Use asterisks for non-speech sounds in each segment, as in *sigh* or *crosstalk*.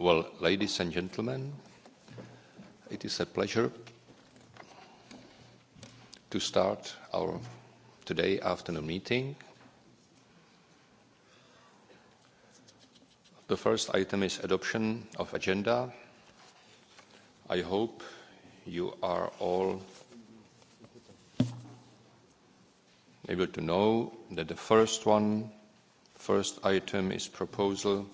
Well, ladies and gentlemen, it is a pleasure to start our today afternoon meeting. The first item is adoption of agenda. I hope you are all able to know that the first one, first item is proposal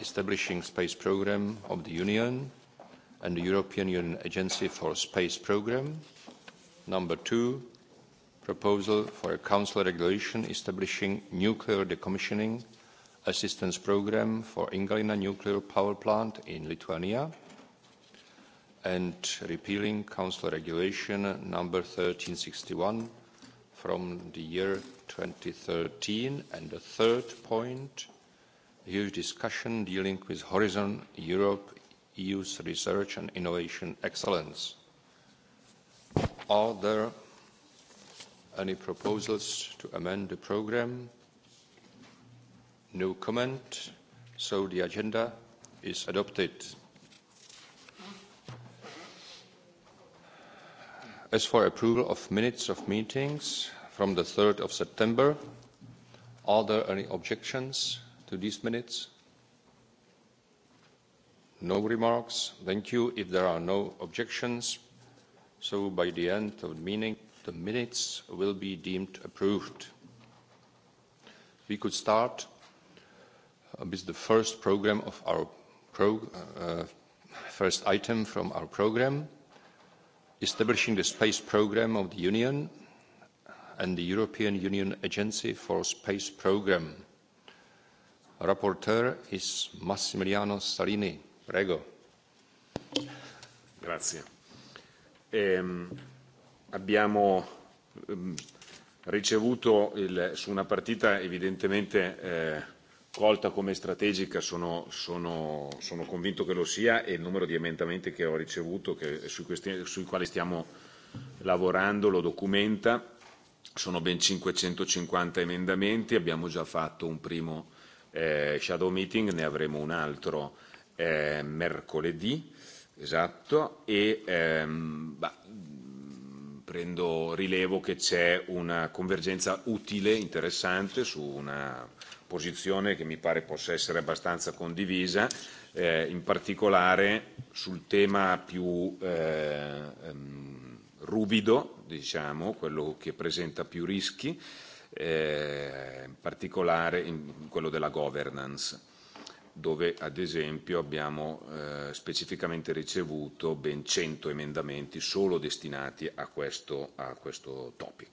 establishing space program of the Union and the European Union Agency for Space Program. Number two, proposal for a council regulation establishing nuclear decommissioning assistance program for Ingalina nuclear power plant in Lithuania and repealing council regulation number 1361 from the year 2013 and the third point huge discussion dealing with Horizon Europe, EU's research and innovation excellence. Are there any proposals to amend the programme? No comment, so the agenda is adopted. As for approval of minutes of meetings from the 3rd of September, are there any objections? to these minutes? No remarks. Thank you. If there are no objections, so by the end of the meeting, the minutes will be deemed approved. We could start uh, with the first program of our pro, uh, first item from our program, establishing the space program of the Union and the European Union Agency for Space Program. Rapporteur is Massimiliano Salini. Prego. Grazie. Ehm, abbiamo ehm, ricevuto il, su una partita evidentemente eh, colta come strategica, sono, sono, sono convinto che lo sia e il numero di emendamenti che ho ricevuto, che, sui, questi, sui quali stiamo lavorando, lo documenta. Sono ben 550 emendamenti, abbiamo già fatto un primo eh, shadow meeting, ne avremo un altro eh, mercoledì, esatto, e ehm, bah, prendo rilevo che c'è una convergenza utile, interessante su una posizione che mi pare possa essere abbastanza condivisa, eh, in particolare sul tema più eh, ehm, diciamo, quello che presenta più rischi, eh, in particolare in quello della governance dove ad esempio abbiamo eh, specificamente ricevuto ben 100 emendamenti solo destinati a questo, a questo topic.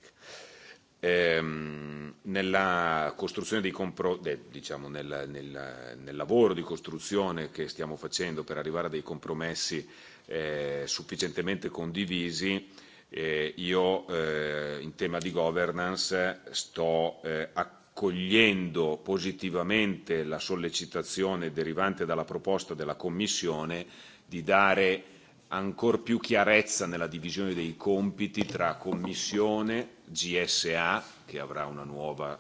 Ehm, nella costruzione dei compro- diciamo nel, nel, nel lavoro di costruzione che stiamo facendo per arrivare a dei compromessi eh, sufficientemente condivisi E, io eh, in tema di governance sto eh, accogliendo positivamente la sollecitazione derivante dalla proposta della Commissione di dare ancor più chiarezza nella divisione dei compiti tra Commissione, GSA, che avrà una nuova,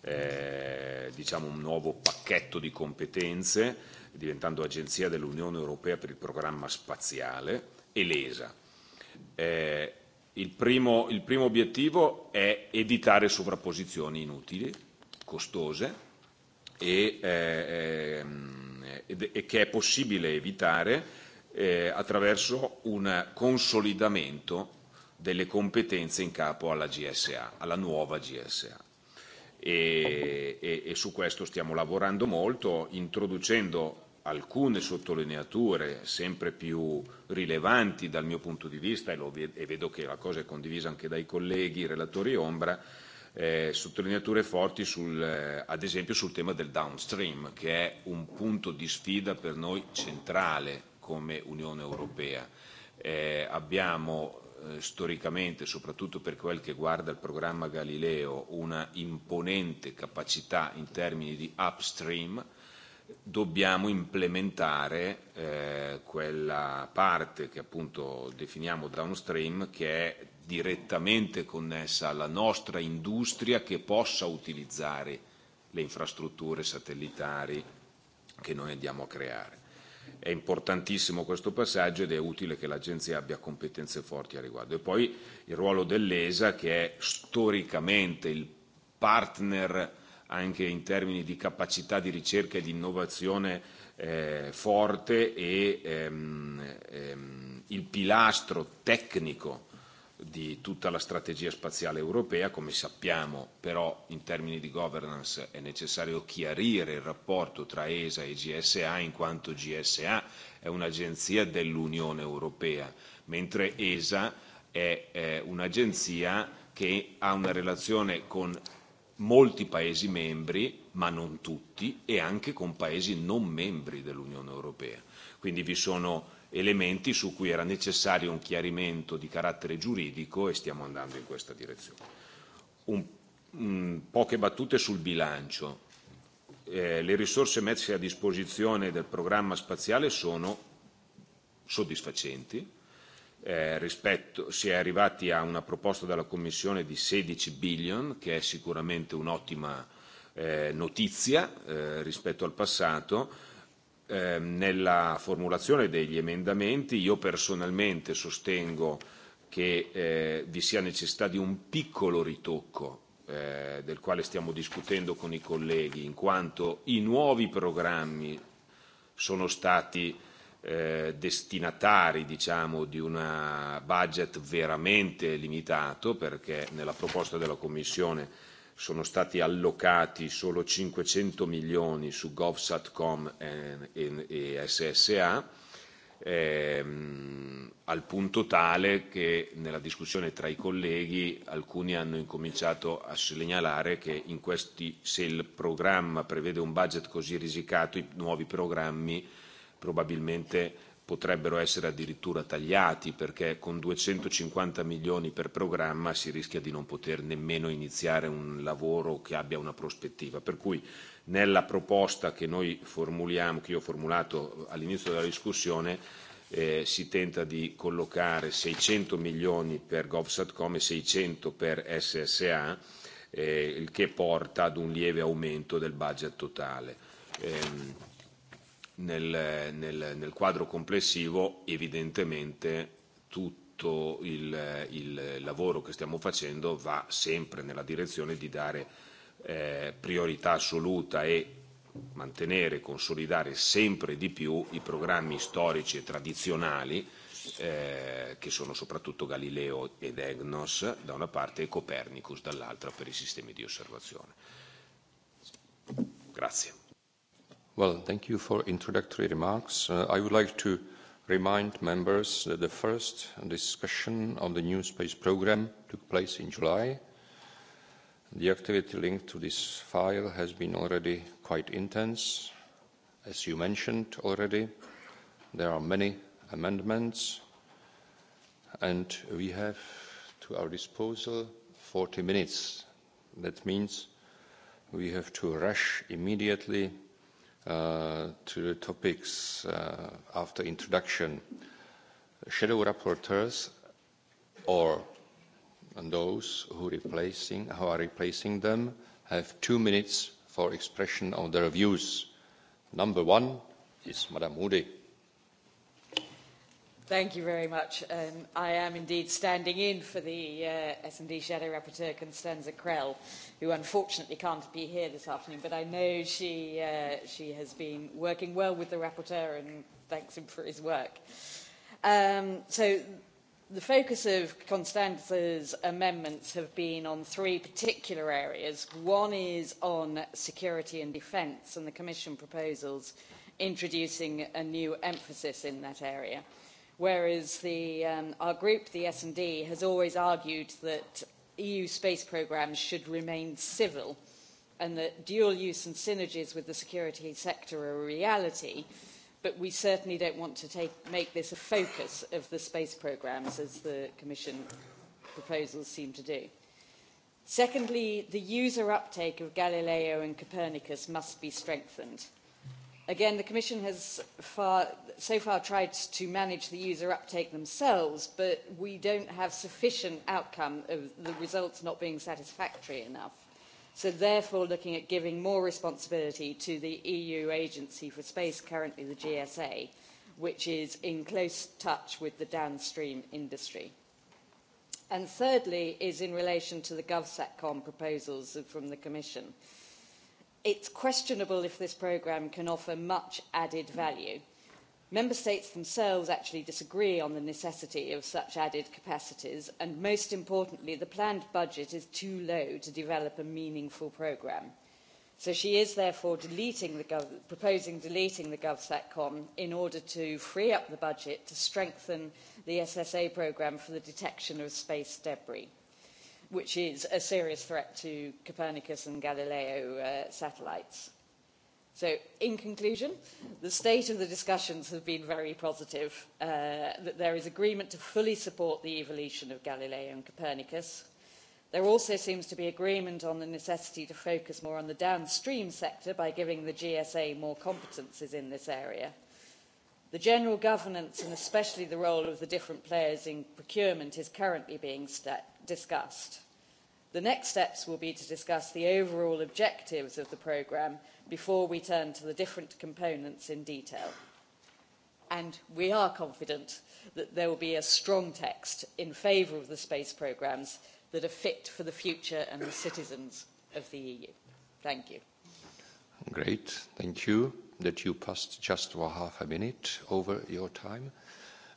eh, diciamo un nuovo pacchetto di competenze, diventando Agenzia dell'Unione Europea per il programma spaziale, e l'ESA. Il primo, il primo obiettivo è evitare sovrapposizioni inutili, costose e, eh, ehm, e che è possibile evitare eh, attraverso un consolidamento delle competenze in capo alla GSA, alla nuova GSA. E, e, e su questo stiamo lavorando molto, introducendo alcune sottolineature sempre più rilevanti dal mio punto di vista, e, e, vedo che la cosa è condivisa anche dai colleghi relatori ombra, eh, sottolineature forti sul, eh, ad esempio sul tema del downstream, che è un punto di sfida per noi centrale come Unione Europea. Eh, abbiamo eh, storicamente, soprattutto per quel che guarda il programma Galileo, una imponente capacità in termini di upstream, dobbiamo implementare eh, quella parte che appunto definiamo downstream che è direttamente connessa alla nostra industria che possa utilizzare le infrastrutture satellitari che noi andiamo a creare. È importantissimo questo passaggio ed è utile che l'Agenzia abbia competenze forti a riguardo. E poi il ruolo dell'ESA che è storicamente il partner anche in termini di capacità di ricerca e di innovazione eh, forte e ehm, ehm, il pilastro tecnico di tutta la strategia spaziale europea, come sappiamo però in termini di governance è necessario chiarire il rapporto tra ESA e GSA e in quanto GSA è un'agenzia dell'Unione Europea, mentre ESA è, è eh, un'agenzia che ha una relazione con molti Paesi membri, ma non tutti, e anche con Paesi non membri dell'Unione Europea. Quindi vi sono elementi su cui era necessario un chiarimento di carattere giuridico e stiamo andando in questa direzione. Un, mm, poche battute sul bilancio. Eh, le risorse messe a disposizione del programma spaziale sono soddisfacenti Eh, si è arrivati a una proposta della Commissione di 16 billion, che è sicuramente un'ottima eh, notizia eh, rispetto al passato. Ehm, nella formulazione degli emendamenti io personalmente sostengo che vi sia necessità di un piccolo ritocco del quale stiamo discutendo con i colleghi, in quanto i nuovi programmi sono stati eh, destinatari diciamo, di un budget veramente limitato perché nella proposta della Commissione sono stati allocati solo 500 milioni su GovSatcom e, e, e SSA ehm, al punto tale che nella discussione tra i colleghi alcuni hanno incominciato a segnalare che in questi, se il programma prevede un budget così risicato i nuovi programmi probabilmente potrebbero essere addirittura tagliati perché con 250 milioni per programma si rischia di non poter nemmeno iniziare un lavoro che abbia una prospettiva. Per cui nella proposta che noi formuliamo, che io ho formulato all'inizio della discussione, eh, si tenta di collocare 600 milioni per GovSatcom e 600 per SSA, eh, il che porta ad un lieve aumento del budget totale. Ehm, nel, nel, nel quadro complessivo evidentemente tutto il, il lavoro che stiamo facendo va sempre nella direzione di dare eh, priorità assoluta e mantenere e consolidare sempre di più i programmi storici e tradizionali eh, che sono soprattutto Galileo ed Egnos da una parte e Copernicus dall'altra per i sistemi di osservazione. Grazie. Well, thank you for introductory remarks. Uh, I would like to remind members that the first discussion on the new space program took place in July. The activity linked to this file has been already quite intense. As you mentioned already, there are many amendments and we have to our disposal 40 minutes. That means we have to rush immediately Uh, to the topics uh, after introduction. Shadow rapporteurs or those who, replacing, who are replacing them have two minutes for expression of their views. Number one is Madame Moody. Thank you very much. Um, I am indeed standing in for the uh, S&D Shadow Rapporteur Constanza Krell, who unfortunately can't be here this afternoon, but I know she, uh, she has been working well with the Rapporteur and thanks him for his work. Um, so the focus of Constanza's amendments have been on three particular areas. One is on security and defence and the Commission proposals introducing a new emphasis in that area whereas the, um, our group, the S&D, has always argued that EU space programmes should remain civil and that dual use and synergies with the security sector are a reality, but we certainly don't want to take, make this a focus of the space programmes, as the Commission proposals seem to do. Secondly, the user uptake of Galileo and Copernicus must be strengthened again the commission has so far tried to manage the user uptake themselves but we don't have sufficient outcome of the results not being satisfactory enough so therefore looking at giving more responsibility to the eu agency for space currently the gsa which is in close touch with the downstream industry. and thirdly is in relation to the govsatcom proposals from the commission it's questionable if this programme can offer much added value. member states themselves actually disagree on the necessity of such added capacities and most importantly the planned budget is too low to develop a meaningful programme. so she is therefore deleting proposing deleting the govsatcom in order to free up the budget to strengthen the ssa programme for the detection of space debris which is a serious threat to Copernicus and Galileo uh, satellites. So, in conclusion, the state of the discussions has been very positive, uh, that there is agreement to fully support the evolution of Galileo and Copernicus. There also seems to be agreement on the necessity to focus more on the downstream sector by giving the GSA more competences in this area the general governance and especially the role of the different players in procurement is currently being discussed. the next steps will be to discuss the overall objectives of the programme before we turn to the different components in detail and we are confident that there will be a strong text in favour of the space programmes that are fit for the future and the citizens of the eu. thank you. Great, thank you that you passed just for half a minute over your time.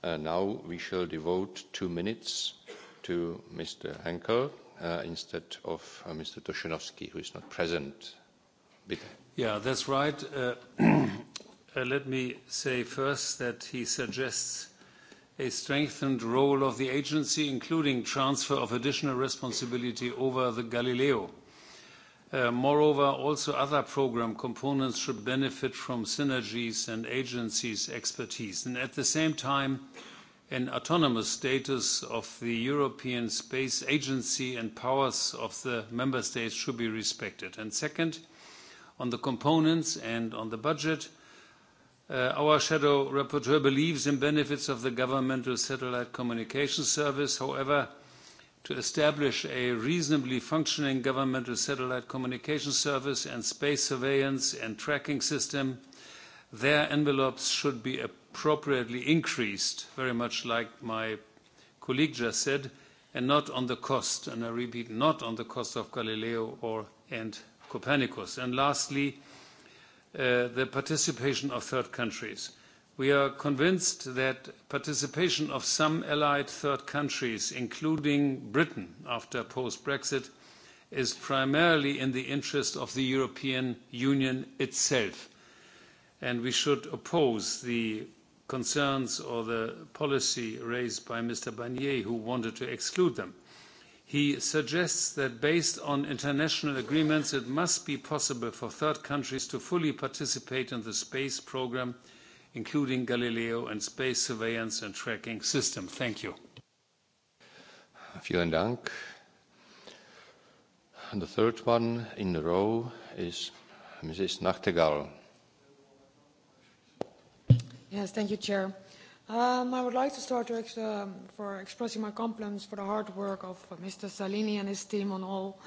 Uh, now we shall devote two minutes to Mr. Henkel uh, instead of uh, Mr. Toshinovsky, who is not present. Bitte. Yeah, that's right. Uh, *clears throat* uh, let me say first that he suggests a strengthened role of the agency, including transfer of additional responsibility over the Galileo Uh, moreover, also other program components should benefit from synergies and agencies' expertise. And at the same time, an autonomous status of the European Space Agency and powers of the member states should be respected. And second, on the components and on the budget, uh, our shadow rapporteur believes in benefits of the governmental satellite communication service. However, to establish a reasonably functioning governmental satellite communication service and space surveillance and tracking system, their envelopes should be appropriately increased, very much like my colleague just said, and not on the cost, and I repeat, not on the cost of Galileo or and Copernicus. And lastly, uh, the participation of third countries. We are convinced that participation of some allied third countries, including Britain after post-Brexit, is primarily in the interest of the European Union itself. And we should oppose the concerns or the policy raised by Mr. Barnier, who wanted to exclude them. He suggests that based on international agreements, it must be possible for third countries to fully participate in the space programme including Galileo and space surveillance and tracking system. Thank you. Vielen Dank. And the third one in the row is Mrs. Nachtigall. Yes, thank you, Chair. Um, I would like to start to ex um, for expressing my compliments for the hard work of Mr. Salini and his team on all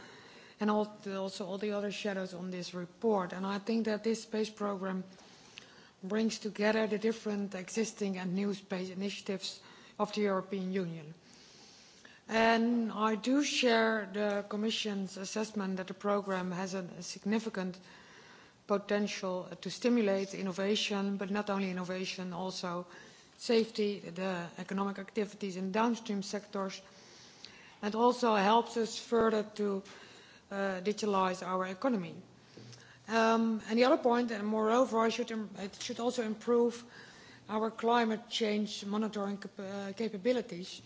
and all also all the other shadows on this report. And I think that this space program brings together the different existing and new space initiatives of the European Union. And I do share the Commission's assessment that the programme has a significant potential to stimulate innovation, but not only innovation, also safety, the economic activities in downstream sectors, and also helps us further to uh, digitalize our economy. Um, and the other point, and moreover, I should, it should also improve our climate change monitoring cap uh, capabilities,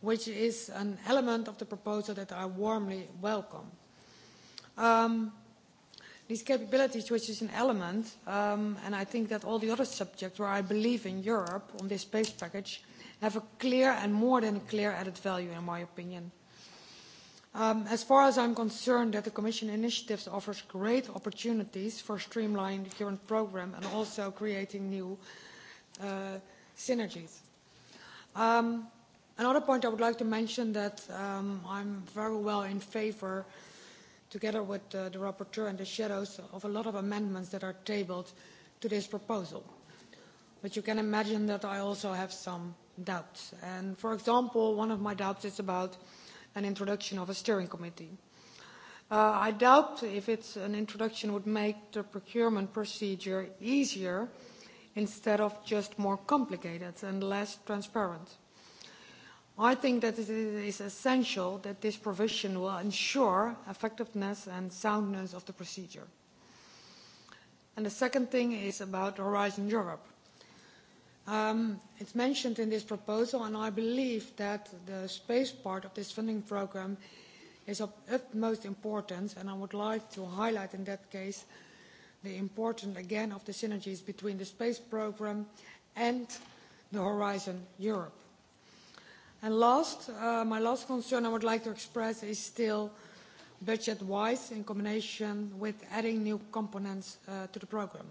which is an element of the proposal that I warmly welcome. Um, these capabilities, which is an element, um, and I think that all the other subjects where I believe in Europe on this space package have a clear and more than a clear added value, in my opinion. Um, as far as I'm concerned, that the Commission initiatives offers great opportunities for streamlining the current programme and also creating new uh, synergies. Um, another point I would like to mention that I um, I'm very well in favour, together with uh, the rapporteur and the shadows, of a lot of amendments that are tabled to this proposal. But you can imagine that I also have some doubts. And for example, one of my doubts is about an introduction of a steering committee. Uh, I doubt if it's an introduction would make the procurement procedure easier instead of just more complicated and less transparent. I think that it is essential that this provision will ensure effectiveness and soundness of the procedure. And the second thing is about Horizon Europe. Um, it's mentioned in this proposal, and I believe that the space part of this funding program is of utmost importance, and I would like to highlight in that case the importance again of the synergies between the space program and the Horizon Europe. And last, uh, my last concern I would like to express is still budget-wise in combination with adding new components uh, to the program.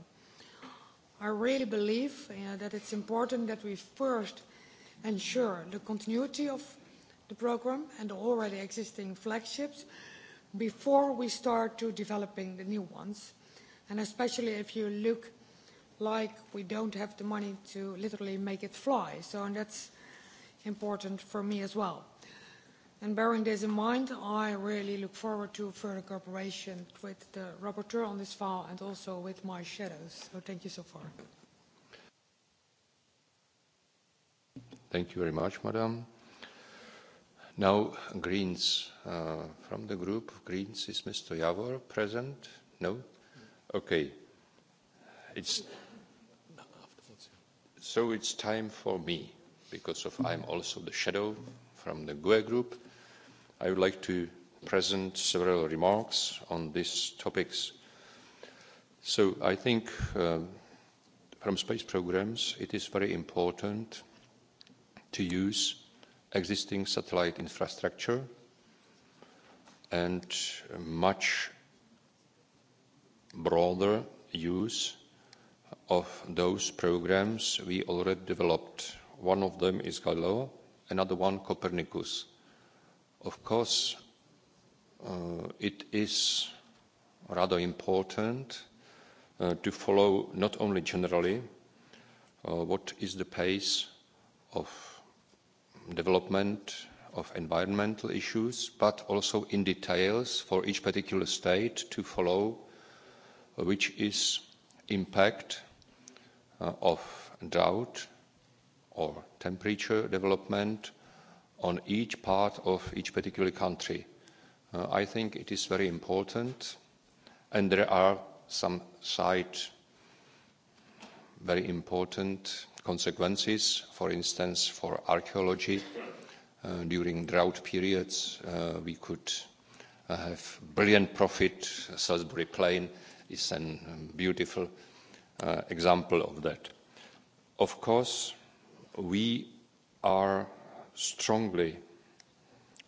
I really believe uh, that it's important that we first ensure the continuity of the program and the already existing flagships before we start to developing the new ones. And especially if you look like we don't have the money to literally make it fly. So and that's important for me as well. And bearing this in mind, I really look forward to further cooperation with the rapporteur on this file and also with my shadows. So thank you so far. Thank you very much, Madam. Now, Greens. Uh, from the group of Greens, is Mr. Javor present? No? Okay. It's, so it's time for me, because of I'm also the shadow from the GUE group i would like to present several remarks on these topics. So I think um, from space programs, it is very important to use existing satellite infrastructure and much broader use of those programs we already developed. One of them is Galileo, another one Copernicus of course uh, it is rather important uh, to follow not only generally uh, what is the pace of development of environmental issues, but also in details for each particular state to follow which is impact of drought or temperature development on each part of each particular country. Uh, I think it is very important, and there are some side very important consequences, for instance, for archaeology. Uh, during drought periods, uh, we could uh, have brilliant profit. Salisbury Plain is a um, beautiful uh, example of that. Of course, we are strongly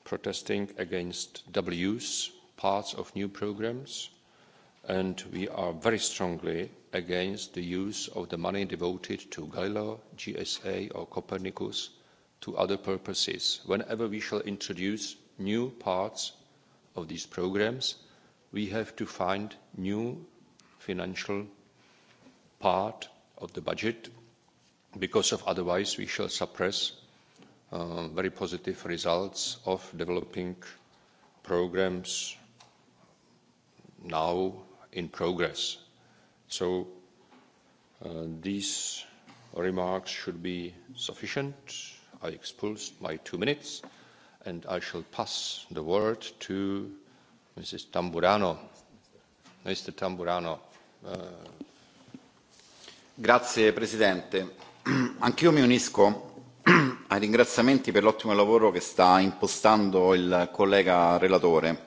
protesting against Ws parts of new programmes and we are very strongly against the use of the money devoted to Galileo, GSA or Copernicus to other purposes. Whenever we shall introduce new parts of these programmes, we have to find new financial part of the budget because of otherwise we shall suppress Um, very positive results of developing programs now in progress. So uh, these remarks should be sufficient. I expulsed my two minutes and I shall pass the word to Mrs. Tamburano. Mr. Tamburano. Uh... Grazie Presidente. *clears throat* Anch'io mi unisco ai ringraziamenti per l'ottimo lavoro che sta impostando il collega relatore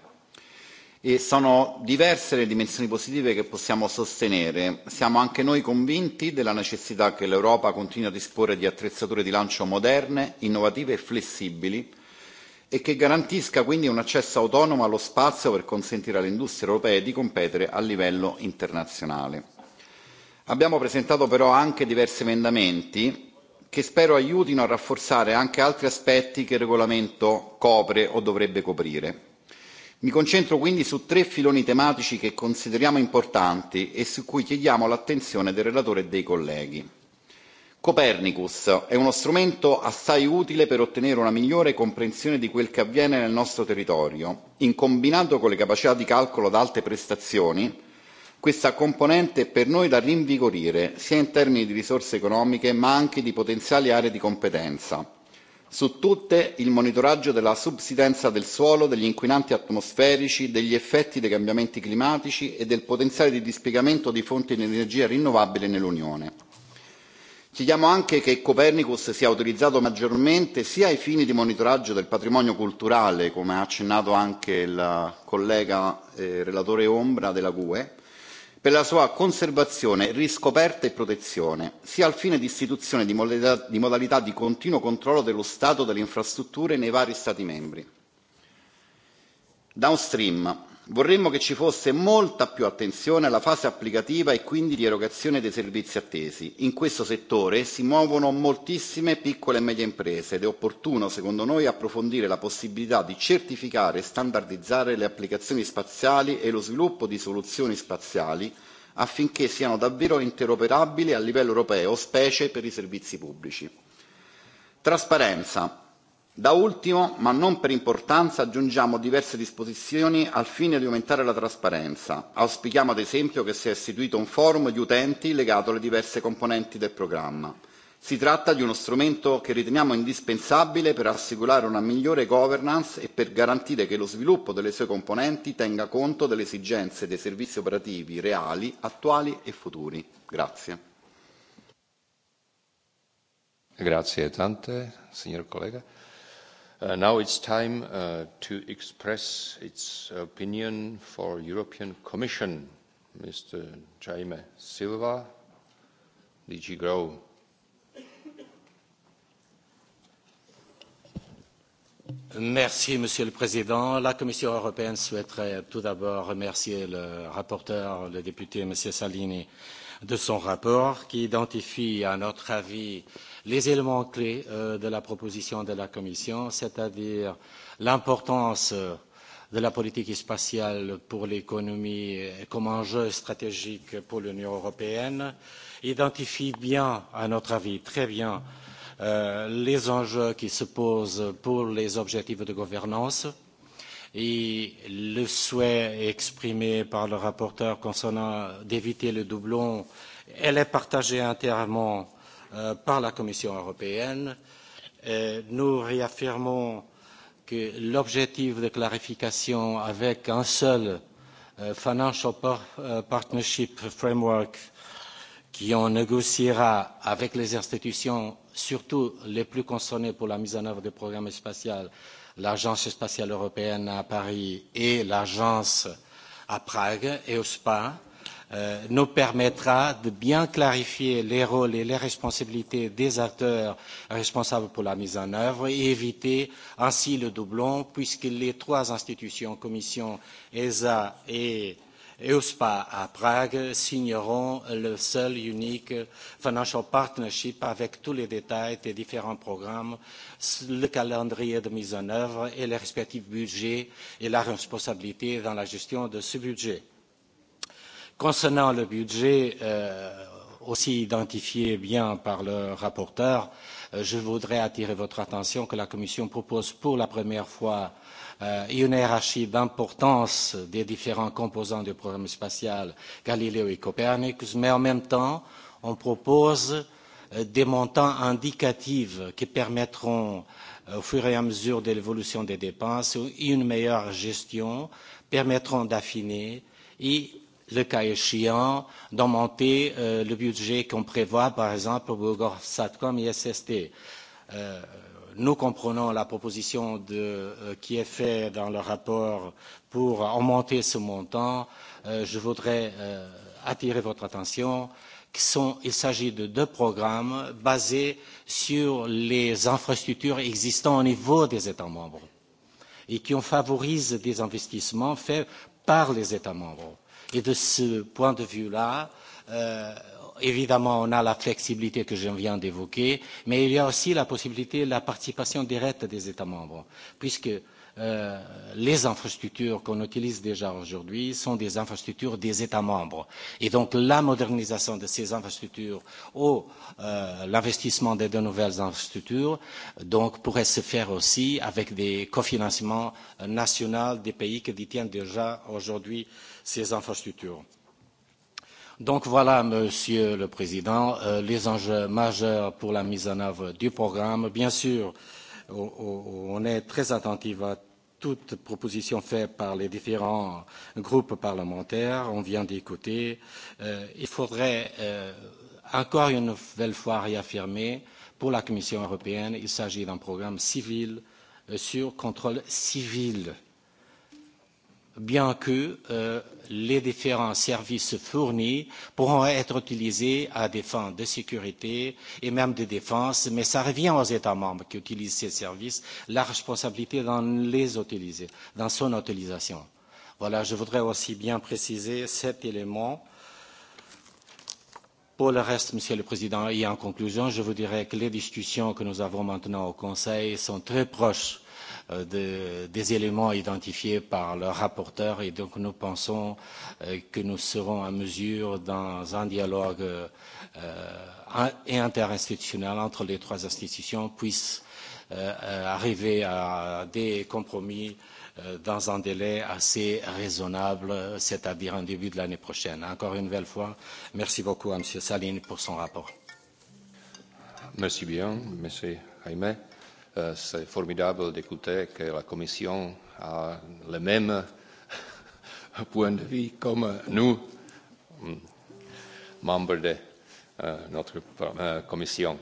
e sono diverse le dimensioni positive che possiamo sostenere. Siamo anche noi convinti della necessità che l'Europa continui a disporre di attrezzature di lancio moderne, innovative e flessibili e che garantisca quindi un accesso autonomo allo spazio per consentire alle industrie europee di competere a livello internazionale. Abbiamo presentato però anche diversi emendamenti che spero aiutino a rafforzare anche altri aspetti che il regolamento copre o dovrebbe coprire. Mi concentro quindi su tre filoni tematici che consideriamo importanti e su cui chiediamo l'attenzione del relatore e dei colleghi. Copernicus è uno strumento assai utile per ottenere una migliore comprensione di quel che avviene nel nostro territorio in combinato con le capacità di calcolo ad alte prestazioni questa componente è per noi da rinvigorire sia in termini di risorse economiche ma anche di potenziali aree di competenza su tutte il monitoraggio della subsidenza del suolo degli inquinanti atmosferici degli effetti dei cambiamenti climatici e del potenziale di dispiegamento di fonti di energia rinnovabile nell'unione. chiediamo anche che copernicus sia utilizzato maggiormente sia ai fini di monitoraggio del patrimonio culturale come ha accennato anche il collega eh, relatore ombra della gue per la sua conservazione riscoperta e protezione sia al fine di istituzione di modalità di continuo controllo dello stato delle infrastrutture nei vari stati membri. downstream vorremmo che ci fosse molta più attenzione alla fase applicativa e quindi di erogazione dei servizi attesi in questo settore si muovono moltissime piccole e medie imprese ed è opportuno secondo noi approfondire la possibilità di certificare e standardizzare le applicazioni spaziali e lo sviluppo di soluzioni spaziali affinché siano davvero interoperabili a livello europeo specie per i servizi pubblici. trasparenza da ultimo ma non per importanza aggiungiamo diverse disposizioni al fine di aumentare la trasparenza auspichiamo ad esempio che sia istituito un forum di utenti legato alle diverse componenti del programma si tratta di uno strumento che riteniamo indispensabile per assicurare una migliore governance e per garantire che lo sviluppo delle sue componenti tenga conto delle esigenze dei servizi operativi reali attuali e futuri grazie grazie tante signor collega Uh, now it's time uh, to express its opinion for European Commission. Mr. Jaime Silva, DG Grow. Merci, Monsieur le Président. La Commission européenne souhaiterait tout d'abord remercier le rapporteur, le député, Monsieur Salini, de son rapport qui identifie, à notre avis, les éléments clés euh, de la proposition de la Commission, c'est-à-dire l'importance euh, de la politique spatiale pour l'économie comme enjeu stratégique pour l'Union européenne identifie bien, à notre avis, très bien euh, les enjeux qui se posent pour les objectifs de gouvernance et le souhait exprimé par le rapporteur concernant d'éviter le doublon, elle est partagée entièrement Euh, par la Commission européenne. Nous réaffirmons que l'objectif de clarification avec un seul euh, Financial euh, Partnership Framework qui en négociera avec les institutions, surtout les plus concernées pour la mise en œuvre du programme spatial, l'Agence spatiale européenne à Paris et l'Agence à Prague et au SPA, Euh, nous permettra de bien clarifier les rôles et les responsabilités des acteurs responsables pour la mise en œuvre et éviter ainsi le doublon puisque les trois institutions commission esa et EUSPA à Prague signeront le seul unique financial partnership avec tous les détails des différents programmes, le calendrier de mise en œuvre et les respectifs budgets et la responsabilité dans la gestion de ce budget. Concernant le budget, euh, aussi identifié bien par le rapporteur, euh, je voudrais attirer votre attention que la Commission propose pour la première fois euh, une hiérarchie d'importance des différents composants du programme spatial Galileo et Copernicus, mais en même temps, on propose des montants indicatifs qui permettront au fur et à mesure de l'évolution des dépenses une meilleure gestion permettront d'affiner et le cas échéant, d'augmenter euh, le budget qu'on prévoit, par exemple, pour Satcom et SST. Euh, nous comprenons la proposition de, euh, qui est faite dans le rapport pour augmenter ce montant. Euh, je voudrais euh, attirer votre attention qui sont, il s'agit de deux programmes basés sur les infrastructures existantes au niveau des États membres et qui ont favorisent des investissements faits par les États membres Et de ce point de vue-là, euh, évidemment, on a la flexibilité que je viens d'évoquer, mais il y a aussi la possibilité de la participation directe des États membres, puisque euh, les infrastructures qu'on utilise déjà aujourd'hui sont des infrastructures des États membres. Et donc la modernisation de ces infrastructures ou euh, l'investissement dans de nouvelles infrastructures donc, pourrait se faire aussi avec des cofinancements euh, nationaux des pays qui détiennent déjà aujourd'hui ces infrastructures. Donc voilà, Monsieur le Président, euh, les enjeux majeurs pour la mise en œuvre du programme. Bien sûr, on est très attentif à toute proposition faite par les différents groupes parlementaires. On vient d'écouter. Euh, il faudrait euh, encore une nouvelle fois réaffirmer pour la Commission européenne, il s'agit d'un programme civil sur contrôle civil bien que euh, les différents services fournis pourront être utilisés à des fins de sécurité et même de défense, mais ça revient aux États membres qui utilisent ces services la responsabilité dans les utiliser, dans son utilisation. Voilà, je voudrais aussi bien préciser cet élément. Pour le reste, Monsieur le Président, et en conclusion, je vous dirais que les discussions que nous avons maintenant au Conseil sont très proches Euh, des éléments identifiés par le rapporteur et donc nous pensons euh, que nous serons en mesure, dans un dialogue euh, et interinstitutionnel entre les trois institutions, puisse arriver à des compromis dans un délai assez raisonnable, c'est-à-dire en début de l'année prochaine. Encore une nouvelle fois, merci beaucoup à M. Saline pour son rapport. Merci bien, Jaime. Euh, c'est formidable d'écouter que la Commission a le même *laughs* point de vue comme nous, mm, membres de euh, notre euh, Commission.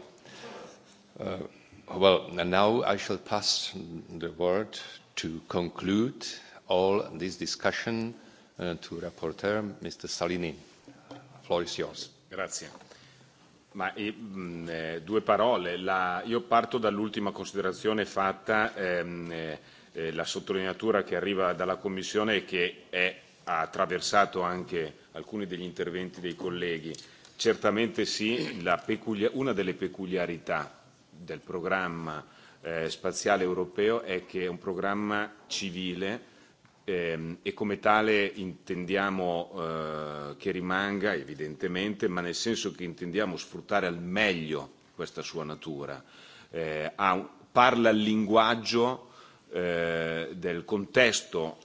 Well, now I shall pass the word to conclude all this discussion uh, to rapporteur, Mr. Salini. The floor is yours. Grazie. Ma e, mh, mm, eh, due parole. La, io parto dall'ultima considerazione fatta, ehm, eh, eh, la sottolineatura che arriva dalla Commissione e che è, ha attraversato anche alcuni degli interventi dei colleghi. Certamente sì, la peculia, una delle peculiarità del programma eh, spaziale europeo è che è un programma civile Ehm, e come tale intendiamo eh, che rimanga evidentemente, ma nel senso che intendiamo sfruttare al meglio questa sua natura. Eh, parla il linguaggio eh, del contesto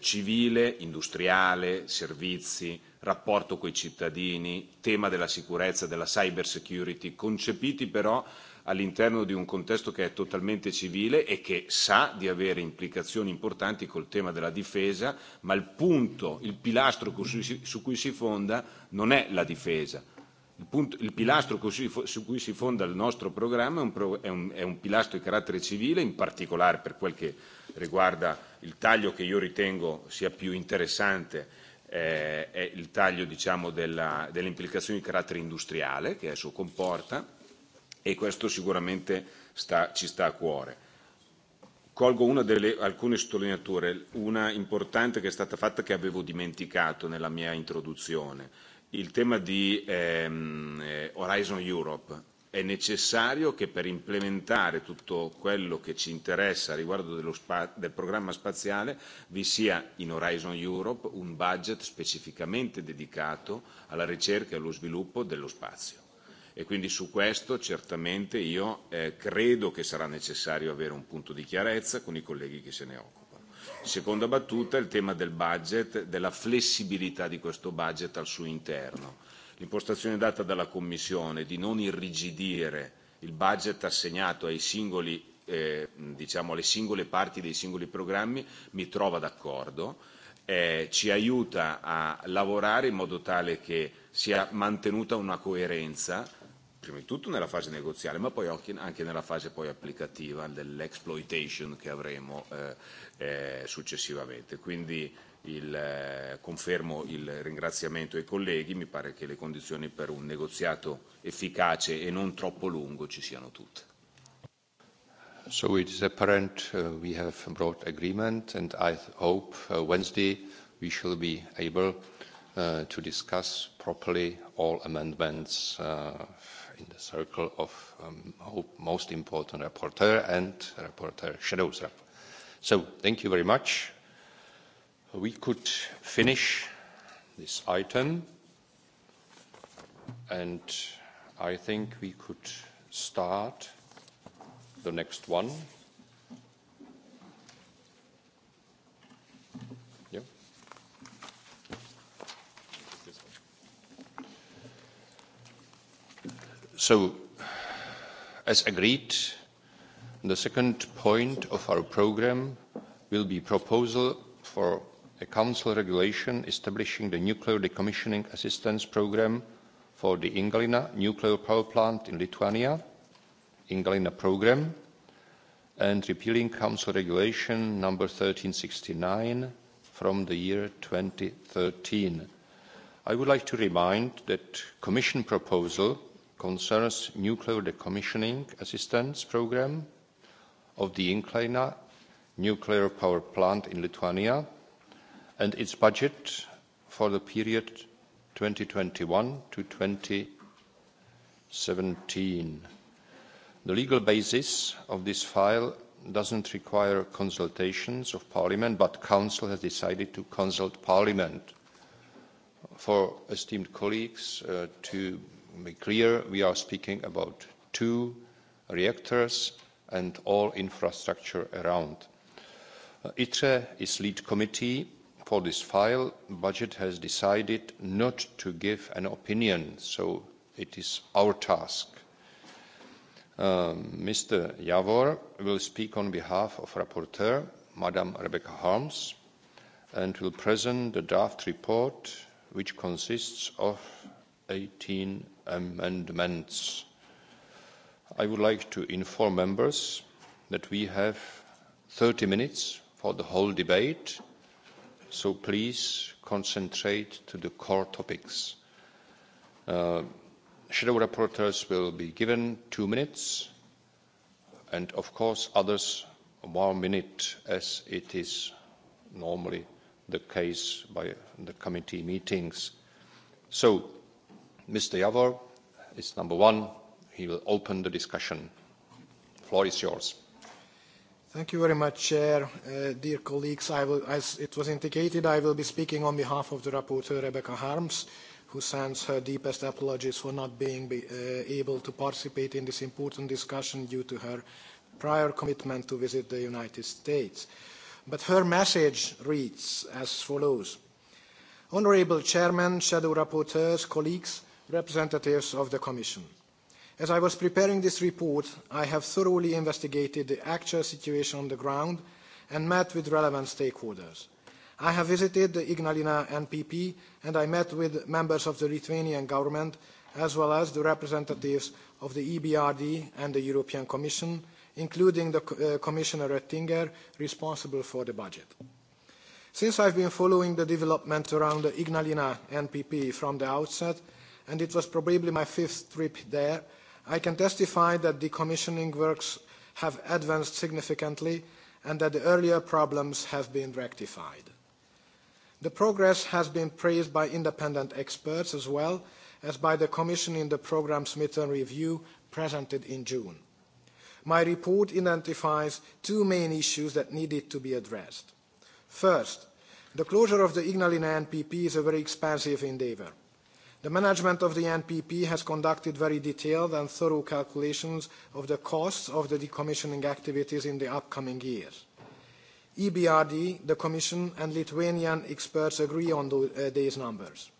civile, industriale, servizi, rapporto con i cittadini, tema della sicurezza, della cyber security, concepiti però all'interno di un contesto che è totalmente civile e che sa di avere implicazioni importanti col tema della difesa, ma il punto, il pilastro su cui si fonda non è la difesa. Il, pilastro su cui si fonda il nostro programma è un, pilastro di carattere civile, in particolare per quel che riguarda il taglio che io ritengo sia più interessante eh, è il taglio diciamo, della, delle implicazioni di carattere industriale che esso comporta e questo sicuramente sta, ci sta a cuore. Colgo una delle alcune sottolineature, una importante che è stata fatta che avevo dimenticato nella mia introduzione, il tema di ehm, eh, Horizon Europe. È necessario che per implementare tutto quello che ci interessa riguardo dello del programma spaziale vi sia in Horizon Europe un budget specificamente dedicato alla ricerca e allo sviluppo dello spazio e quindi su questo certamente io eh, credo che sarà necessario avere un punto di chiarezza con i colleghi che se ne occupano. Seconda battuta il tema del budget, della flessibilità di questo budget al suo interno. L'impostazione data dalla Commissione di non irrigidire il budget assegnato ai singoli eh, diciamo alle singole parti dei singoli programmi mi trova d'accordo eh, ci aiuta a lavorare in modo tale che sia mantenuta una coerenza prima di tutto nella fase negoziale, ma poi anche nella fase poi applicativa dell'exploitation che avremo eh, eh, successivamente. Quindi il, eh, confermo il ringraziamento ai colleghi, mi pare che le condizioni per un negoziato efficace e non troppo lungo ci siano tutte. So it is apparent uh, we have brought agreement and I hope uh, Wednesday we shall be able uh, to discuss properly all amendments uh, in the circle of um, most important rapporteur and rapporteur shadows. So thank you very much. We could finish this item and I think we could start the next one. So, as agreed, the second point of our programme will be proposal for a council regulation establishing the nuclear decommissioning assistance programme for the Ingalina nuclear power plant in Lithuania, Ingalina programme, and repealing council regulation number 1369 from the year 2013. I would like to remind that commission proposal concerns nuclear decommissioning assistance programme of the Inclina nuclear power plant in Lithuania and its budget for the period 2021 to 2017. The legal basis of this file doesn't require consultations of Parliament, but Council has decided to consult Parliament. For esteemed colleagues uh, to be clear, we are speaking about two reactors and all infrastructure around. Uh, ITRE is lead committee for this file. Budget has decided not to give an opinion, so it is our task. Mr. Um, Javor will speak on behalf of Rapporteur, Madam Rebecca Harms, and will present the draft report, which consists of 18 amendments. I would like to inform members that we have 30 minutes for the whole debate, so please concentrate to the core topics. Uh, shadow reporters will be given two minutes and of course others one minute as it is normally the case by the committee meetings. So Mr. Javor is number one. He will open the discussion. The floor is yours. Thank you very much, Chair. Uh, dear colleagues, I will, as it was indicated, I will be speaking on behalf of the rapporteur, Rebecca Harms, who sends her deepest apologies for not being uh, able to participate in this important discussion due to her prior commitment to visit the United States. But her message reads as follows. Honourable Chairman, Shadow Rapporteurs, colleagues, representatives of the Commission. As I was preparing this report, I have thoroughly investigated the actual situation on the ground and met with relevant stakeholders. I have visited the Ignalina NPP and I met with members of the Lithuanian government as well as the representatives of the EBRD and the European Commission, including the uh, Commissioner Oettinger, responsible for the budget. Since I've been following the developments around the Ignalina NPP from the outset, and it was probably my fifth trip there, I can testify that the commissioning works have advanced significantly and that the earlier problems have been rectified. The progress has been praised by independent experts as well as by the Commission in the programme's midterm review presented in June. My report identifies two main issues that needed to be addressed. First, the closure of the Ignalina NPP is a very expensive endeavour. The management of the NPP has conducted very detailed and thorough calculations of the costs of the decommissioning activities in the upcoming years. EBRD, the Commission and Lithuanian experts agree on uh, these numbers.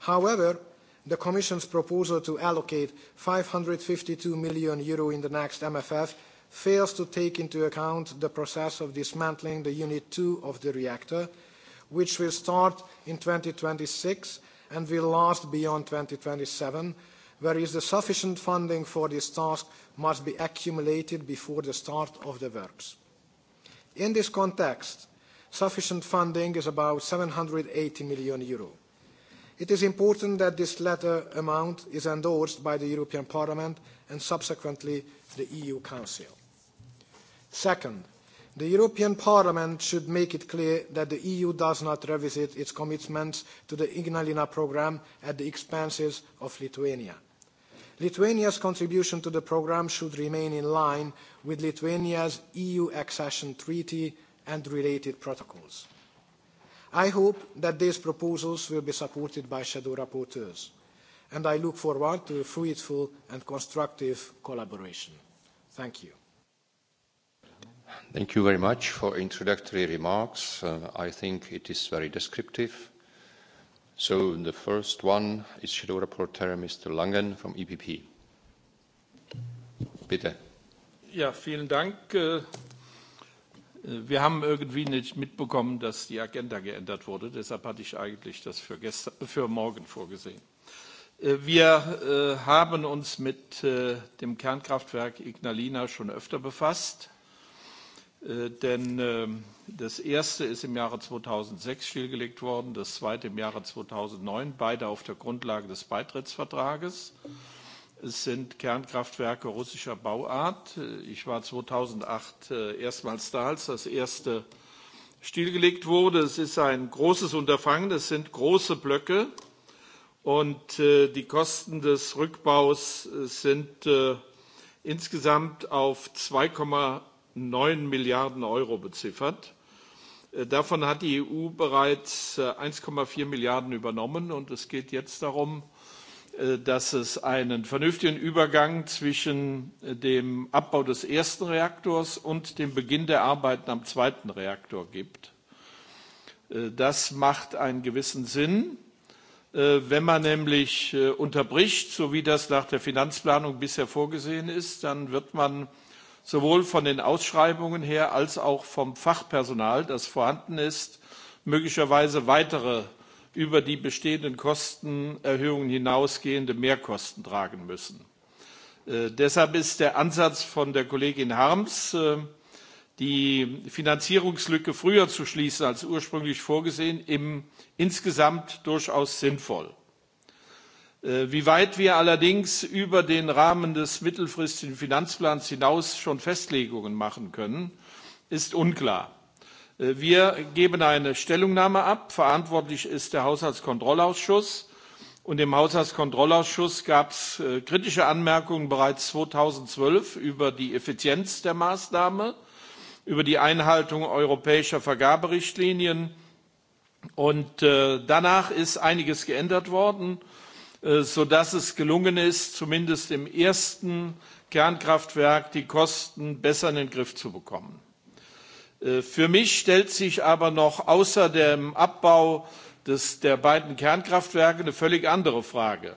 However, the Commission's proposal to allocate 552 million euro in the next MFF fails to take into account the process of dismantling the Unit 2 of the reactor, which will start in 2026 and will last beyond 2027, whereas the sufficient funding for this task must be accumulated before the start of the works. In this context, sufficient funding is about 780 million euro. It is important that this latter amount is endorsed by the European Parliament and subsequently the EU Council. Second, the european parliament should make it clear that the eu does not revisit its commitments to the ignalina programme at the expense of lithuania. lithuania's contribution to the programme should remain in line with lithuania's eu accession treaty and related protocols. i hope that these proposals will be supported by shadow rapporteurs and i look forward to a fruitful and constructive collaboration. thank you. Thank you very much for introductory remarks. Uh, I think it is very descriptive. So the first one is Shadow Reporter Mr. Langen from EPP. Bitte. Ja, vielen Dank. Äh, wir haben irgendwie nicht mitbekommen, dass die Agenda geändert wurde. Deshalb hatte ich eigentlich das für, gestern, für morgen vorgesehen. Äh, wir äh, haben uns mit dem Kernkraftwerk Ignalina schon öfter befasst. Äh, denn ähm, das erste ist im Jahre 2006 stillgelegt worden, das zweite im Jahre 2009, beide auf der Grundlage des Beitrittsvertrages. Es sind Kernkraftwerke russischer Bauart. Ich war 2008 äh, erstmals da, als das erste stillgelegt wurde. Es ist ein großes Unterfangen. Es sind große Blöcke. Und äh, die Kosten des Rückbaus sind insgesamt auf 2, neun Milliarden Euro beziffert. Äh, davon hat die EU bereits 1,4 äh, Milliarden übernommen und es geht jetzt darum, äh, dass es einen vernünftigen Übergang zwischen dem Abbau des ersten Reaktors und dem Beginn der Arbeiten am zweiten Reaktor gibt. Das macht einen gewissen Sinn. Wenn man nämlich unterbricht, so wie das nach der Finanzplanung bisher vorgesehen ist, dann wird man sowohl von den Ausschreibungen her als auch vom Fachpersonal, das vorhanden ist, möglicherweise weitere über die bestehenden Kostenerhöhungen hinausgehende Mehrkosten tragen müssen. Äh, deshalb ist der Ansatz von der Kollegin Harms, äh, die Finanzierungslücke früher zu schließen als ursprünglich vorgesehen, im, insgesamt durchaus sinnvoll. Äh, wie weit wir allerdings über den rahmen des mittelfristigen finanzplans hinaus schon festlegungen machen können ist unklar. Äh, wir geben eine stellungnahme ab verantwortlich ist der haushaltskontrollausschuss und im haushaltskontrollausschuss gab es äh, kritische anmerkungen bereits 2012 über die effizienz der maßnahme über die einhaltung europäischer vergaberichtlinien und danach ist einiges geändert worden Äh, sodass es gelungen ist zumindest im ersten kernkraftwerk die kosten besser in den griff zu bekommen. Äh, für mich stellt sich aber noch außer dem abbau des, der beiden kernkraftwerke eine völlig andere frage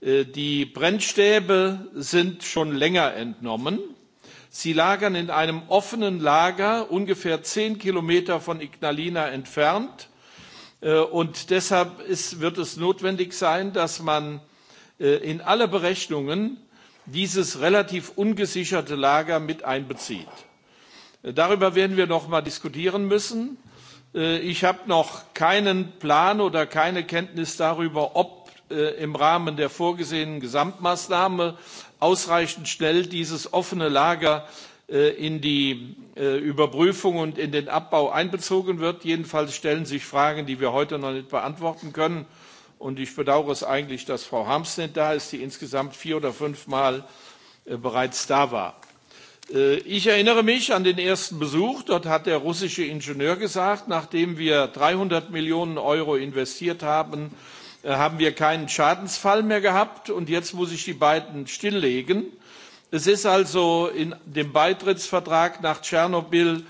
äh, die brennstäbe sind schon länger entnommen sie lagern in einem offenen lager ungefähr zehn kilometer von ignalina entfernt Äh, und deshalb ist, wird es notwendig sein, dass man äh, in alle Berechnungen dieses relativ ungesicherte Lager mit einbezieht. Äh, darüber werden wir noch mal diskutieren müssen. Ich habe noch keinen Plan oder keine Kenntnis darüber, ob im Rahmen der vorgesehenen Gesamtmaßnahme ausreichend schnell dieses offene Lager Äh, in die äh, Überprüfung und in den Abbau einbezogen wird. Jedenfalls stellen sich Fragen, die wir heute noch nicht beantworten können. Und ich bedauere es eigentlich, dass Frau Harms nicht da ist, die insgesamt vier oder fünfmal äh, bereits da war. Ich erinnere mich an den ersten Besuch. Dort hat der russische Ingenieur gesagt, nachdem wir 300 Millionen Euro investiert haben, haben wir keinen Schadensfall mehr gehabt. Und jetzt muss ich die beiden stilllegen es ist also in dem beitrittsvertrag nach tschernobyl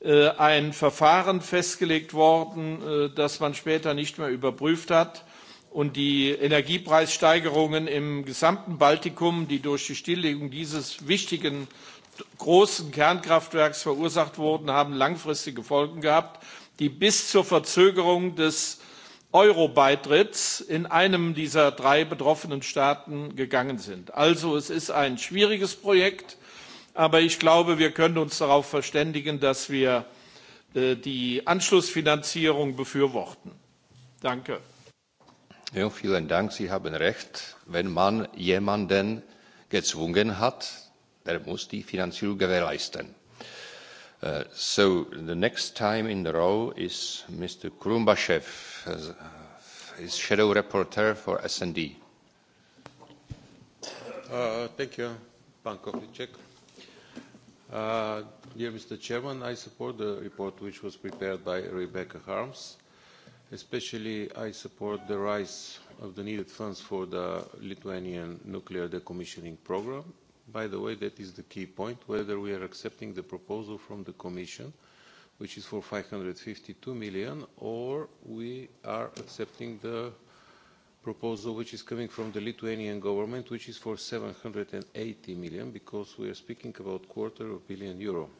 äh, ein verfahren festgelegt worden äh, das man später nicht mehr überprüft hat und die energiepreissteigerungen im gesamten baltikum die durch die stilllegung dieses wichtigen großen kernkraftwerks verursacht wurden haben langfristige folgen gehabt die bis zur verzögerung des euro beitritts in einem dieser drei betroffenen staaten gegangen sind. also es ist ein schwieriges projekt aber ich glaube wir können uns darauf verständigen dass wir äh, die anschlussfinanzierung befürworten. danke. Ja, vielen dank sie haben recht wenn man jemanden gezwungen hat der muss die finanzierung gewährleisten. Äh, so the next time in the row is mr. Krumbachev. Uh, is Shadow Rapporteur for SD. Uh, thank you, Pan Uh, dear Mr. Chairman, I support the report which was prepared by Rebecca Harms. Especially, I support the rise of the needed funds for the Lithuanian nuclear decommissioning program. By the way, that is the key point, whether we are accepting the proposal from the Commission – which is for 552 million, or we are accepting the proposal which is coming from the Lithuanian government, which is for 780 million, because we are speaking about quarter of billion euro.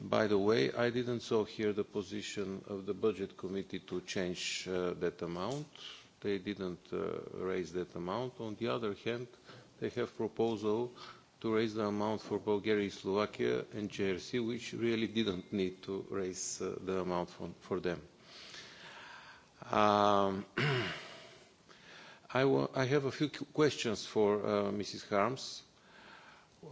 By the way, I didn't saw here the position of the budget committee to change uh, that amount. They didn't uh, raise that amount. On the other hand, they have proposal to raise the amount for Bulgaria, Slovakia and JRC, which really didn't need to raise uh, the amount for, for them. Um, *clears throat* I, I have a few questions for uh, Mrs. Harms.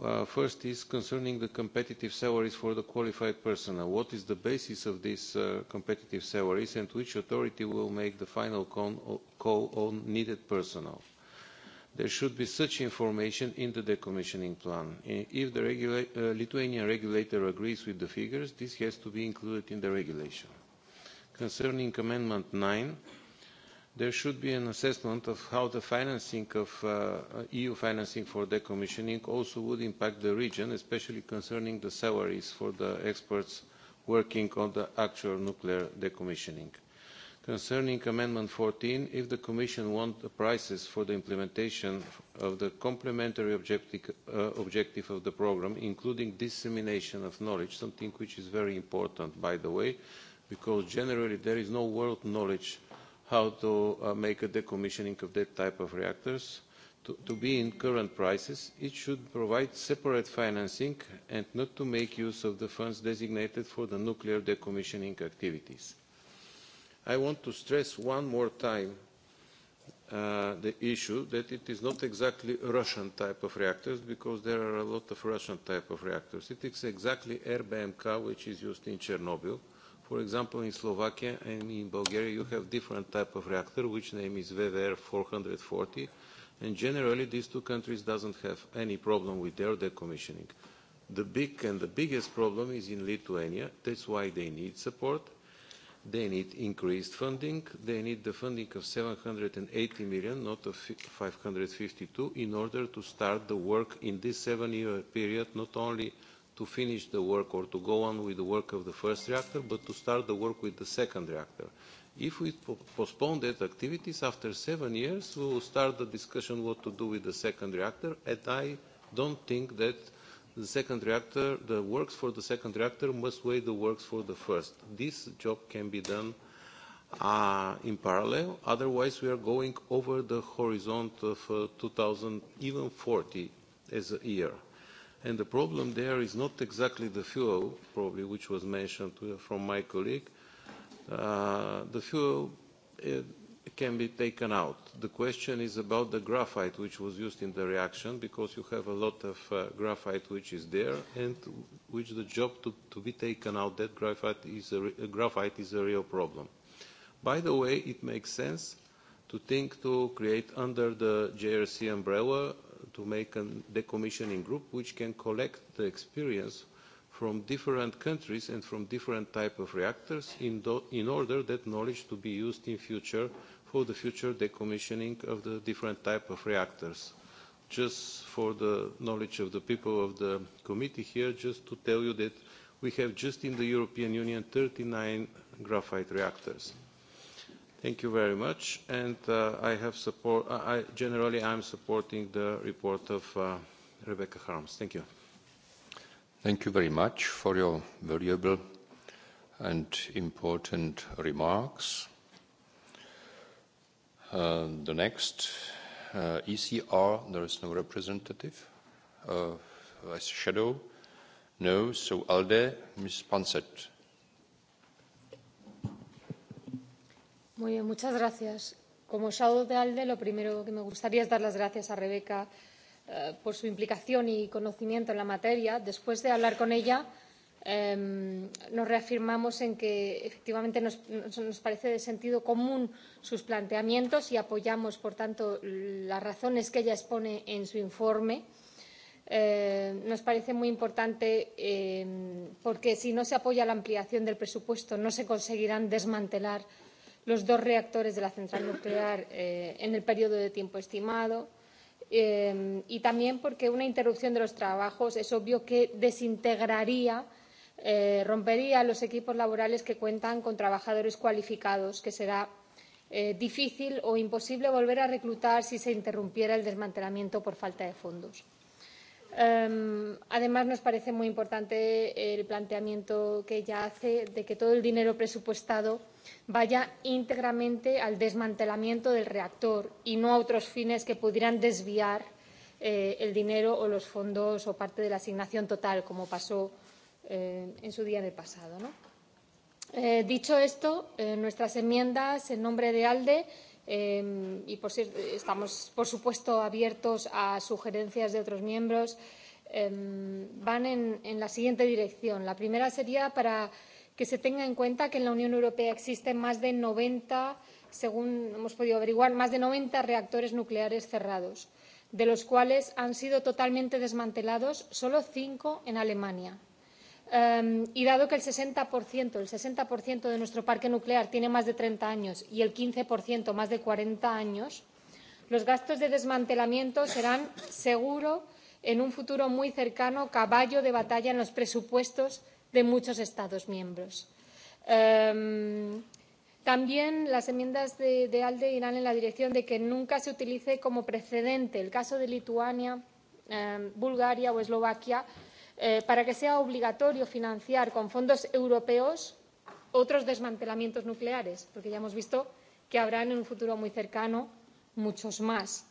Uh, first is concerning the competitive salaries for the qualified personnel. What is the basis of these uh, competitive salaries and which authority will make the final con call on needed personnel? there should be such information in the decommissioning plan. If the regula uh, Lithuanian regulator agrees with the figures, this has to be included in the regulation. Concerning Amendment 9, there should be an assessment of how the financing of uh, uh EU financing for decommissioning also would impact the region, especially concerning the salaries for the experts working on the actual nuclear decommissioning. Concerning Amendment 14, if the Commission wants the prices for the implementation of the complementary uh, objective, of the programme, including dissemination of knowledge, something which is very important, by the way, because generally there is no world knowledge how to uh, make a decommissioning of that type of reactors. To, to be in current prices, it should provide separate financing and not to make use of the funds designated for the nuclear decommissioning activities i want to stress one more time uh, the issue that it is not exactly Russian type of reactors because there are a lot of Russian type of reactors. It is exactly RBMK which is used in Chernobyl. For example, in Slovakia and in Bulgaria you have different type of reactor which name is VVR 440 and generally these two countries doesn't have any problem with their decommissioning. The big and the biggest problem is in Lithuania. That's why they need support they need increased funding. They need the funding of 780 million, not of 552, in order to start the work in this seven-year period, not only to finish the work or to go on with the work of the first reactor, but to start the work with the second reactor. If we postpone that activities, after seven years, we will start the discussion what to do with the second reactor, and I don't think that the second reactor, the works for the second reactor must weigh the works for the first. This job can be done uh, in parallel. Otherwise, we are going over the horizon of uh, 2000, even 40 as a year. And the problem there is not exactly the fuel, probably, which was mentioned uh, from my colleague. Uh, the fuel, uh, can be taken out. The question is about the graphite which was used in the reaction because you have a lot of uh, graphite which is there and which the job to, to be taken out that graphite is a, graphite is a real problem. By the way, it makes sense to think to create under the JRC umbrella to make a decommissioning group which can collect the experience from different countries and from different type of reactors in, in order that knowledge to be used in future the future decommissioning of the different type of reactors. Just for the knowledge of the people of the committee here, just to tell you that we have just in the European Union 39 graphite reactors. Thank you very much. And uh, I have support, uh, I, generally I'm supporting the report of uh, Rebecca Harms. Thank you. Thank you very much for your valuable and important remarks. Uh, the next, uh, ECR, there is no representative. Uh, as shadow, no. So ALDE, Ms. Pansett. Muy bien, muchas gracias. Como shadow de ALDE, lo primero que me gustaría es dar las gracias a Rebeca uh, por su implicación y conocimiento en la materia. Después de hablar con ella, nos reafirmamos en que efectivamente nos, nos parece de sentido común sus planteamientos y apoyamos, por tanto, las razones que ella expone en su informe. Eh, nos parece muy importante eh, porque si no se apoya la ampliación del presupuesto no se conseguirán desmantelar los dos reactores de la central nuclear eh, en el periodo de tiempo estimado y también porque una interrupción de los trabajos es obvio que desintegraría eh, rompería los equipos laborales que cuentan con trabajadores cualificados, que será eh, difícil o imposible volver a reclutar si se interrumpiera el desmantelamiento por falta de fondos. además, nos parece muy importante el planteamiento que ella hace de que todo el dinero presupuestado vaya íntegramente al desmantelamiento del reactor y no a otros fines que pudieran desviar eh, el dinero o los fondos o parte de la asignación total, como pasó eh, en su día de pasado. ¿no? Eh, dicho esto, eh, nuestras enmiendas en nombre de ALDE eh, y por si estamos, por supuesto, abiertos a sugerencias de otros miembros eh, van en, en la siguiente dirección. La primera sería para que se tenga en cuenta que en la Unión Europea existen más de 90, según hemos podido averiguar, más de 90 reactores nucleares cerrados, de los cuales han sido totalmente desmantelados solo cinco en Alemania y dado que el 60%, el 60 de nuestro parque nuclear tiene más de 30 años y el 15% más de 40 años, los gastos de desmantelamiento serán seguro en un futuro muy cercano caballo de batalla en los presupuestos de muchos Estados miembros. Um, también las enmiendas de, de ALDE irán en la dirección de que nunca se utilice como precedente el caso de Lituania, eh, Bulgaria o Eslovaquia eh, para que sea obligatorio financiar con fondos europeos otros desmantelamientos nucleares porque ya hemos visto que habrán en un futuro muy cercano muchos más.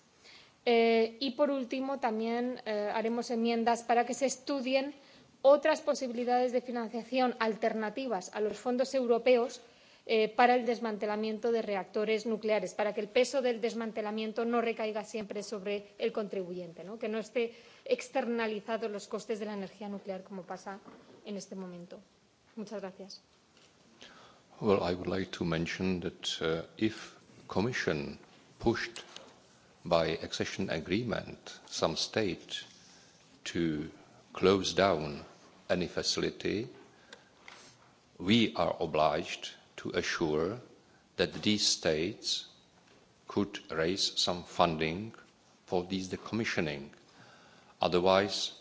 Eh, y por último también eh, haremos enmiendas para que se estudien otras posibilidades de financiación alternativas a los fondos europeos eh, para el desmantelamiento de reactores nucleares para que el peso del desmantelamiento no recaiga siempre sobre el contribuyente ¿no? que no esté externalizados los costes de la energía nuclear como pasa en este momento. Muchas gracias. Well, I would like to mention that uh, if Commission pushed by accession agreement some state to close down any facility, we are obliged to assure that these states could raise some funding for these decommissioning otherwise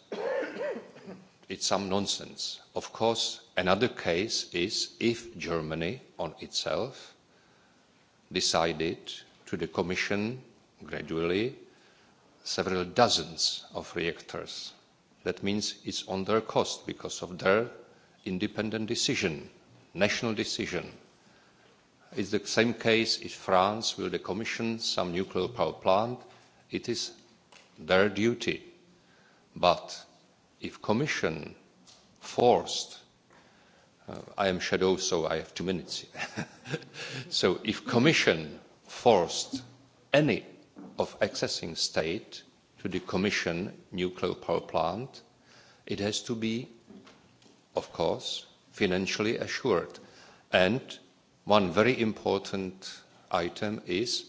it's some nonsense. of course another case is if germany on itself decided to the commission gradually several dozens of reactors that means it's on their cost because of their independent decision national decision is the same case if france will the commission some nuclear power plant it is their duty but if commission forced uh, i am shadow so i have two minutes *laughs* so if commission forced any of accessing state to the commission nuclear power plant it has to be of course financially assured and one very important item is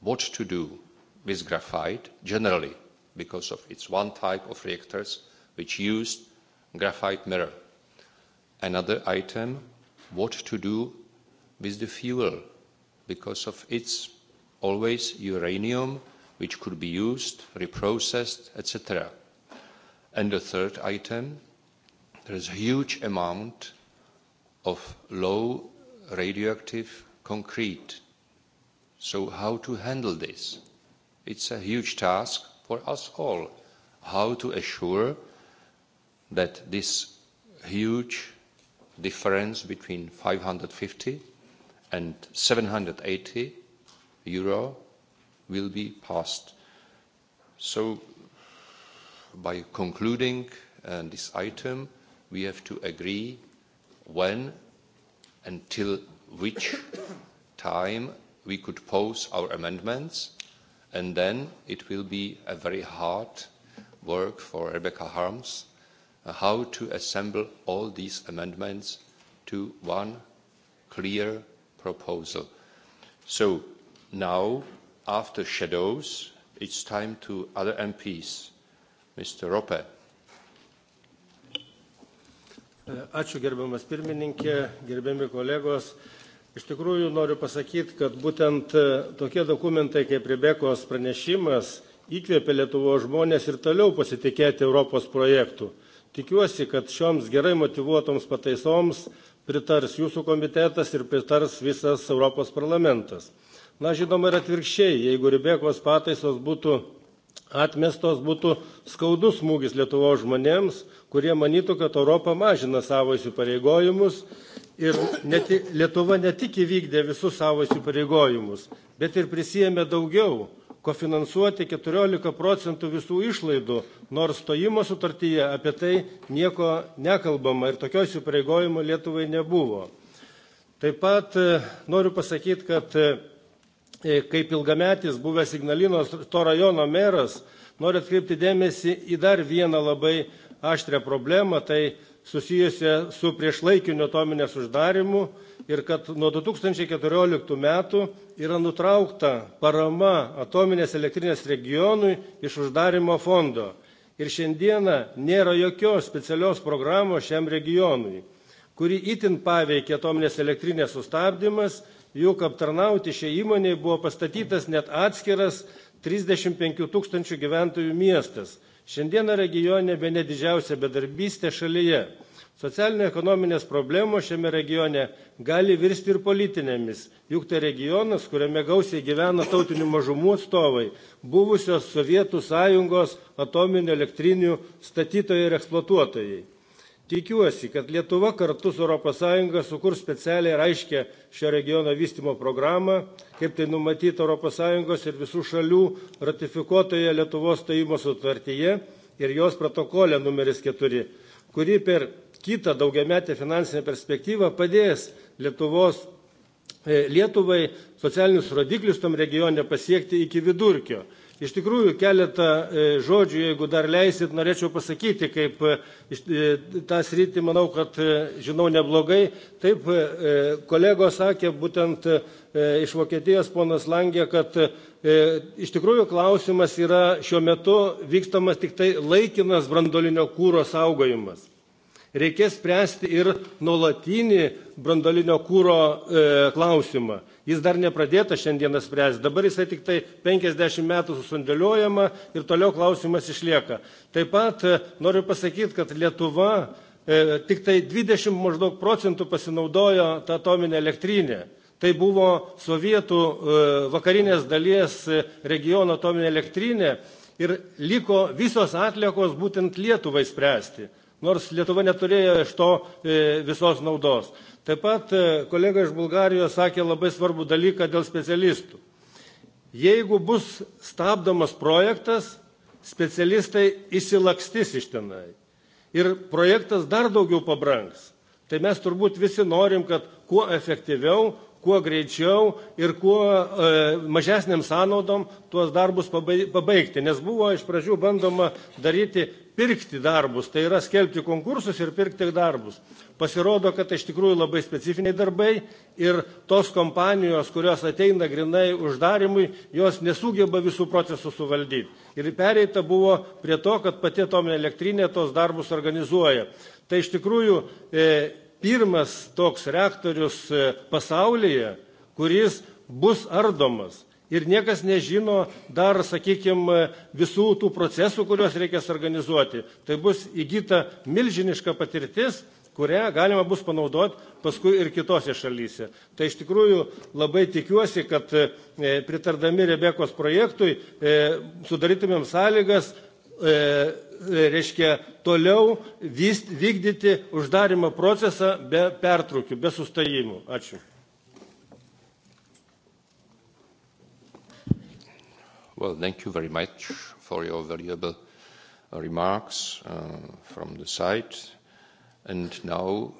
what to do with graphite generally because of its one type of reactors which used graphite mirror. Another item, what to do with the fuel because of its always uranium which could be used, reprocessed, etc. And the third item, there is a huge amount of low radioactive concrete. So how to handle this? It's a huge task for us all how to assure that this huge difference between 550 and 780 euro will be passed. So by concluding uh, this item, we have to agree when until which *coughs* time we could pose our amendments and then it will be a very hard work for Rebecca Harms uh, how to assemble all these amendments to one clear proposal. So now, after shadows, it's time to other MPs. Mr. Rope. Uh, Iš tikrųjų noriu pasakyti, kad būtent e, tokie dokumentai kaip Rebekos pranešimas įkvėpė Lietuvos žmonės ir toliau pasitikėti Europos projektų. Tikiuosi, kad šioms gerai motivuotoms pataisoms pritars jūsų komitetas ir pritars visas Europos parlamentas. Na, žinoma, ir atvirkščiai, jeigu Rebekos pataisos būtų atmestos, būtų skaudus smūgis Lietuvos žmonėms, kurie manytų, kad Europa mažina savo įsipareigojimus ir neti, Lietuva ne tik įvykdė visus savo įsipareigojimus, bet ir prisijėmė daugiau kofinansuoti 14 procentų visų išlaidų, nors stojimo sutartyje apie tai nieko nekalbama ir tokio įsipareigojimo Lietuvai nebuvo. Taip pat e, noriu pasakyti, kad e, kaip ilgametis buvęs Ignalinos to rajono meras, noriu atkreipti dėmesį į dar vieną labai aštrią problemą, tai susijusią su priešlaikiniu atominės uždarimu ir kad nuo 2014 metų yra nutraukta parama atominės elektrinės regionui iš uždarimo fondo. Ir šiandieną nėra jokios specialios programos šiam regionui, kuri itin paveikė atominės elektrinės sustabdymas, juk aptarnauti šiai įmonei buvo pastatytas net atskiras 35 tūkstančių gyventojų miestas – Šiandieną regione bene didžiausia bedarbystė šalyje. Socialinio-ekonominės problemos šiame regione gali virsti ir politinėmis, juk tai regionas, kuriame gausiai gyvena tautinių mažumų atstovai, buvusios Sovietų sąjungos atominių elektrinių statytojai ir eksploatuotojai tikiuosi kad lietuva kartu su europos sąjunga sukurs specialią ir aiškią šio regiono vystymo programą kaip tai numatyta europos sąjungos ir visų šalių ratifikuotoje lietuvos stojimo sutartyje ir jos protokole numeris keturi kuri per kitą daugiametę finansinę perspektyvą padės lietuvos e, lietuvai socialinius rodiklius tam regione pasiekti iki vidurkio Iš tikrųjų, keletą e, žodžių, jeigu dar leisit, norėčiau pasakyti, kaip e, e, tą sritį, manau, kad žinau neblogai. Taip, kolegos sakė, būtent iš Vokietijos ponas Langė, kad iš tikrųjų klausimas yra šiuo metu vykstamas tik tai laikinas brandolinio kūro saugojimas reikės spręsti ir nuolatinį brandolinio kūro e, klausimą. Jis dar nepradėta šiandieną spręsti. Dabar jisai tiktai 50 metų susandėliojama ir toliau klausimas išlieka. Taip pat e, noriu pasakyti, kad Lietuva e, tik tai 20 maždaug procentų pasinaudojo tą atominę elektrinę. Tai buvo sovietų vakarinės dalies regiono atominė elektrinė ir liko visos atliekos būtent Lietuvai spręsti nors Lietuva neturėjo iš to e, visos naudos. Taip pat e, kolega iš Bulgarijos sakė labai svarbų dalyką dėl specialistų. Jeigu bus stabdomas projektas, specialistai įsilakstys iš tenai. Ir projektas dar daugiau pabrangs. Tai mes turbūt visi norim, kad kuo efektyviau, kuo greičiau ir kuo e, mažesniam sąnaudom tuos darbus pabaigti. Nes buvo iš pradžių bandoma daryti pirkti darbus, tai yra skelbti konkursus ir pirkti darbus. Pasirodo, kad iš tikrųjų labai specifiniai darbai ir tos kompanijos, kurios ateina grinai uždarimui, jos nesugeba visų procesų suvaldyti. Ir pereita buvo prie to, kad pati atominė elektrinė tos darbus organizuoja. Tai iš tikrųjų e, pirmas toks reaktorius e, pasaulyje, kuris bus ardomas. Ir niekas nežino dar, sakykim e, visų tų procesų, kuriuos reikės organizuoti. Tai bus įgyta milžiniška patirtis, kurią galima bus panaudoti paskui ir kitose šalyse. Tai iš tikrųjų labai tikiuosi, kad e, pritardami Rebekos projektui sudarytumėm sąlygas E, e, reiškia toliau vykdyti uždarimo procesą be pertraukių, be sustojimų. Ačiū. Well, thank you very much for your valuable remarks uh, from the site. And now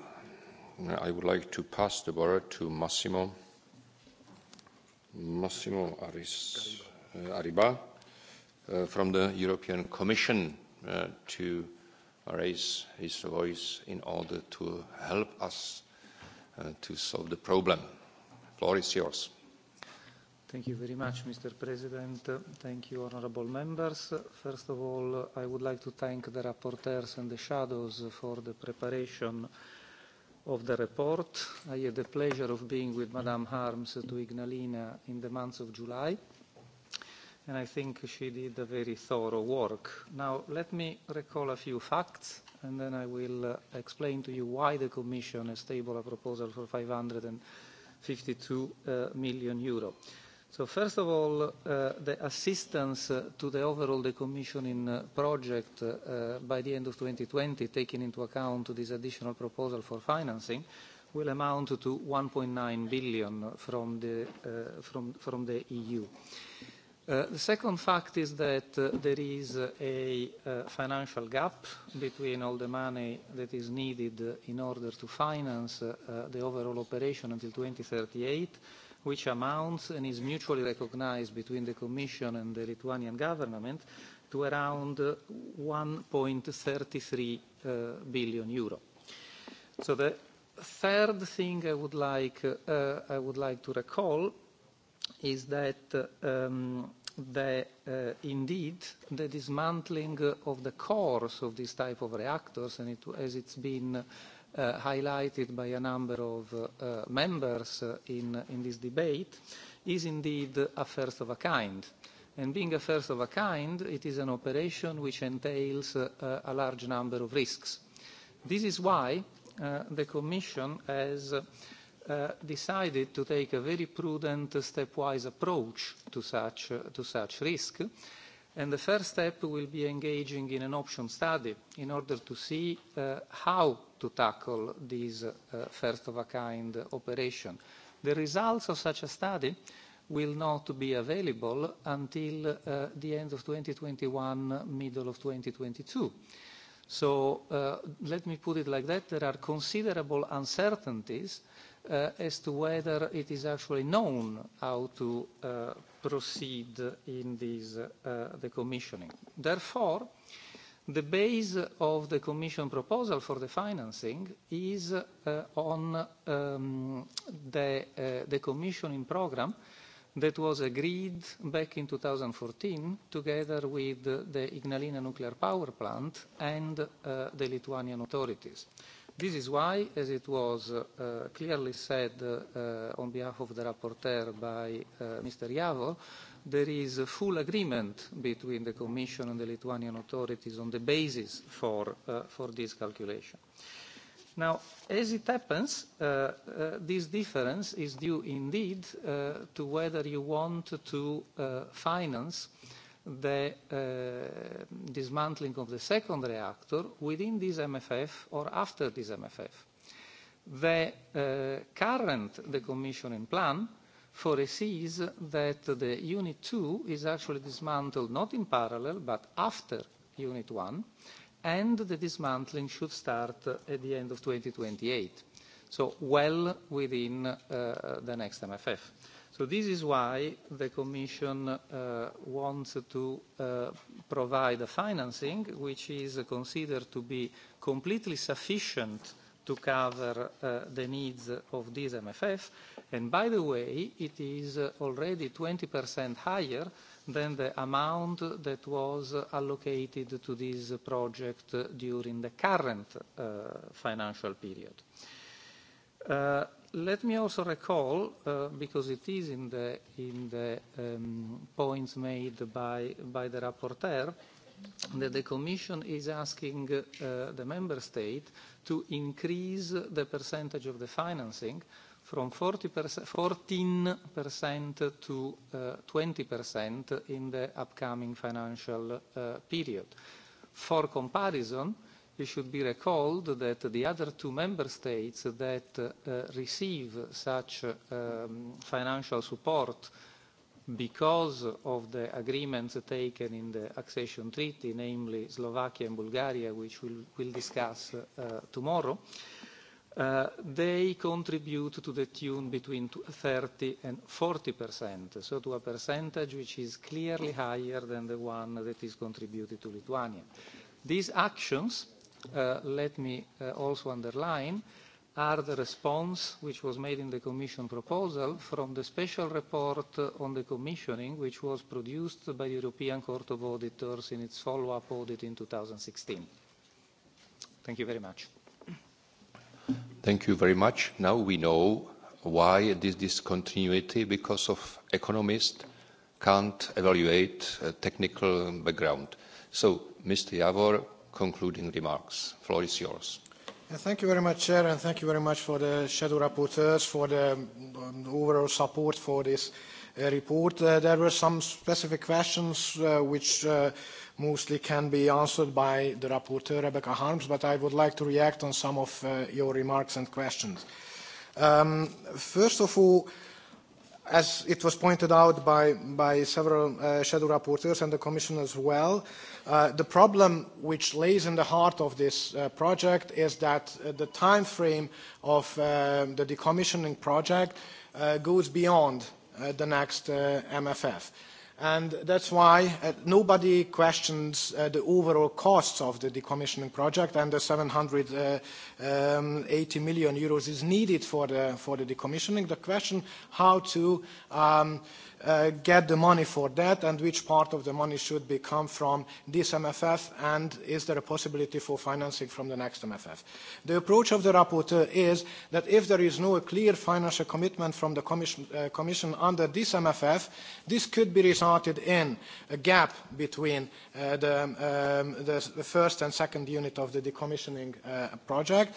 uh, I would like to pass the word to Massimo, Massimo Aris, uh, Ariba uh, from the European Commission uh, to raise his voice in order to help us uh, to solve the problem. The floor is yours. Thank you very much, Mr. President. Thank you, honorable members. First of all, I would like to thank the rapporteurs and the shadows for the preparation of the report. I had the pleasure of being with Madame Harms to Ignalina in the month of July and I think she did a very thorough work. Now, let me recall a few facts, and then I will uh, explain to you why the Commission has tabled a proposal for 552 uh, million euro. So first of all, uh, the assistance uh, to the overall decommissioning uh, project uh, by the end of 2020, taking into account this additional proposal for financing, will amount to 1.9 billion from the, from, from the EU. Uh, the second fact is that uh, there is a uh, financial gap between all the money that is needed in order to finance the overall operation until 2038, which amounts and is mutually recognized between the Commission and the Lithuanian government to around 1.33 billion euro. So the third thing I would like, I would like to recall is that um, the, uh, indeed, the dismantling of the cores of this type of reactors, and it, as it's been uh, highlighted by a number of uh, members uh, in, in this debate, is indeed a first of a kind. And being a first of a kind, it is an operation which entails uh, a large number of risks. This is why the Commission has Uh, decided to take a very prudent stepwise approach to such, uh, to such risk. And the first step will be engaging in an option study in order to see uh, how to tackle this uh, first-of-a-kind operation. The results of such a study will not be available until uh, the end of 2021, middle of 2022. So let me put it like that. There are considerable uncertainties Uh, as to whether it is actually known how to uh, proceed in this uh, the commissioning. Therefore, the base of the Commission proposal for the financing is uh, on um, the, uh, the commissioning programme that was agreed back in 2014 together with the Ignalina nuclear power plant and the Lithuanian authorities. This is why, as it was uh, clearly said uh, uh, on behalf of the rapporteur by Mr. Javor, there is a full agreement between the Commission and the Lithuanian authorities on the basis for, for this calculation. Now, as it happens, this difference is due indeed to whether you want to finance the uh, dismantling of the second reactor within this MFF or after this MFF. The uh, current decommissioning plan foresees that the Unit 2 is actually dismantled not in parallel but after Unit 1 and the dismantling should start at the end of 2028, so well within uh, the next MFF. So this is why the Commission uh, wants to uh, provide a financing which is considered to be completely sufficient to cover uh, the needs of this MFF. And by the way, it is already 20% higher than the amount that was allocated to this project during the current financial period. Let me also recall, uh, because it is in the, in the um, points made by, by the rapporteur, that the Commission is asking uh, the Member State to increase the percentage of the financing from 40 14% to 20% uh, in the upcoming financial period. For comparison, It should be recalled that the other two member states that uh, receive such um, financial support because of the agreements taken in the accession treaty, namely Slovakia and Bulgaria, which we'll, we'll discuss uh, tomorrow, uh, they contribute to the tune between 30 and 40%, so to a percentage which is clearly higher than the one that is contributed to Lithuania. These actions Uh, let me uh, also underline are the response which was made in the Commission proposal from the special report on the commissioning which was produced by the European Court of Auditors in its follow-up audit in 2016. Thank you very much. Thank you very much. Now we know why this discontinuity because of economists can't evaluate uh, technical background. So, Mr. Javor, concluding remarks. The floor is yours. Thank you very much, Chair, and thank you very much for the shadow rapporteurs for the um, overall support for this uh, report. Uh, there were some specific questions uh, which mostly can be answered by the rapporteur, Rebecca Harms, but I would like to react on some of your remarks and questions. Um, first of all, as it was pointed out by, by several uh, shadow rapporteurs and the Commission as well, uh, the problem which lays in the heart of this uh, project is that the time frame of the decommissioning project goes beyond the next MFF and that's why uh, nobody questions uh, the overall costs of the decommissioning project and the 780 uh, um, million euros is needed for the for the decommissioning the question how to um, uh, get the money for that and which part of the money should be come from this MFF and is there a possibility for financing from the next MFF. The approach of the rapporteur is that if there is no clear financial commitment from the commission, uh, commission under this MFF, this could be resulted in a gap between uh, um, the, the first and second unit of the decommissioning uh, project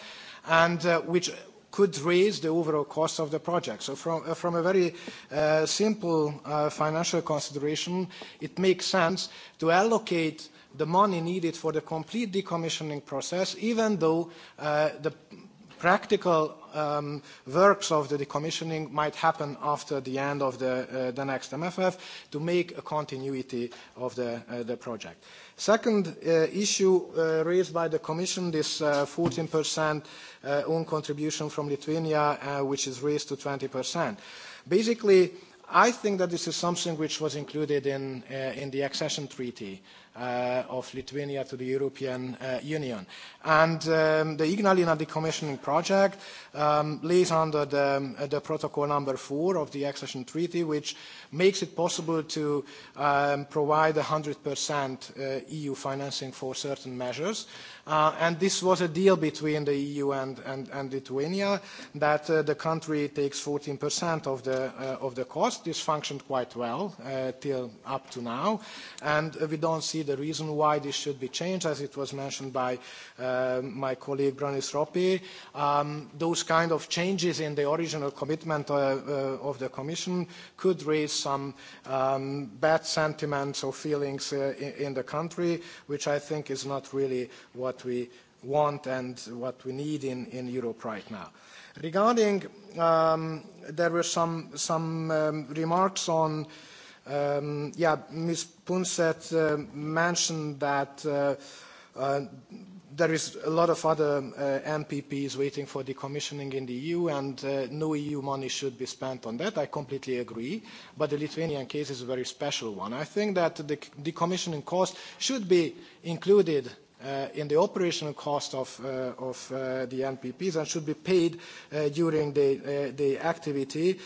and which could raise the overall cost of the project. So from, uh, from a very uh, simple uh, financial consideration, it makes sense to allocate the money needed for the complete decommissioning process, even though uh, the practical um, works of the decommissioning might happen after the end of the, uh, the next MFF to make a continuity of the, the project. Second uh, issue uh, raised by the Commission, this 14% uh, own contribution from Lithuania, which is raised to 20%. Basically, I think that this is something which was included in, in the accession treaty uh, of Lithuania to the European uh, Union. And um, the Ignalina decommissioning project um, lays under the, uh, the protocol number four of the accession treaty, which makes it possible to um, provide 100% uh, EU financing for certain measures. Uh, and this was a deal between the EU and, and, Lithuania that uh, the country takes 14% of the, uh, of the cost. This functioned quite well till up to now. And we don't see the reason why this should be changed, as it was mentioned by my colleague Bronis Ropi. Um, those kind of changes in the original commitment of the Commission could raise some um, bad sentiments or feelings in, in the country, which I think is not really what what we want and what we need in, in Europe right now. Regarding, um, there were some, some um, remarks on, um, yeah, Ms. Punset uh, mentioned that uh, uh, there is a lot of other MPPs waiting for decommissioning in the EU and no EU money should be spent on that. I completely agree, but the Lithuanian case is a very special one. I think that the decommissioning cost should be included Uh, in the operational cost of, uh, of uh, the NPPs and should be paid during the, the activity.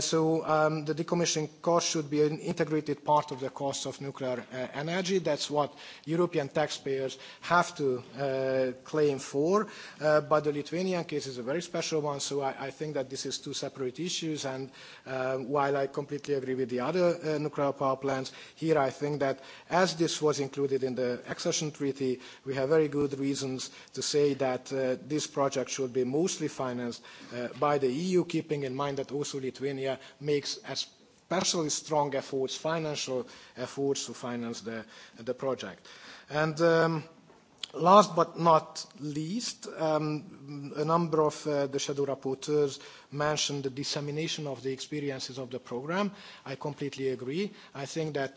So um, the decommissioning cost should be an integrated part of the cost of nuclear energy. That's what European taxpayers have to claim for. But the Lithuanian case is a very special one, so I, I think that this is two separate issues. And um, while I completely agree with the other nuclear power plants, here I think that as this was included in the accession treaty, we have very good reasons to say that uh, this project should be mostly financed uh, by the eu keeping in mind that also lithuania makes especially strong efforts financial efforts to finance the, the project. and um, Last but not least, um, a number of uh, the shadow rapporteurs mentioned the dissemination of the experiences of the program. I completely agree. I think that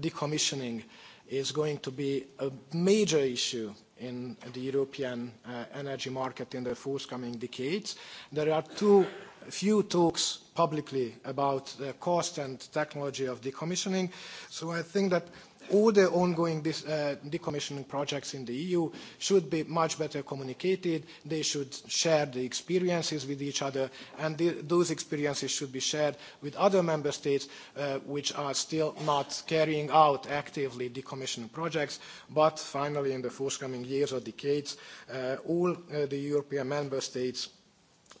decommissioning is going to be a major issue in the European uh, energy market in the forthcoming decades. There are too few talks publicly about the cost and technology of decommissioning, so I think that all the ongoing uh, decommissioning projects in the EU should be much better communicated. They should share the experiences with each other, and those experiences should be shared with other member states uh, which are still not carrying out actively decommissioning projects. But finally, in the forthcoming years or decades, uh, all the European member states –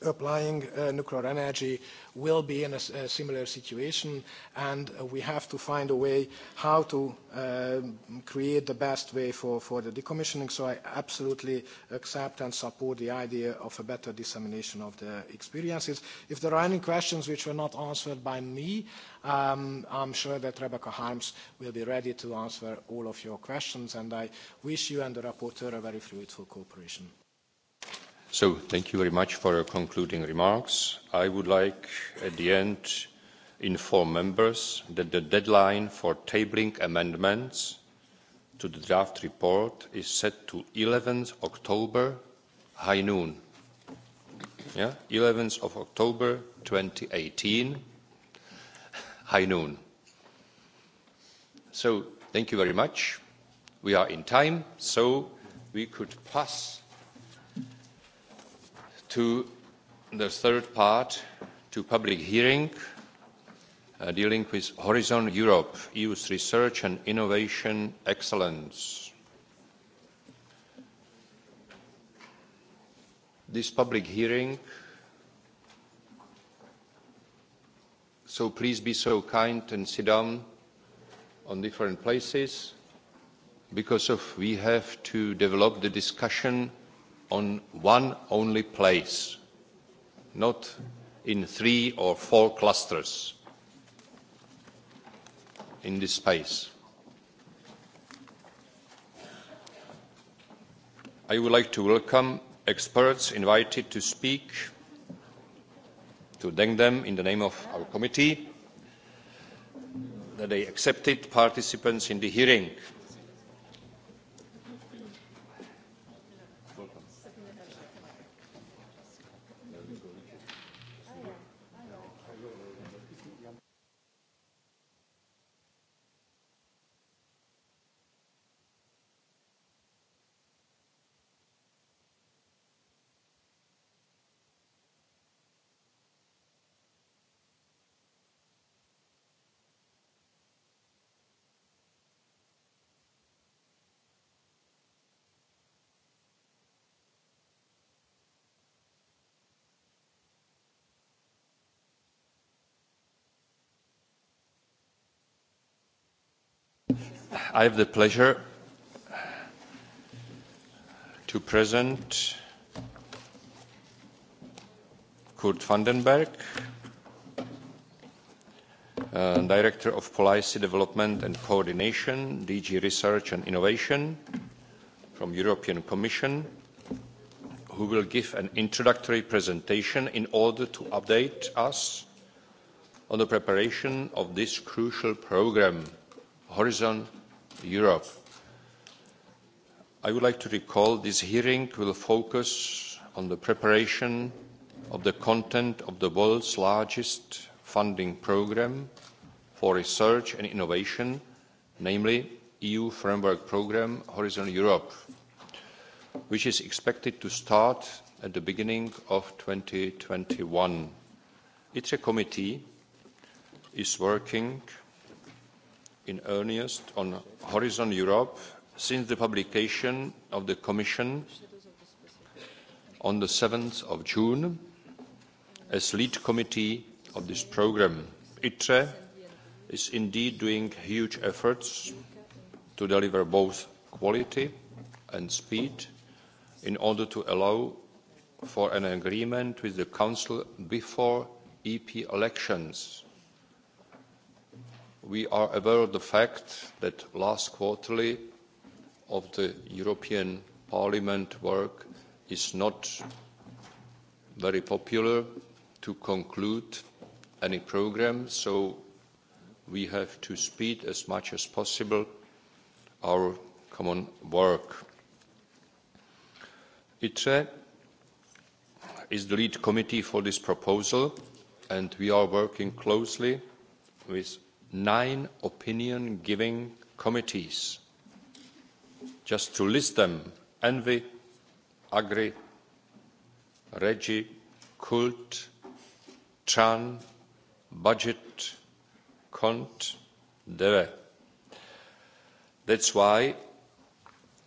applying uh, nuclear energy will be in a, a similar situation and uh, we have to find a way how to uh, create the best way for, for the decommissioning. So I absolutely accept and support the idea of a better dissemination of the experiences. If there are any questions which were not answered by me, um, I'm sure that Rebecca Harms will be ready to answer all of your questions and I wish you and the rapporteur a very fruitful cooperation. So thank you very much for your concluding remarks. I would like at the end inform members that the deadline for tabling amendments to the draft report is set to 11th October high noon. Yeah, 11th of October 2018 high noon. So thank you very much. We are in time, so we could pass to the third part, to public hearing uh, dealing with Horizon Europe, EU's research and innovation excellence. This public hearing, so please be so kind and sit down on different places because of we have to develop the discussion on one only place, not in three or four clusters in this space. I would like to welcome experts invited to speak, to thank them in the name of our committee that they accepted participants in the hearing. I have the pleasure to present Kurt Vandenberg, uh, Director of Policy Development and Coordination, DG Research and Innovation from European Commission, who will give an introductory presentation in order to update us on the preparation of this crucial program, Horizon Europe. I would like to recall this hearing will focus on the preparation of the content of the world's largest funding programme for research and innovation, namely EU Framework Programme Horizon Europe, which is expected to start at the beginning of 2021. ITRE committee is working in earnest on Horizon Europe since the publication of the Commission on the 7th of June as lead committee of this programme. ITRE is indeed doing huge efforts to deliver both quality and speed in order to allow for an agreement with the Council before EP elections we are aware of the fact that last quarterly of the European Parliament work is not very popular to conclude any programme, so we have to speed as much as possible our common work. ITRE is the lead committee for this proposal, and we are working closely with nine opinion giving committees. Just to list them Envy, Agri, Regi, Cult, Tran, Budget, Cont, Deve. That's why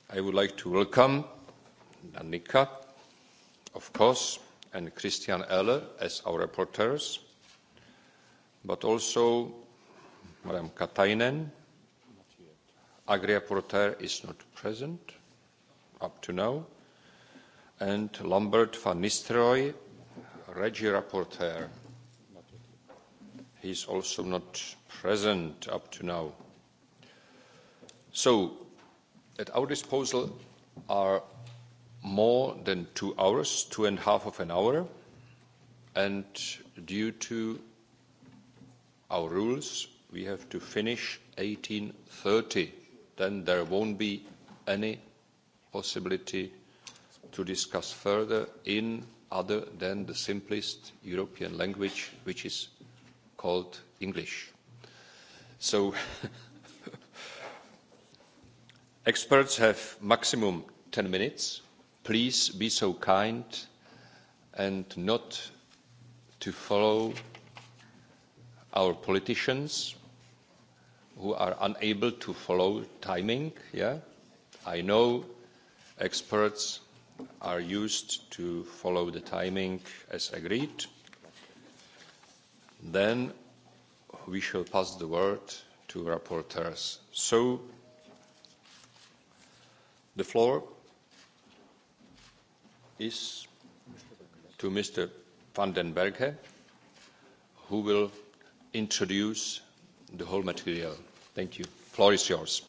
I would like to welcome Danica, of course, and Christian Eller as our rapporteurs, but also Madam Katainen. Agri rapporteur is not present up to now. And Lambert van Nistelrooy, Regi rapporteur. He is also not present up to now. So at our disposal are more than two hours, two and a half of an hour, and due to our rules, we have to finish 1830. Then there won't be any possibility to discuss further in other than the simplest European language, which is called English. So *laughs* experts have maximum 10 minutes. Please be so kind and not to follow our politicians who are unable to follow timing yeah i know experts are used to follow the timing as agreed then we shall pass the word to rapporteurs so the floor is to mr van den berge who will introduce the whole material. Thank you. Floor is yours.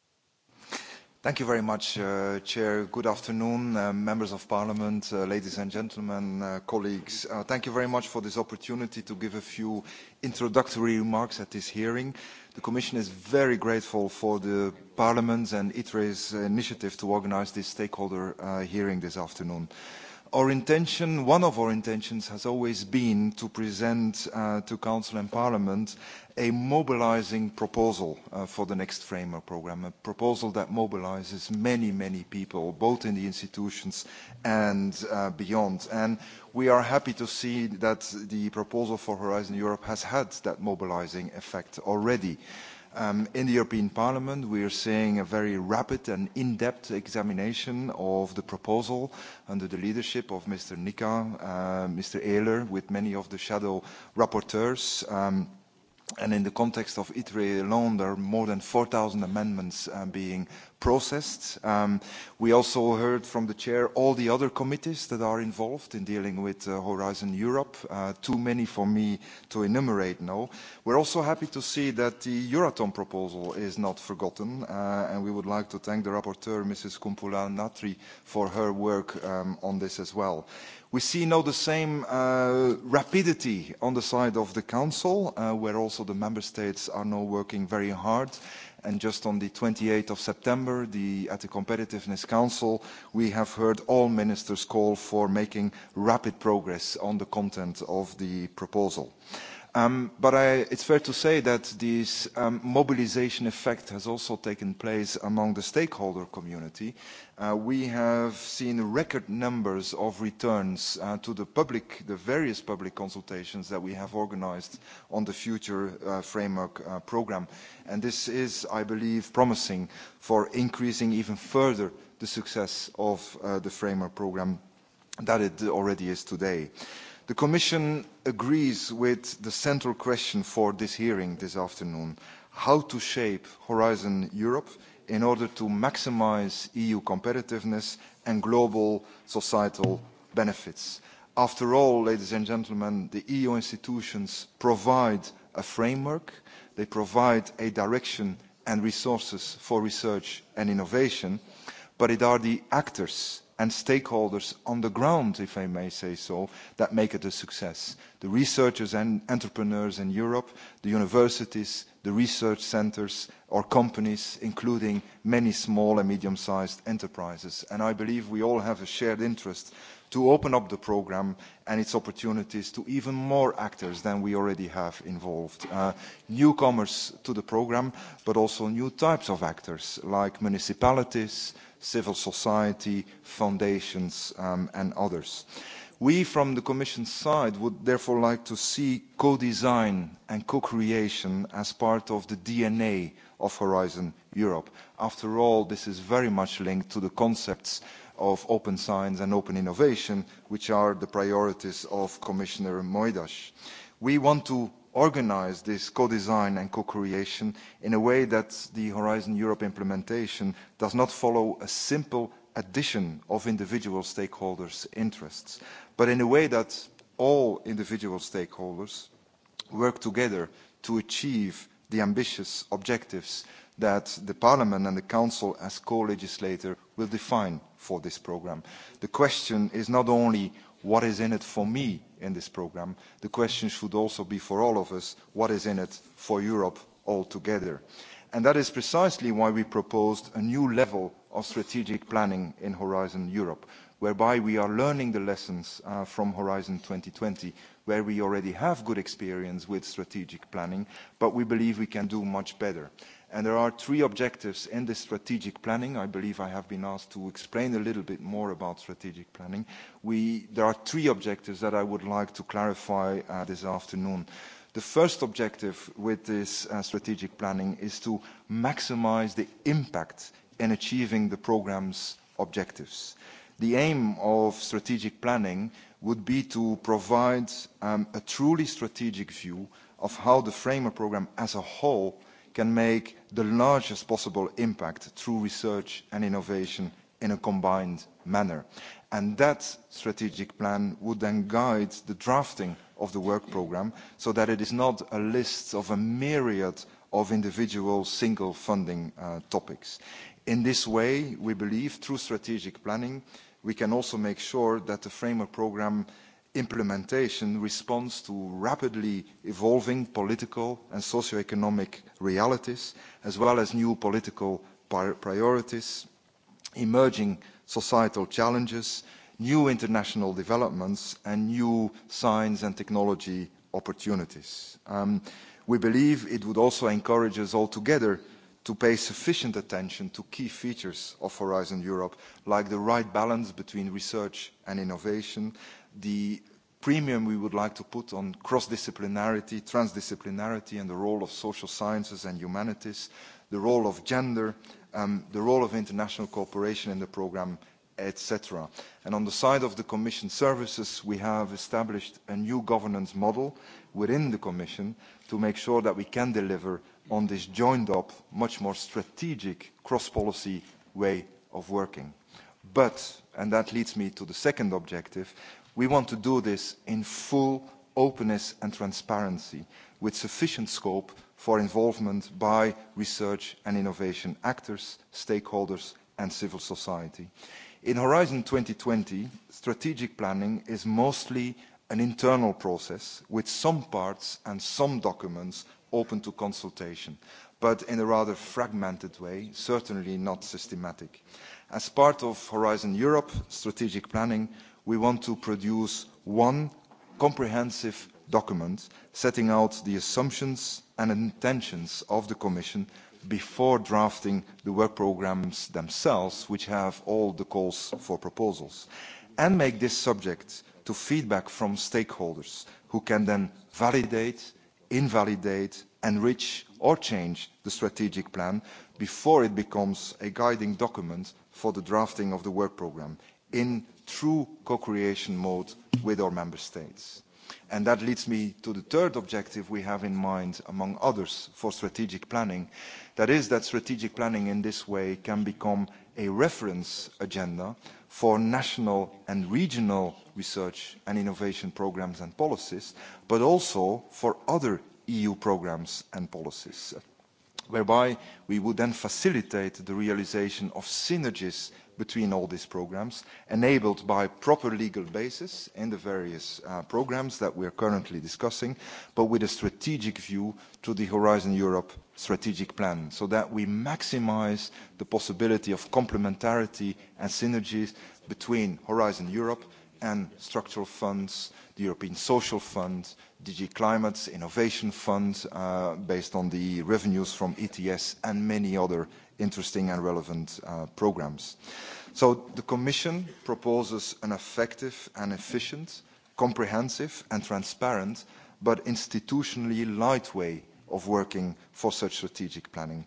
Thank you very much, uh, Chair. Good afternoon, uh, members of parliament, uh, ladies and gentlemen, uh, colleagues. Uh, thank you very much for this opportunity to give a few introductory remarks at this hearing. The Commission is very grateful for the Parliament's and ITRE's initiative to organize this stakeholder uh, hearing this afternoon. Our intention, one of our intentions has always been to present uh, to Council and Parliament a mobilizing proposal uh, for the next framework program, a proposal that mobilizes many, many people, both in the institutions and uh, beyond. And we are happy to see that the proposal for Horizon Europe has had that mobilizing effect already. Um, in the European Parliament, we are seeing a very rapid and in-depth examination of the proposal under the leadership of Mr. Nika, uh, Mr. Ehler, with many of the shadow rapporteurs. Um, And in the context of ITRE alone, there are more than 4,000 amendments uh, being processed. Um, we also heard from the chair all the other committees that are involved in dealing with uh, Horizon Europe, uh, too many for me to enumerate now. We're also happy to see that the Euratom proposal is not forgotten, and we would like to thank the rapporteur, Mrs. Kumpula Natri, for her work um, on this as well. We see now the same uh, rapidity on the side of the Council, uh, where also the Member States are now working very hard. And just on the 28th of September, the, at the Competitiveness Council, we have heard all ministers call for making rapid progress on the content of the proposal. Um, but I, it's fair to say that this um, mobilization effect has also taken place among the stakeholder community. Uh, we have seen record numbers of returns uh, to the public, the various public consultations that we have organized on the future uh, framework uh, program. And this is, I believe, promising for increasing even further the success of the framework program that it already is today the commission agrees with the central question for this hearing this afternoon how to shape horizon europe in order to maximise eu competitiveness and global societal benefits. after all ladies and gentlemen the eu institutions provide a framework they provide a direction and resources for research and innovation but it are the actors and stakeholders on the ground, if I may say so, that make it a success. The researchers and entrepreneurs in Europe, the universities, the research centers or companies, including many small and medium-sized enterprises. And I believe we all have a shared interest to open up the program and its opportunities to even more actors than we already have involved. Uh, newcomers to the program, but also new types of actors like municipalities, civil society, foundations, um, and others. We, from the Commission side, would therefore like to see co-design and co-creation as part of the DNA of Horizon Europe. After all, this is very much linked to the concepts of open science and open innovation, which are the priorities of Commissioner Moidas. We want to organize this co-design and co-creation in a way that the Horizon Europe implementation does not follow a simple addition of individual stakeholders' interests, but in a way that all individual stakeholders work together to achieve the ambitious objectives that the Parliament and the Council as co-legislator will define for this programme. The question is not only what is in it for me, in this programme. The question should also be for all of us, what is in it for Europe altogether? And that is precisely why we proposed a new level of strategic planning in Horizon Europe, whereby we are learning the lessons uh, from Horizon 2020, where we already have good experience with strategic planning, but we believe we can do much better and there are three objectives in this strategic planning. I believe I have been asked to explain a little bit more about strategic planning. We, there are three objectives that I would like to clarify uh, this afternoon. The first objective with this uh, strategic planning is to maximize the impact in achieving the program's objectives. The aim of strategic planning would be to provide um, a truly strategic view of how the framework program as a whole can make the largest possible impact through research and innovation in a combined manner. And that strategic plan would then guide the drafting of the work programme so that it is not a list of a myriad of individual single funding uh, topics. In this way, we believe, through strategic planning, we can also make sure that the framework programme implementation responds to rapidly evolving political and socio-economic realities, as well as new political priorities, emerging societal challenges, new international developments, and new science and technology opportunities. Um, we believe it would also encourage us all together to pay sufficient attention to key features of Horizon Europe, like the right balance between research and innovation, the premium we would like to put on cross-disciplinarity, transdisciplinarity, and the role of social sciences and humanities, the role of gender, um, the role of international cooperation in the programme, etc. And on the side of the Commission services, we have established a new governance model within the Commission to make sure that we can deliver on this joined-up, much more strategic cross-policy way of working. But, and that leads me to the second objective, we want to do this in full openness and transparency with sufficient scope for involvement by research and innovation actors stakeholders and civil society in horizon 2020 strategic planning is mostly an internal process with some parts and some documents open to consultation but in a rather fragmented way certainly not systematic as part of horizon europe strategic planning we want to produce one comprehensive document setting out the assumptions and intentions of the Commission before drafting the work programmes themselves, which have all the calls for proposals, and make this subject to feedback from stakeholders who can then validate, invalidate, enrich or change the strategic plan before it becomes a guiding document for the drafting of the work programme in true co-creation mode with our member states. And that leads me to the third objective we have in mind, among others, for strategic planning. That is that strategic planning in this way can become a reference agenda for national and regional research and innovation programs and policies, but also for other EU programs and policies, whereby we would then facilitate the realization of synergies between all these programs, enabled by proper legal basis in the various uh, programs that we are currently discussing, but with a strategic view to the Horizon Europe strategic plan, so that we maximize the possibility of complementarity and synergies between Horizon Europe and structural funds, the European Social Fund, DG Climate, Innovation Fund, uh, based on the revenues from ETS and many other interesting and relevant uh, programs. So the Commission proposes an effective and efficient, comprehensive and transparent, but institutionally light way of working for such strategic planning.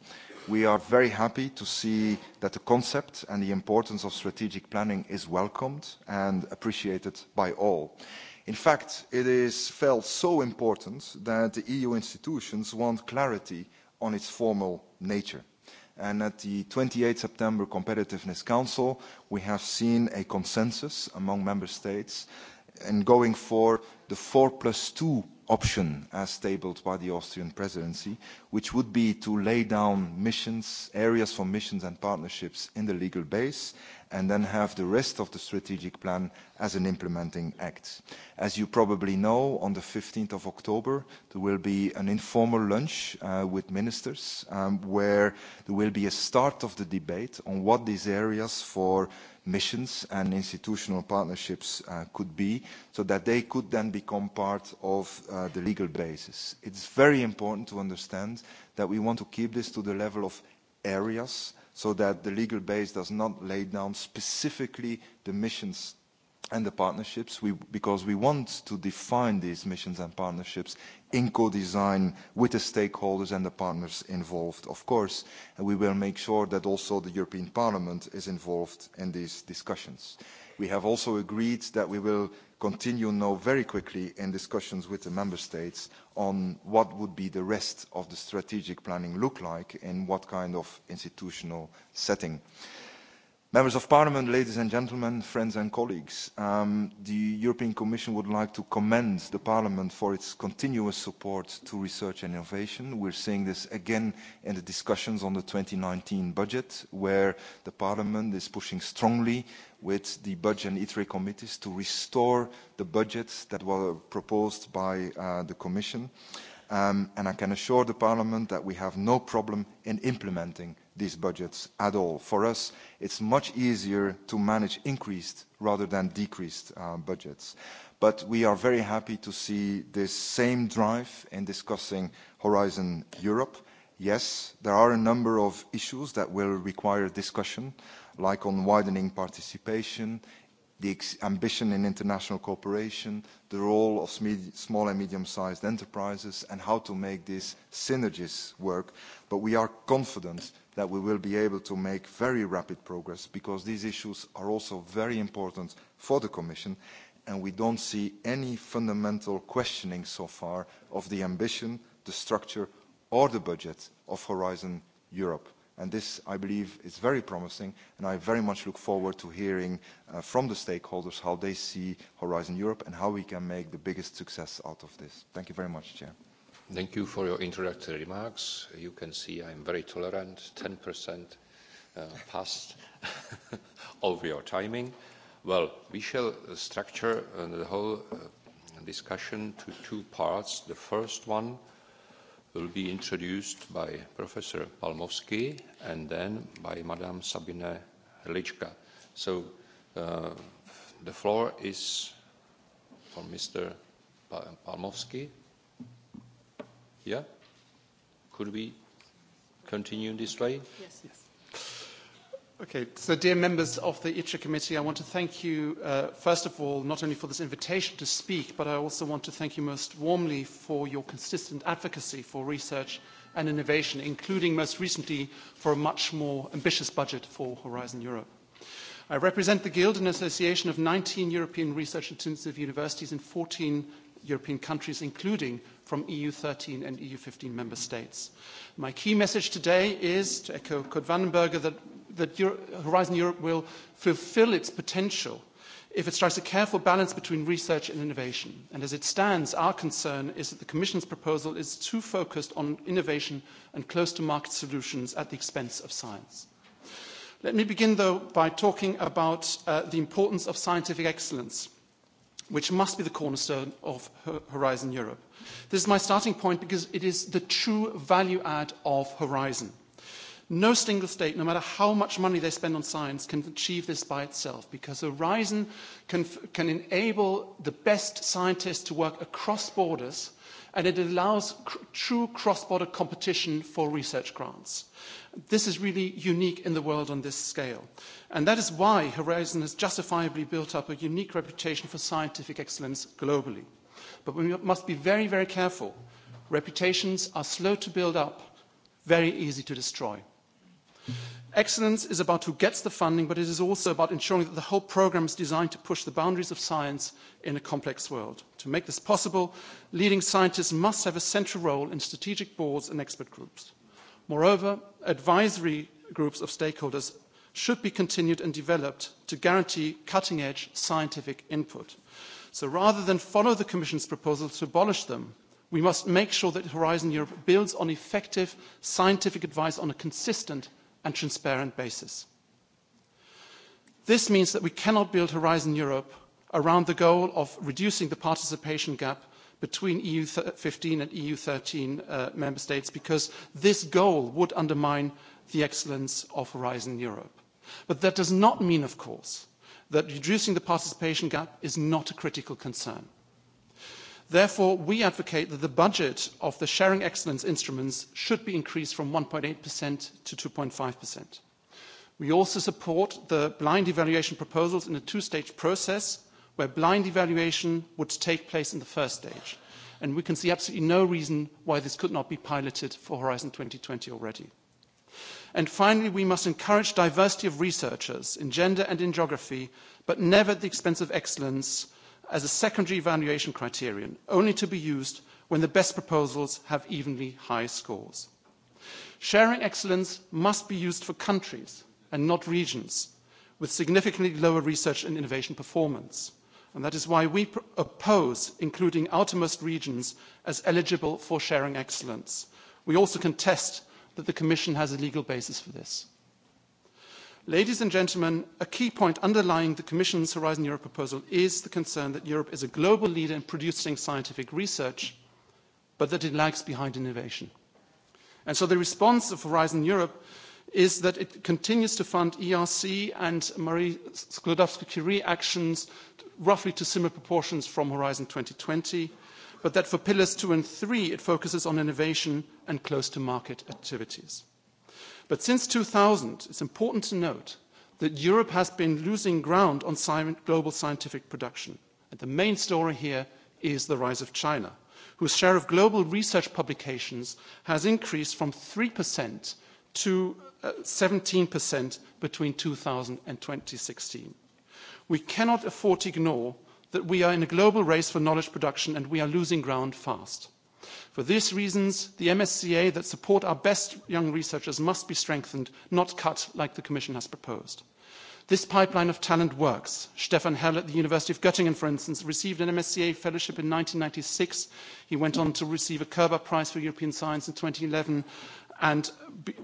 We are very happy to see that the concept and the importance of strategic planning is welcomed and appreciated by all. In fact, it is felt so important that the EU institutions want clarity on its formal nature and at the 28 September Competitiveness Council, we have seen a consensus among member states in going for the 4 plus 2 option as tabled by the Austrian presidency, which would be to lay down missions, areas for missions and partnerships in the legal base and then have the rest of the strategic plan as an implementing act. As you probably know, on the 15th of October, there will be an informal lunch uh, with ministers um, where there will be a start of the debate on what these areas for missions and institutional partnerships uh, could be so that they could then become part of uh, the legal basis. It's very important to understand that we want to keep this to the level of areas so that the legal base does not lay down specifically the missions and the partnerships, we, because we want to define these missions and partnerships in co-design with the stakeholders and the partners involved, of course, and we will make sure that also the European Parliament is involved in these discussions we have also agreed that we will continue now very quickly in discussions with the member states on what would be the rest of the strategic planning look like in what kind of institutional setting. Members of Parliament, ladies and gentlemen, friends and colleagues, um, the European Commission would like to commend the Parliament for its continuous support to research and innovation. We're seeing this again in the discussions on the 2019 budget, where the Parliament is pushing strongly with the budget and ITRE committees to restore the budgets that were proposed by uh, the Commission. Um, and I can assure the Parliament that we have no problem in implementing these budgets at all. For us, it's much easier to manage increased rather than decreased uh, budgets. But we are very happy to see this same drive in discussing Horizon Europe. Yes, there are a number of issues that will require discussion, like on widening participation, the ambition in international cooperation, the role of small and medium-sized enterprises, and how to make these synergies work. But we are confident that we will be able to make very rapid progress because these issues are also very important for the Commission and we don't see any fundamental questioning so far of the ambition, the structure or the budget of Horizon Europe. And this, I believe, is very promising, and I very much look forward to hearing uh, from the stakeholders how they see Horizon Europe and how we can make the biggest success out of this. Thank you very much, Chair. Thank you for your introductory remarks. You can see I'm very tolerant, 10% uh, past *laughs* of your timing. Well, we shall structure uh, the whole uh, discussion to two parts. The first one will be introduced by Professor Palmowski and then by Madame Sabine Lichka. So uh, the floor is for Mr. Pa-, Palmowski. Yeah? Could we continue in this way? Yes. yes. Okay, so dear members of the ITRA e committee, I want to thank you, uh, first of all, not only for this invitation to speak, but I also want to thank you most warmly for your consistent advocacy for research and innovation, including most recently for a much more ambitious budget for Horizon Europe. I represent the Guild, and association of 19 European research-intensive universities in 14 European countries, including from EU13 and EU15 member states. My key message today is, to echo Kurt Vandenberger, that, that Horizon Europe will fulfill its potential if it strikes a careful balance between research and innovation. And as it stands, our concern is that the Commission's proposal is too focused on innovation and close-to-market solutions at the expense of science. Let me begin, though, by talking about uh, the importance of scientific excellence which must be the cornerstone of Horizon Europe. This is my starting point because it is the true value add of Horizon. No single state, no matter how much money they spend on science, can achieve this by itself because Horizon can, can enable the best scientists to work across borders and it allows cr true cross-border competition for research grants this is really unique in the world on this scale. And that is why Horizon has justifiably built up a unique reputation for scientific excellence globally. But we must be very, very careful. Reputations are slow to build up, very easy to destroy. Excellence is about who gets the funding, but it is also about ensuring that the whole programme is designed to push the boundaries of science in a complex world. To make this possible, leading scientists must have a central role in strategic boards and expert groups. Moreover, advisory groups of stakeholders should be continued and developed to guarantee cutting-edge scientific input. So rather than follow the Commission's proposal to abolish them, we must make sure that Horizon Europe builds on effective scientific advice on a consistent and transparent basis. This means that we cannot build Horizon Europe around the goal of reducing the participation gap between EU 15 and EU 13 uh, member states because this goal would undermine the excellence of Horizon Europe. But that does not mean, of course, that reducing the participation gap is not a critical concern. Therefore, we advocate that the budget of the sharing excellence instruments should be increased from 1.8% to 2.5%. We also support the blind evaluation proposals in a two-stage process where blind evaluation would take place in the first stage. And we can see absolutely no reason why this could not be piloted for Horizon 2020 already. And finally, we must encourage diversity of researchers in gender and in geography, but never at the expense of excellence as a secondary evaluation criterion, only to be used when the best proposals have evenly high scores. Sharing excellence must be used for countries and not regions with significantly lower research and innovation performance and that is why we oppose including outermost regions as eligible for sharing excellence. we also contest that the commission has a legal basis for this. ladies and gentlemen a key point underlying the commission's horizon europe proposal is the concern that europe is a global leader in producing scientific research but that it lags behind innovation. and so the response of horizon europe is that it continues to fund ERC and Marie Sklodowska-Curie actions roughly to similar proportions from Horizon 2020, but that for pillars two and three, it focuses on innovation and close-to-market activities. But since 2000, it's important to note that Europe has been losing ground on global scientific production. And the main story here is the rise of China, whose share of global research publications has increased from 3% to uh, 17% between 2000 and 2016. We cannot afford to ignore that we are in a global race for knowledge production and we are losing ground fast. For these reasons, the MSCA that support our best young researchers must be strengthened, not cut like the Commission has proposed. This pipeline of talent works. Stefan Hell at the University of Göttingen, for instance, received an MSCA fellowship in 1996. He went on to receive a Kerber Prize for European Science in 2011 and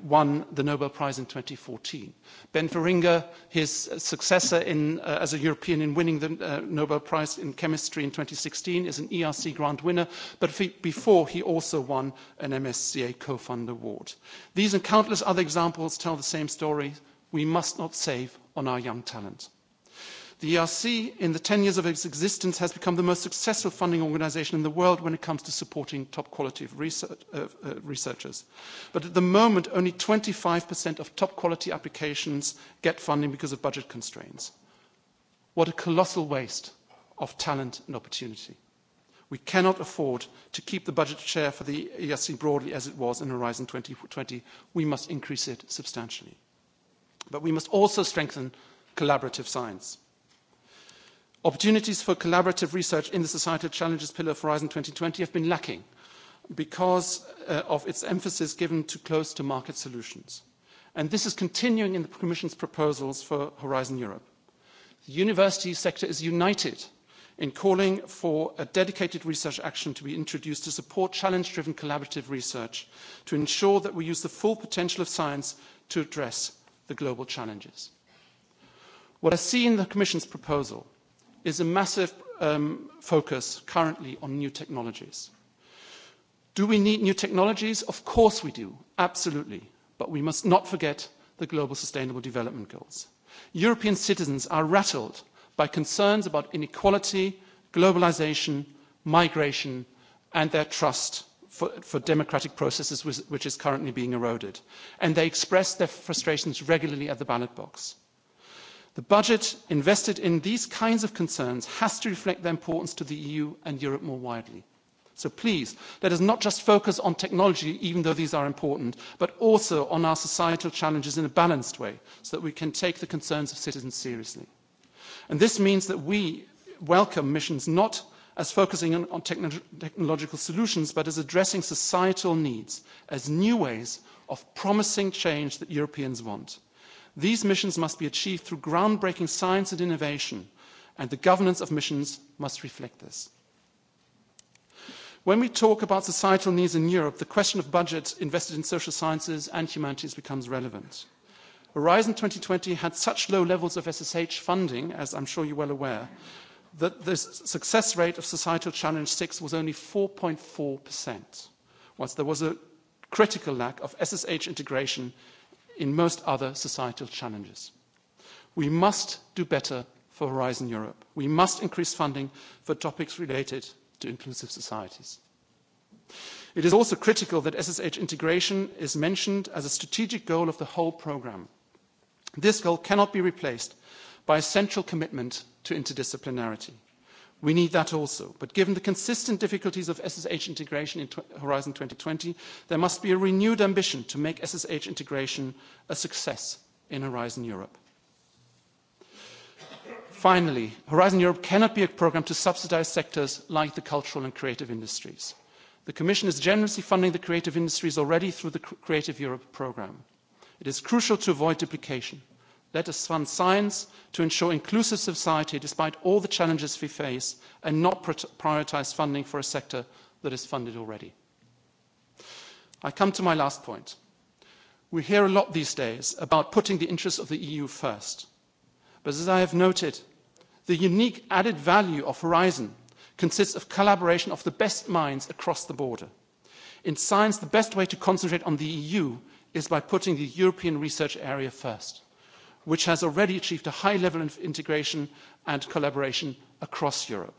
won the Nobel Prize in 2014. Ben Feringa, his successor in, uh, as a European in winning the uh, Nobel Prize in Chemistry in 2016, is an ERC grant winner, but before he also won an MSCA co-fund award. These and countless other examples tell the same story. We must not save on our young talent the ERC, in the 10 years of its existence, has become the most successful funding organisation in the world when it comes to supporting top quality of research, uh, uh researchers. But at the moment, only 25% of top quality applications get funding because of budget constraints. What a colossal waste of talent and opportunity. We cannot afford to keep the budget share for the ERC broadly as it was in Horizon 2020. We must increase it substantially. But we must also strengthen collaborative science. Opportunities for collaborative research in the societal challenges pillar of Horizon 2020 have been lacking because uh, of its emphasis given to close to market solutions. And this is continuing in the Commission's proposals for Horizon Europe. The university sector is united in calling for a dedicated research action to be introduced to support challenge driven collaborative research to ensure that we use the full potential of science to address the global challenges. What I see in the Commission's proposal is a massive um, focus currently on new technologies. Do we need new technologies? Of course we do, absolutely. But we must not forget the Global Sustainable Development Goals. European citizens are rattled by concerns about inequality, globalization, migration, and their trust for democratic processes, which is currently being eroded. And they express their frustrations regularly at the ballot box the budget invested in these kinds of concerns has to reflect their importance to the eu and europe more widely so please let us not just focus on technology even though these are important but also on our societal challenges in a balanced way so that we can take the concerns of citizens seriously and this means that we welcome missions not as focusing on, technological solutions but as addressing societal needs as new ways of promising change that europeans want these missions must be achieved through groundbreaking science and innovation and the governance of missions must reflect this. when we talk about societal needs in europe the question of budget invested in social sciences and humanities becomes relevant. horizon 2020 twenty had such low levels of ssh funding as i'm sure you're well aware that the success rate of societal challenge 6 was only 4.4%, whilst there was a critical lack of ssh integration in most other societal challenges. We must do better for Horizon Europe. We must increase funding for topics related to inclusive societies. It is also critical that SSH integration is mentioned as a strategic goal of the whole programme. This goal cannot be replaced by a central commitment to interdisciplinarity. We need that also. But given the consistent difficulties of SSH integration in Horizon 2020, there must be a renewed ambition to make SSH integration a success in Horizon Europe. Finally, Horizon Europe cannot be a programme to subsidise sectors like the cultural and creative industries. The Commission is generously funding the creative industries already through the Creative Europe programme. It is crucial to avoid duplication let us fund science to ensure inclusive society despite all the challenges we face and not prioritise funding for a sector that is funded already. I come to my last point. We hear a lot these days about putting the interests of the EU first. But as I have noted, the unique added value of Horizon consists of collaboration of the best minds across the border. In science, the best way to concentrate on the EU is by putting the European research area first which has already achieved a high level of integration and collaboration across Europe.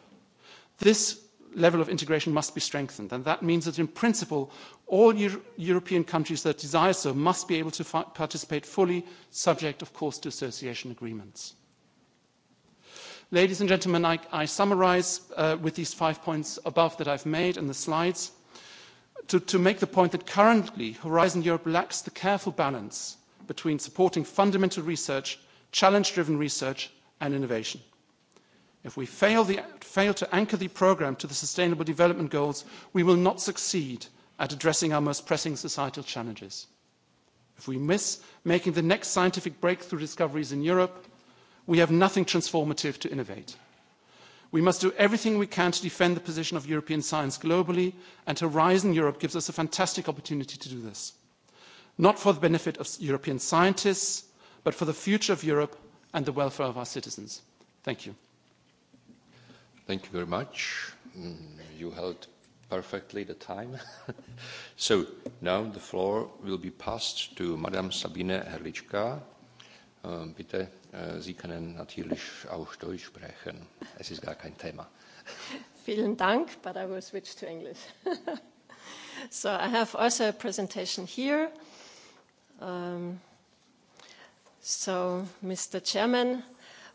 This level of integration must be strengthened, and that means that in principle, all European countries that desire so must be able to participate fully, subject, of course, to association agreements. Ladies and gentlemen, I, I summarise uh, with these five points above that I've made in the slides to, to make the point that currently Horizon Europe lacks the careful balance between supporting fundamental research, challenge-driven research, and innovation. If we fail, fail to anchor the programme to the Sustainable Development Goals, we will not succeed at addressing our most pressing societal challenges. If we miss making the next scientific breakthrough discoveries in Europe, we have nothing transformative to innovate. We must do everything we can to defend the position of European science globally, and Horizon Europe gives us a fantastic opportunity to do this not for the benefit of European scientists, but for the future of Europe and the welfare of our citizens. Thank you. Thank you very much. Mm, you held perfectly the time. *laughs* so now the floor will be passed to Madame Sabine Herrlichka. Um, bitte, uh, Sie können natürlich auch Deutsch sprechen. Es ist gar kein Thema. *laughs* Vielen Dank, but I will switch to English. *laughs* so I have also a presentation here. Um, so, Mr. Chairman,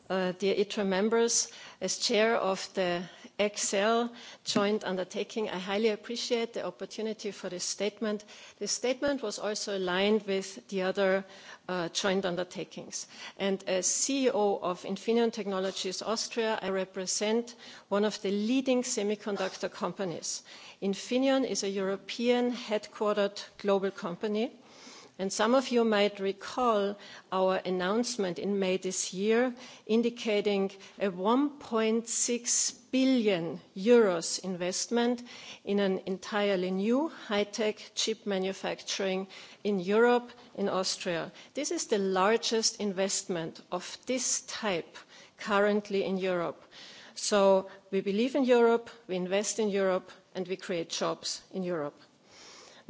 uh, dear ITRA e members, as chair of the excel joint undertaking i highly appreciate the opportunity for this statement. this statement was also aligned with the other uh, joint undertakings and as ceo of infineon technologies austria i represent one of the leading semiconductor companies. infineon is a european headquartered global company and some of you might recall our announcement in may this year indicating a eur. one six billion Euros investment in an entirely new high tech chip manufacturing in europe in austria. this is the largest investment of this type currently in europe. so we believe in europe we invest in europe and we create jobs in europe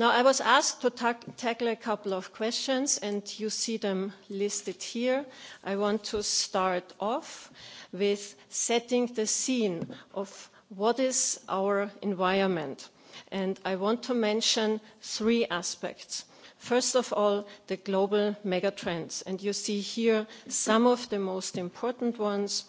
now i was asked to tackle a couple of questions and you see them listed here. i want to start off with setting the scene of what is our environment and i want to mention three aspects first of all the global megatrends and you see here some of the most important ones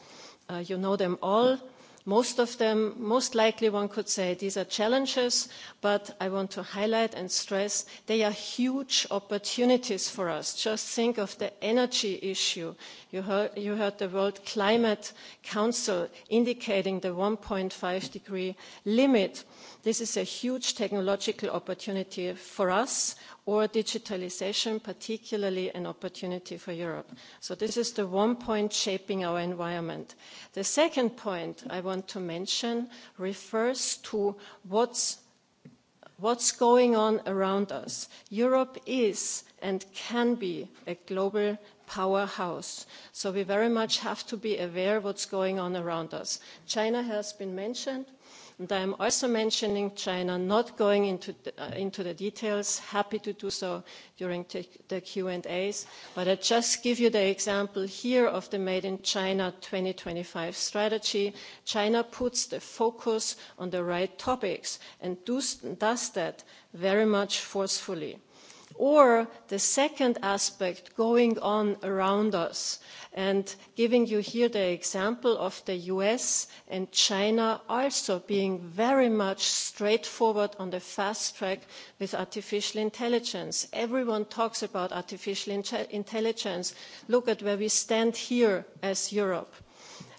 uh, you know them all most of them most likely one could say these are challenges but i want to highlight and stress they are huge opportunities for us. just think of the energy issue you heard, you heard the world climate council indicating the. one five degree limit this is a huge technological opportunity for us or digitalisation particularly an opportunity for europe. so this is the one point shaping our environment. the second point i want to mention refers to what's what's going on around us. europe is and can be a global powerhouse so we very much have to be aware of what's going on around us. china has been mentioned and i am also mentioning china not going into the, uh, into the details happy to do so during the q and as but i just give you the example here of the made in china two thousand and twenty five strategy china puts the focus on the right topics and does that very much forcefully or the second aspect going on around us and giving you here the example of the us and china also being very much straightforward on the fast track with artificial intelligence. everyone talks about artificial intelligence look at where we stand here as europe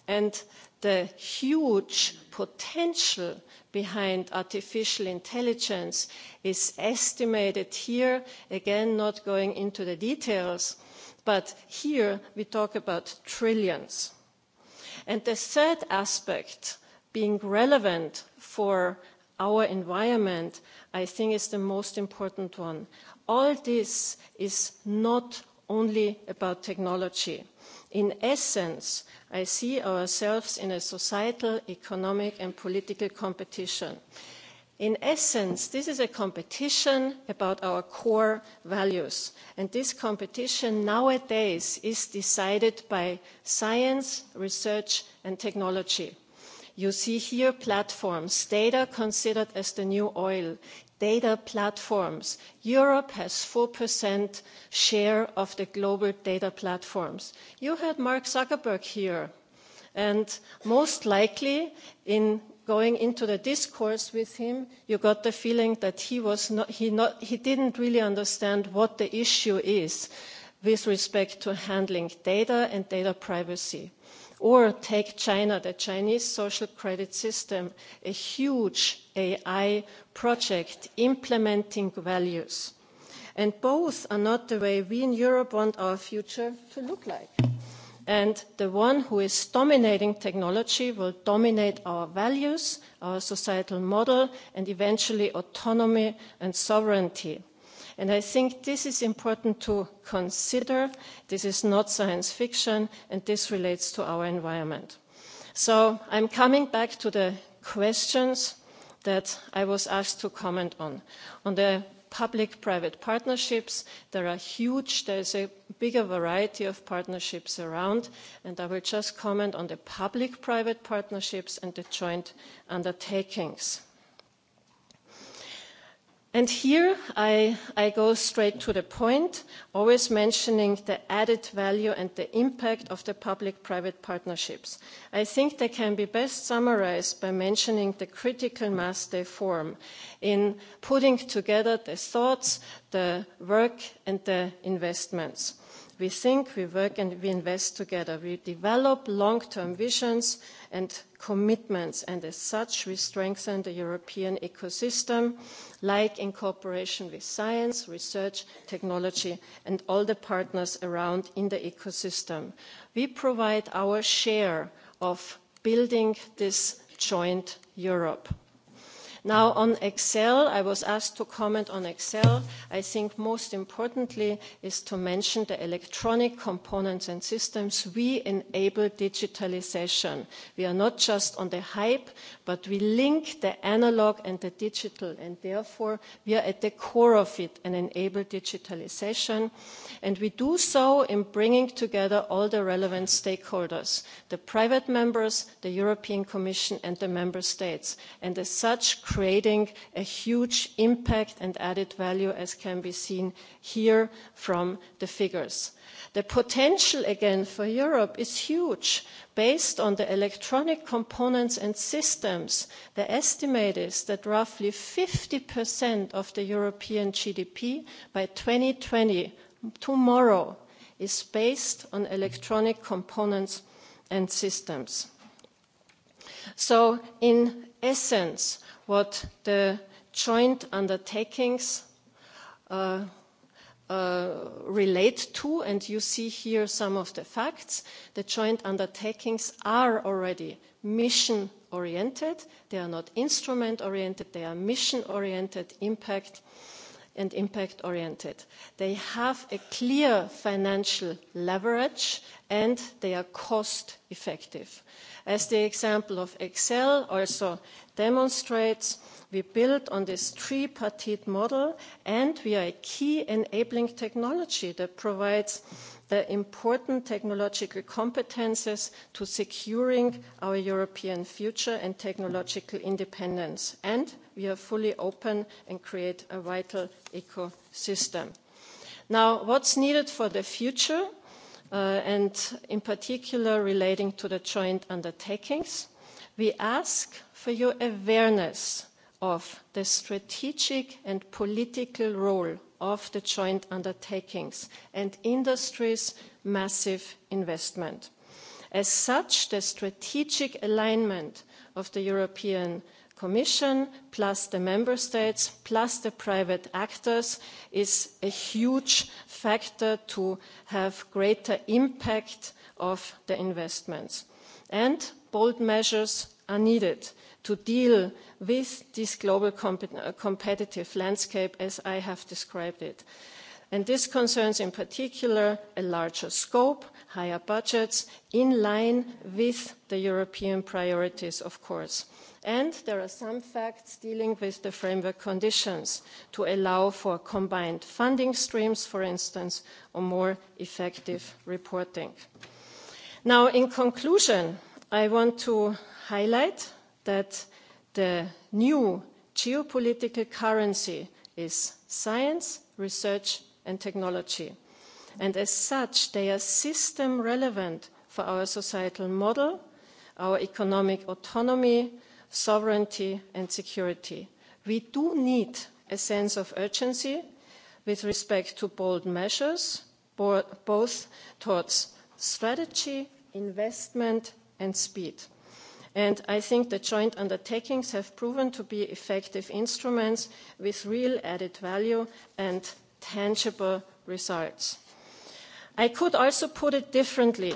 and the huge potential behind artificial intelligence is estimated here again not going into the details but here we talk about trillions. and the third aspect being relevant for our environment i think is the most important one. all this is not only about technology in essence i see ourselves in a societal economic and political competition. in essence this is a competition about our core values and this competition nowadays is decided by science research and technology. you see here platforms data considered as the new oil data platforms europe has 4% share of the global data platforms. you had mark zuckerberg here and most likely in going into the discourse with him you got the feeling that he was not he didn't really understand what the issue is with respect to handling data and data privacy or take china the chinese social credit system a huge ai project implementing values and both are not the way we in europe want our future to look like and the one who is dominating technology will dominate our values our societal model and eventually autonomy and sovereignty. And i think this is important to consider this is not science fiction and this relates to our environment. so i'm coming back to the questions that i was asked to comment on. on the public private partnerships there are huge there is a bigger variety of partnerships around and i will just comment on the public private partnerships and the joint undertakings and here I, i go straight to the point always mentioning the added value and the impact of the public private partnerships. i think they can be best summarised by mentioning the critical mass they form in putting together the thoughts the work and the investments we think we work and we invest together we develop long term visions and commitments and as such we strengthen the european ecosystem like in cooperation with science research technology and all the partners around in the ecosystem. we provide our share of building this joint europe now on excel i was asked to comment on excel i think most importantly is to mention the electronic components and systems we enable digitalisation. we are not just on the hype but we link the analog and the digital and therefore we are at the core of it and enable digitalisation and we do so in bringing together all the relevant stakeholders the private members the european commission and the member states and as such creating a huge impact and added value as can be seen here from the figures. the potential again for europe is huge based on the electronic components and systems the estimate is that roughly fifty of the european gdp by 2020, twenty tomorrow is based on electronic components and systems. so in essence what the joint undertakings uh, uh, relate to and you see here some of the facts the joint undertakings are already mission oriented they are not instrument oriented they are mission oriented impact and impact oriented. they have a clear financial leverage and they are cost effective. as the example of excel also demonstrates we build on this tripartite model and we are a key enabling technology that provides important technological competences to securing our European future and technological independence, and we are fully open and create a vital ecosystem. Now, what's needed for the future, uh, and in particular relating to the joint undertakings? We ask for your awareness of the strategic and political role of the joint undertakings and industry's massive investment. as such the strategic alignment of the european commission plus the member states plus the private actors is a huge factor to have greater impact of the investments and bold measures are needed to deal with this global uh, competitive landscape as i have described it and this concerns in particular a larger scope higher budgets in line with the european priorities of course and there are some facts dealing with the framework conditions to allow for combined funding streams for instance or more effective reporting. now in conclusion i want to highlight that the new geopolitical currency is science, research and technology. And as such, they are system relevant for our societal model, our economic autonomy, sovereignty and security. We do need a sense of urgency with respect to bold measures, both towards strategy, investment and speed. And I think the joint undertakings have proven to be effective instruments with real added value and tangible results. I could also put it differently.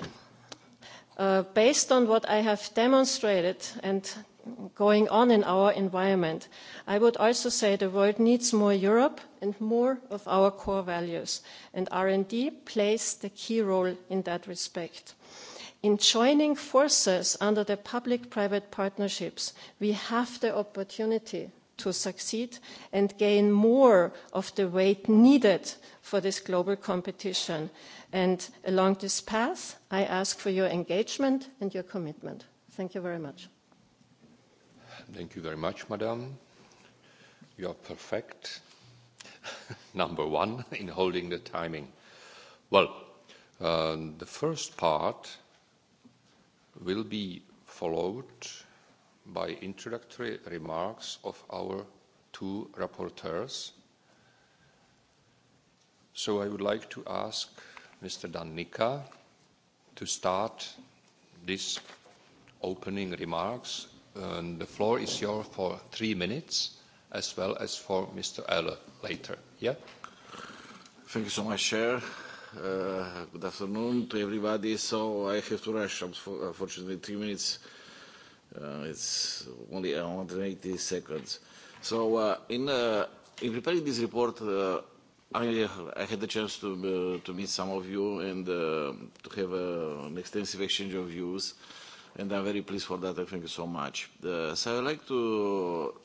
Uh, based on what I have demonstrated and going on in our environment, I would also say the world needs more Europe and more of our core values, and RD plays the key role in that respect in joining forces under the public private partnerships we have the opportunity to succeed and gain more of the weight needed for this global competition and along this path i ask for your engagement and your commitment. thank you very much. thank you very much madam. you are perfect *laughs* number one in holding the timing. well uh, the first part will be followed by introductory remarks of our two rapporteurs. So I would like to ask Mr. Dan to start these opening remarks. And the floor is yours for three minutes, as well as for Mr. Eller later. Yeah? Thank you so much, Chair. Uh, good afternoon to everybody. So I have to rush. Unfortunately, three minutes. Uh, it's only 180 seconds. So uh, in uh, in preparing this report, uh, I, I had the chance to uh, to meet some of you and uh, to have uh, an extensive exchange of views, and I'm very pleased for that. Thank you so much. Uh, so I'd like to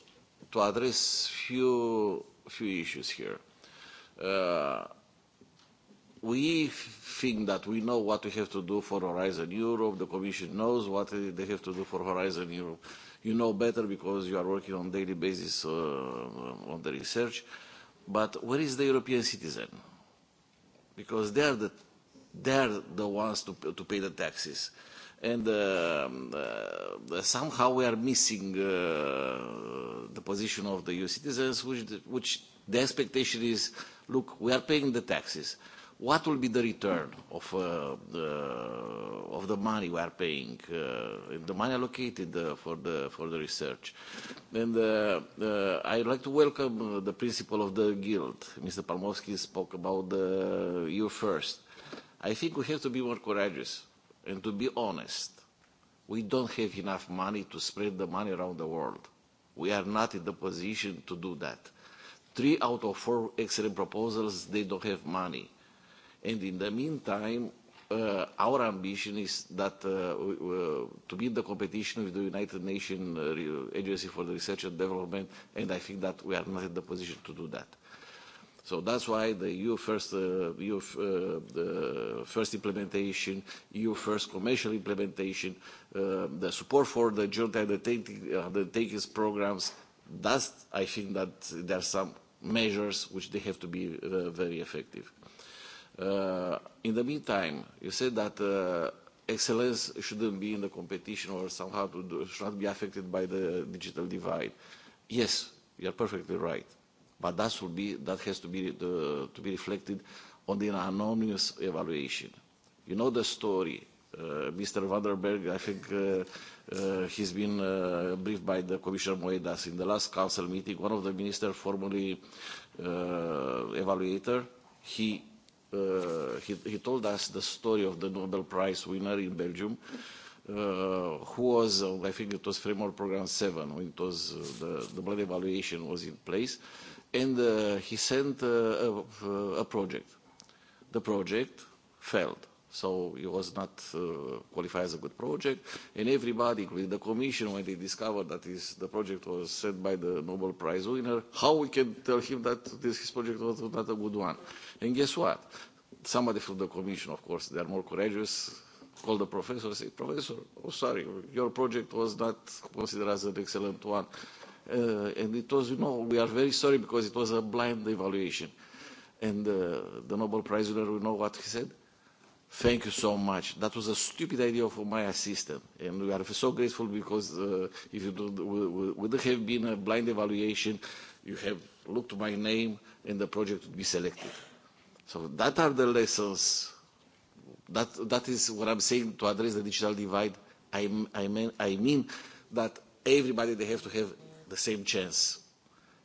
to address few few issues here. Uh, we think that we know what we have to do for Horizon Europe. The Commission knows what they have to do for Horizon Europe. You know better because you are working on a daily basis uh, on the research. But where is the European citizen? Because they are the, they are the ones to, to pay the taxes. And uh, uh, somehow we are missing uh, the position of the EU citizens, which, which the expectation is, look, we are paying the taxes what will be the return of, uh, the, uh, of the money we are paying, uh, the money allocated uh, for, the, for the research. And uh, uh, I'd like to welcome uh, the principle of the guild. Mr. Palmowski spoke about the uh, you first. I think we have to be more courageous and to be honest. We don't have enough money to spread the money around the world. We are not in the position to do that. Three out of four excellent proposals, they don't have money and in the meantime uh, our ambition is that uh, uh, to in the competition with the United Nations uh, Agency for the Research and Development, and I think that we are not in the position to do that. So that's why the EU first, uh, EU uh, the first implementation, EU first commercial implementation, uh, the support for the joint undertakings programs, that's, I think that there are some measures which they have to be uh, very effective. Uh, in the meantime, you said that uh, excellence shouldn't be in the competition or somehow to do, should not be affected by the digital divide. Yes, you are perfectly right. But that, should be, that has to be, the, to be reflected on the anonymous evaluation. You know the story. Uh, Mr. Vanderberg, I think uh, uh, he's been uh, briefed by the Commissioner Moedas in the last council meeting. One of the ministers, formerly uh, evaluator, he uh, he, he told us the story of the Nobel Prize winner in Belgium, uh, who was, uh, I think it was framework program seven, when it was uh, the, the blood evaluation was in place, and uh, he sent uh, a, a project. The project failed so it was not uh, qualified as a good project. And everybody, including the Commission, when they discovered that his, the project was set by the Nobel Prize winner, how we can tell him that this his project was not a good one? And guess what? Somebody from the Commission, of course, they are more courageous, called the professor and said, Professor, oh, sorry, your project was not considered as an excellent one. Uh, and it was, you know, we are very sorry because it was a blind evaluation. And uh, the Nobel Prize winner, we know what he said? Thank you so much. That was a stupid idea for my assistant, and we are so grateful because uh, if it would have been a blind evaluation, you have looked my name and the project would be selected. So that are the lessons. That, that is what I'm saying to address the digital divide. I, I, mean, I mean that everybody, they have to have the same chance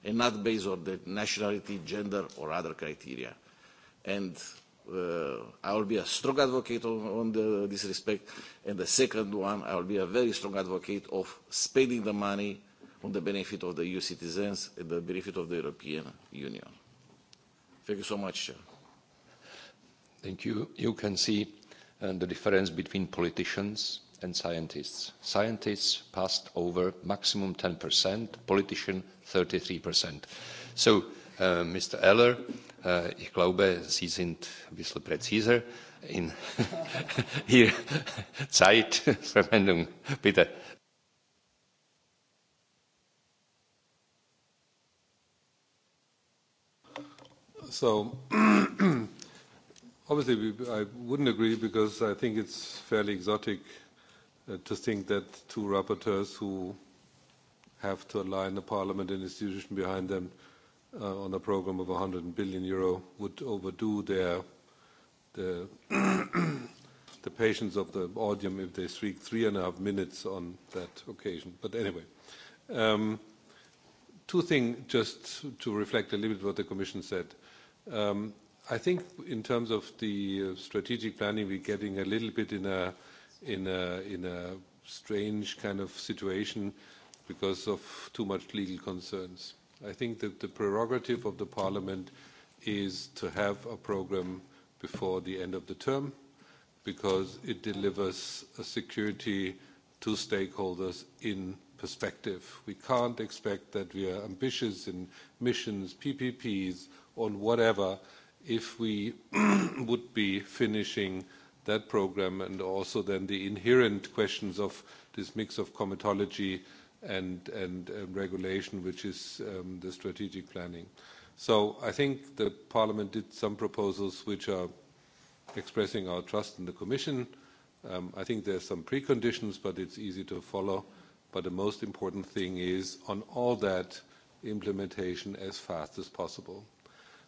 and not based on the nationality, gender, or other criteria. And uh, I will be a strong advocate on, this respect. And the second one, I will be a very strong advocate of spending the money on the benefit of the EU citizens and the benefit of the European Union. Thank you so much, Thank you. You can see uh, the difference between politicians and scientists. Scientists passed over maximum 10%, politician 33%. So Eh, Mr. Eller. Eh, ich glaube, Sie sind ein bisschen präziser in *laughs* Ihrer Zeitverwendung. Bitte. So, *clears throat* obviously, we, I wouldn't agree because I think it's fairly exotic uh, to think that two rapporteurs who have to align the parliament and institution behind them Uh, on a program of 100 billion euro would overdo their the, *coughs* the patience of the audience if they speak three and a half minutes on that occasion. But anyway, um, two things just to reflect a little bit what the Commission said. Um, I think in terms of the uh, strategic planning, we're getting a little bit in a in a in a strange kind of situation because of too much legal concerns. I think that the prerogative of the Parliament is to have a program before the end of the term because it delivers a security to stakeholders in perspective. We can't expect that we are ambitious in missions, PPPs, on whatever, if we *clears throat* would be finishing that program and also then the inherent questions of this mix of comitology and, and regulation, which is um, the strategic planning. So I think the Parliament did some proposals which are expressing our trust in the Commission. Um, I think there are some preconditions, but it's easy to follow. But the most important thing is on all that implementation as fast as possible.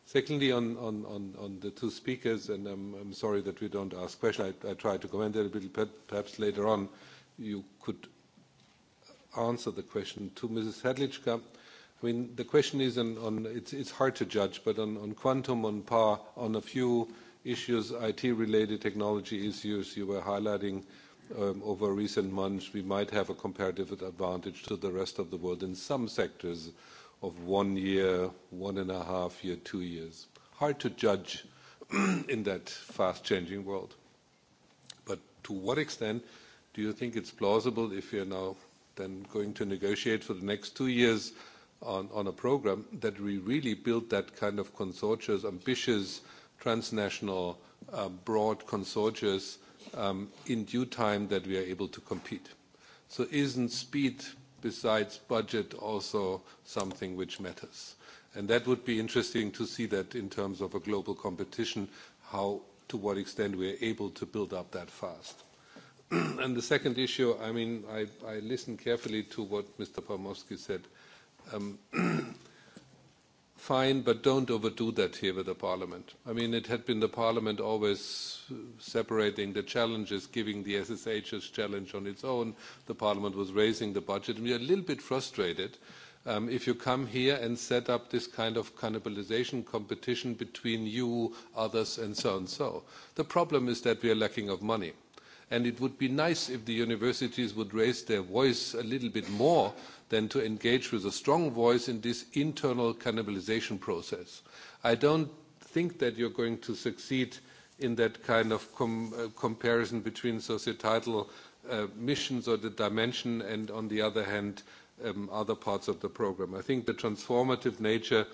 Secondly, on, on, on, on the two speakers, and I'm, sorry that we don't ask questions. I, I tried to comment a little, but perhaps later on you could answer the question to Mrs. Hedlichka. I mean, the question is on, on it's, it's hard to judge, but on, on quantum, on par on a few issues, IT-related technology issues you were highlighting um, over recent months, we might have a comparative advantage to the rest of the world in some sectors of one year, one and a half year, two years. Hard to judge *clears throat* in that fast-changing world. But to what extent do you think it's plausible if you're now than going to negotiate for the next two years on, on a program, that we really build that kind of consortium, ambitious, transnational, uh, broad consortium in due time that we are able to compete. So isn't speed, besides budget, also something which matters? And that would be interesting to see that in terms of a global competition, how to what extent we are able to build up that fast. *clears throat* and the second issue, I mean, I, I listened carefully to what Mr. Pomorski said. Um, *clears throat* fine, but don't overdo that here with the parliament. I mean, it had been the parliament always separating the challenges, giving the SSH's challenge on its own. The parliament was raising the budget. And we are a little bit frustrated um, if you come here and set up this kind of cannibalization competition between you, others, and so and so. The problem is that we are lacking of money and it would be nice if the universities would raise their voice a little bit more than to engage with a strong voice in this internal cannibalization process. I don't think that you're going to succeed in that kind of com uh, comparison between societal uh, missions or the dimension and on the other hand um, other parts of the program. I think the transformative nature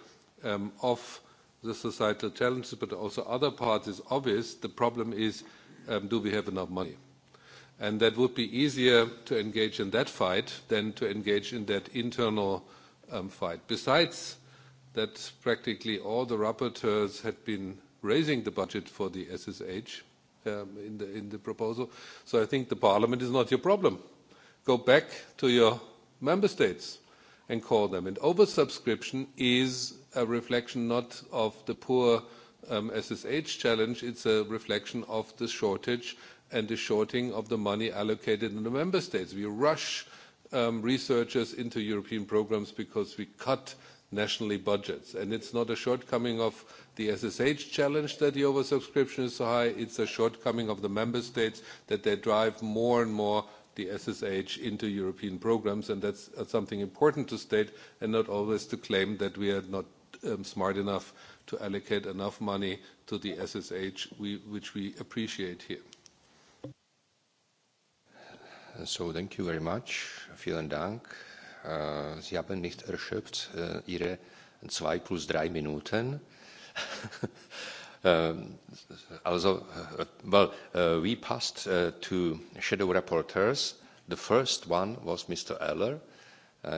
um, of the societal challenges but also other parts is obvious. The problem is Um, do we have enough money? And that would be easier to engage in that fight than to engage in that internal um, fight. Besides that practically all the rapporteurs had been raising the budget for the SSH um, in, the, in the proposal. So I think the parliament is not your problem. Go back to your member states and call them. And oversubscription is a reflection not of the poor um, SSH challenge, it's a reflection of the shortage and the shorting of the money allocated in the member states. We rush um, researchers into European programs because we cut nationally budgets. And it's not a shortcoming of the SSH challenge that the oversubscription is so high, it's a shortcoming of the member states that they drive more and more the SSH into European programs, and that's uh, something important to state and not always to claim that we are not Um, smart enough to allocate enough money to the SSH, we, which we appreciate here. So, thank you very much. Vielen Dank. Uh, Sie haben nicht erschöpft uh, Ihre zwei plus drei Minuten. *laughs* Um, also, uh, well, uh, we passed to shadow rapporteurs. The first one was Mr. Eller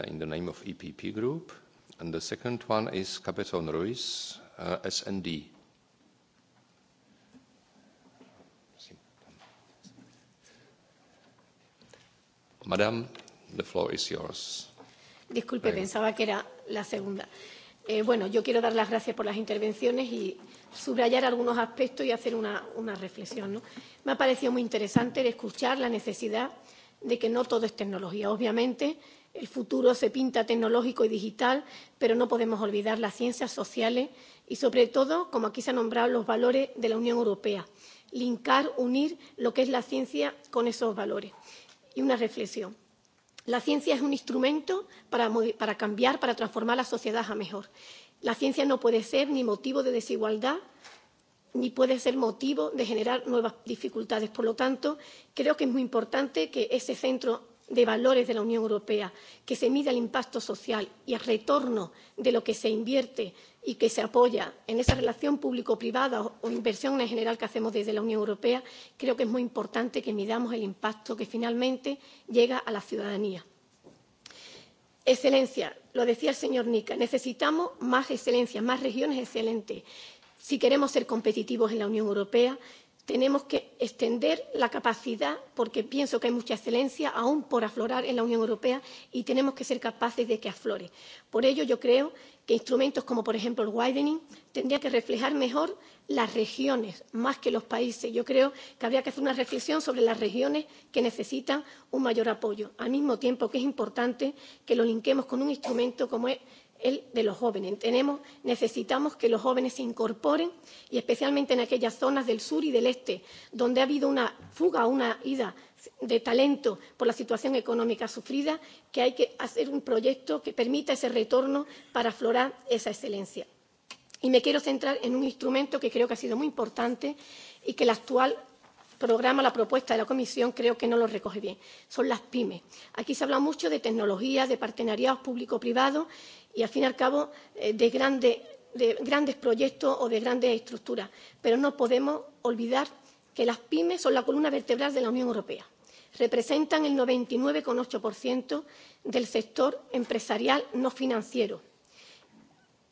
in the name of EPP Group. And the second one is Capeton Ruiz, uh, SND. Madam, the floor is yours. Disculpe, pensaba que era la segunda. Eh, bueno, yo quiero dar las gracias por las intervenciones y subrayar algunos aspectos y hacer una, una reflexión. ¿no? Me ha parecido muy interesante escuchar la necesidad de que no todo es tecnología. Obviamente, El futuro se pinta tecnológico y digital, pero no podemos olvidar las ciencias sociales y, sobre todo, como aquí se han nombrado, los valores de la Unión Europea. Linkar, unir lo que es la ciencia con esos valores. Y una reflexión. La ciencia es un instrumento para, para cambiar, para transformar la sociedad a mejor. La ciencia no puede ser ni motivo de desigualdad, ni puede ser motivo de generar nuevas dificultades. Por lo tanto, creo que es muy importante que ese centro de valores de la unión europea que se mida el impacto social y el retorno de lo que se invierte y que se apoya en esa relación público privada o inversión en general que hacemos desde la unión europea creo que es muy importante que midamos el impacto que finalmente llega a la ciudadanía. excelencia lo decía el señor nica necesitamos más excelencia más regiones excelentes si queremos ser competitivos en la unión europea tenemos que extender la capacidad porque pienso que hay mucha excelencia aún por aflorar en la unión europea y tenemos que ser capaces de que aflore. por ello yo creo que instrumentos como por ejemplo el widening tendrían que reflejar mejor las regiones más que los países. yo creo que habría que hacer una reflexión sobre las regiones que necesitan un mayor apoyo al mismo tiempo que es importante que lo linquemos con un instrumento como es el de los jóvenes. Tenemos, necesitamos que los jóvenes se incorporen y especialmente en aquellas zonas del sur y del este donde ha habido una fuga una ida de talento por la situación económica sufrida que hay que hacer un proyecto que permita ese retorno para aflorar esa excelencia. Y me quiero centrar en un instrumento que creo que ha sido muy importante y que la actual programa, la propuesta de la Comisión, creo que no lo recoge bien. Son las pymes. Aquí se habla mucho de tecnología, de partenariados público-privados y, al fin y al cabo, eh, de grandes, de grandes proyectos o de grandes estructuras. Pero no podemos olvidar que las pymes son la columna vertebral de la Unión Europea. Representan el 99,8% del sector empresarial no financiero.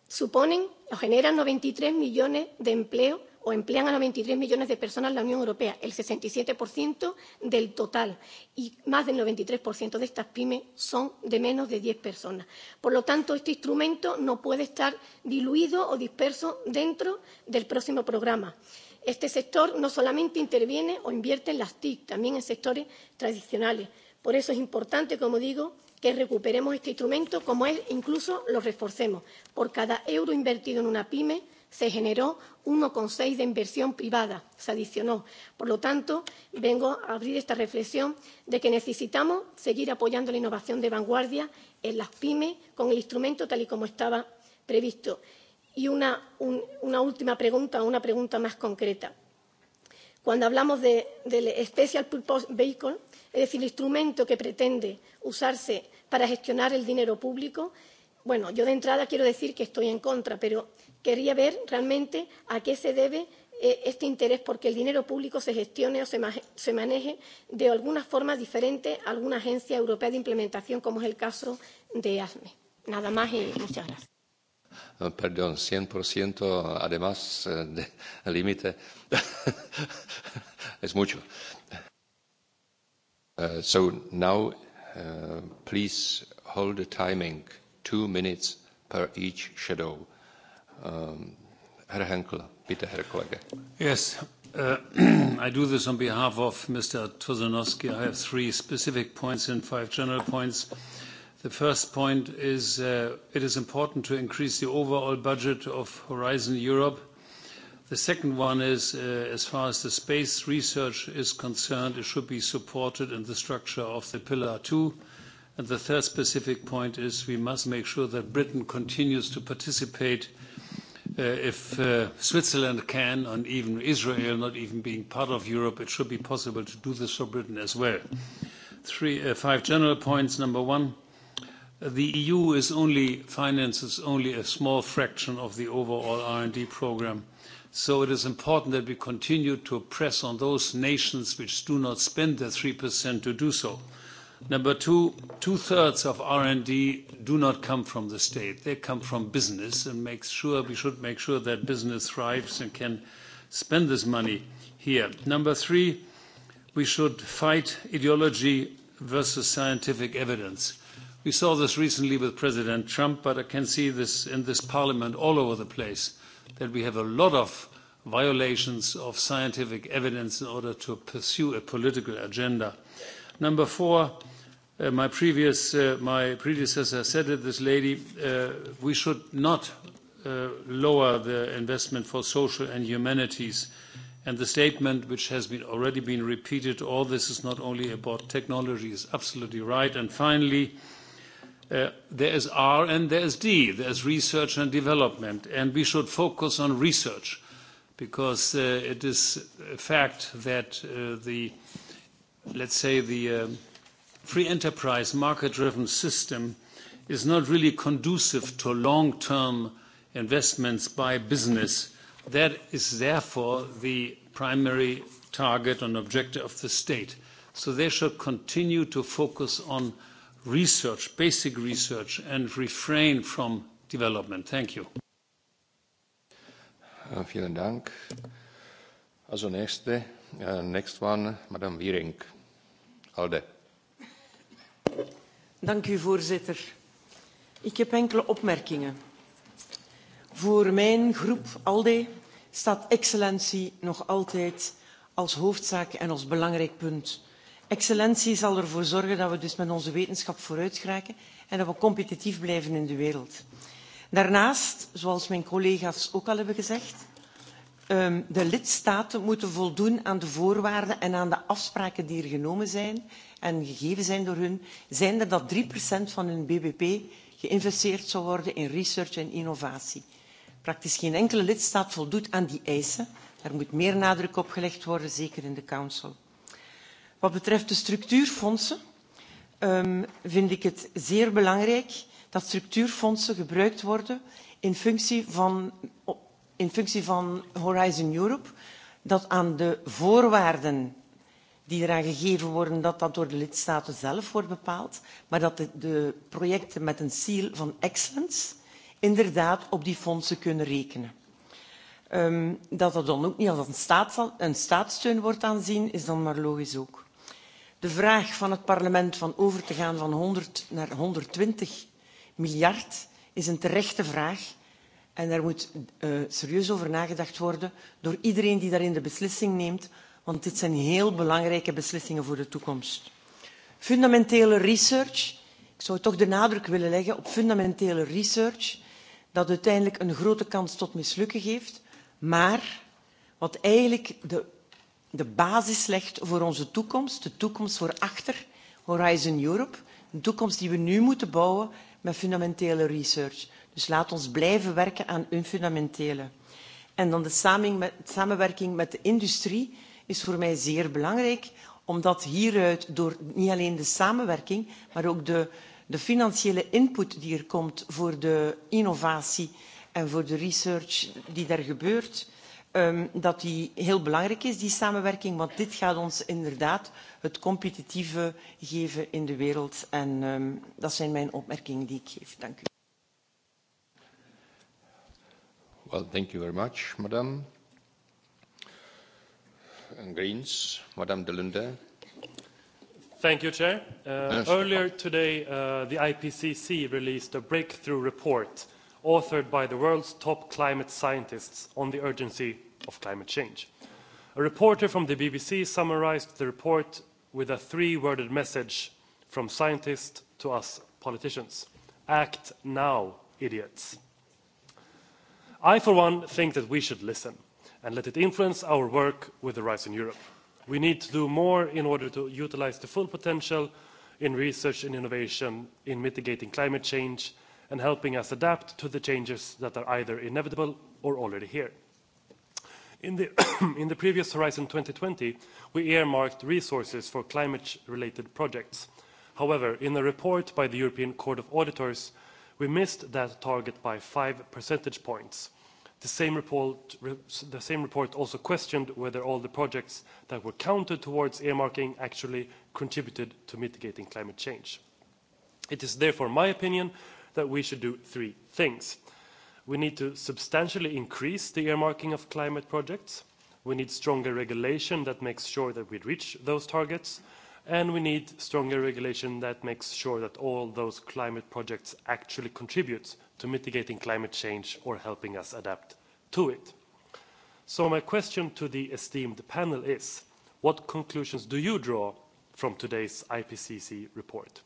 Suponen o generan 93 millones de empleos o emplean a 93 millones de personas en la Unión Europea, el 67% del total, y más del 93% de estas pymes son de menos de 10 personas. Por lo tanto, este instrumento no puede estar diluido o disperso dentro del próximo programa. Este sector no solamente interviene o invierte en las TIC, también en sectores tradicionales. Por eso es importante, como digo, que recuperemos este instrumento, como es, incluso lo reforcemos. Por cada euro invertido en una pyme, se generó uno seis de inversión privada se adicionó. por lo tanto vengo a abrir esta reflexión de que necesitamos seguir apoyando la innovación de vanguardia en las pymes con el instrumento tal y como estaba previsto. y una, una última pregunta una pregunta más concreta cuando hablamos del special purpose vehicle es decir el instrumento que pretende usarse para gestionar el dinero público bueno yo de entrada quiero decir que estoy en contra pero quería ver realmente a qué se debe eh, este interés porque el dinero público se gestione o se, maneje de alguna forma diferente a alguna agencia europea de implementación como es el caso de ASME. Nada más y muchas gracias. Ah, perdón, 100% además eh, del *laughs* límite *laughs* es mucho. Eh, so now, please hold the timing two minutes per each shadow. Um, Herr Henkel, bitte, Herr Kollege. Yes, uh, *clears throat* I do this on behalf of Mr. Tuzanowski. I have three specific points and five general points. The first point is uh, it is important to increase the overall budget of Horizon Europe. The second one is, uh, as far as the space research is concerned, it should be supported in the structure of the Pillar 2. And the third specific point is we must make sure that Britain continues to participate uh, if uh, Switzerland can, and even Israel, not even being part of Europe, it should be possible to do this for Britain as well. Three, uh, five general points. Number one, the EU is only finances only a small fraction of the overall R&D program. So it is important that we continue to press on those nations which do not spend their 3% to do so. Number two, two-thirds of R&D do not come from the state. They come from business and make sure we should make sure that business thrives and can spend this money here. Number three, we should fight ideology versus scientific evidence. We saw this recently with President Trump, but I can see this in this parliament all over the place, that we have a lot of violations of scientific evidence in order to pursue a political agenda. Number four, uh, my previous uh, my predecessor said it, this lady, uh, we should not uh, lower the investment for social and humanities. And the statement which has been already been repeated, all this is not only about technology, is absolutely right. And finally, Uh, there is R and there is D. There is research and development, and we should focus on research because uh, it is a fact that uh, the let's say, the uh, free enterprise market-driven system is not really conducive to long-term investments by business. That is therefore the primary target and objective of the state. So they should continue to focus on research, basic research, and refrain from development. Thank you. Uh, vielen Dank. Also nächste, uh, next one, Madame Wiering. Alde. Dank u, voorzitter. Ik heb enkele opmerkingen. Voor mijn groep ALDE staat excellentie nog altijd als hoofdzaak en als belangrijk punt. Excellentie zal ervoor zorgen dat we dus met onze wetenschap vooruit geraken en dat we competitief blijven in de wereld. Daarnaast, zoals mijn collega's ook al hebben gezegd, Ehm, de lidstaten moeten voldoen aan de voorwaarden en aan de afspraken die er genomen zijn en gegeven zijn door hun, zijnde er dat 3% van hun bbp geïnvesteerd zal worden in research en innovatie. Praktisch geen enkele lidstaat voldoet aan die eisen. Er moet meer nadruk op gelegd worden, zeker in de Council. Wat betreft de structuurfondsen ehm, vind ik het zeer belangrijk dat structuurfondsen gebruikt worden in functie van in functie van Horizon Europe, dat aan de voorwaarden die eraan gegeven worden, dat dat door de lidstaten zelf wordt bepaald, maar dat de, de projecten met een seal van excellence inderdaad op die fondsen kunnen rekenen. Um, dat dat dan ook niet als een, staats, een staatssteun wordt aanzien, is dan maar logisch ook. De vraag van het parlement van over te gaan van 100 naar 120 miljard is een terechte vraag En daar moet uh, serieus over nagedacht worden door iedereen die daarin de beslissing neemt, want dit zijn heel belangrijke beslissingen voor de toekomst. Fundamentele research, ik zou toch de nadruk willen leggen op fundamentele research, dat uiteindelijk een grote kans tot mislukken geeft, maar wat eigenlijk de, de basis legt voor onze toekomst, de toekomst voor achter Horizon Europe, een toekomst die we nu moeten bouwen met fundamentele research. Dus laat ons blijven werken aan een fundamentele. En dan de samenwerking met de industrie is voor mij zeer belangrijk, omdat hieruit door niet alleen de samenwerking, maar ook de, de financiële input die er komt voor de innovatie en voor de research die daar gebeurt, um, dat die heel belangrijk is, die samenwerking, want dit gaat ons inderdaad het competitieve geven in de wereld. En um, dat zijn mijn opmerkingen die ik geef. Dank u. Well, thank you very much, madam. And Greens, Madame de Lunde. Thank you, Chair. Uh, earlier today, uh, the IPCC released a breakthrough report authored by the world's top climate scientists on the urgency of climate change. A reporter from the BBC summarized the report with a three-worded message from scientists to us politicians. Act now, idiots i for one think that we should listen and let it influence our work with the horizon europe. we need to do more in order to utilize the full potential in research and innovation in mitigating climate change and helping us adapt to the changes that are either inevitable or already here. In the, *coughs* in the previous Horizon 2020, we earmarked resources for climate-related projects. However, in a report by the European Court of Auditors, we missed that target by five percentage points The same report, the same report also questioned whether all the projects that were counted towards earmarking actually contributed to mitigating climate change. It is therefore my opinion that we should do three things. We need to substantially increase the earmarking of climate projects. We need stronger regulation that makes sure that we reach those targets and we need stronger regulation that makes sure that all those climate projects actually contribute to mitigating climate change or helping us adapt to it. So my question to the esteemed panel is, what conclusions do you draw from today's IPCC report?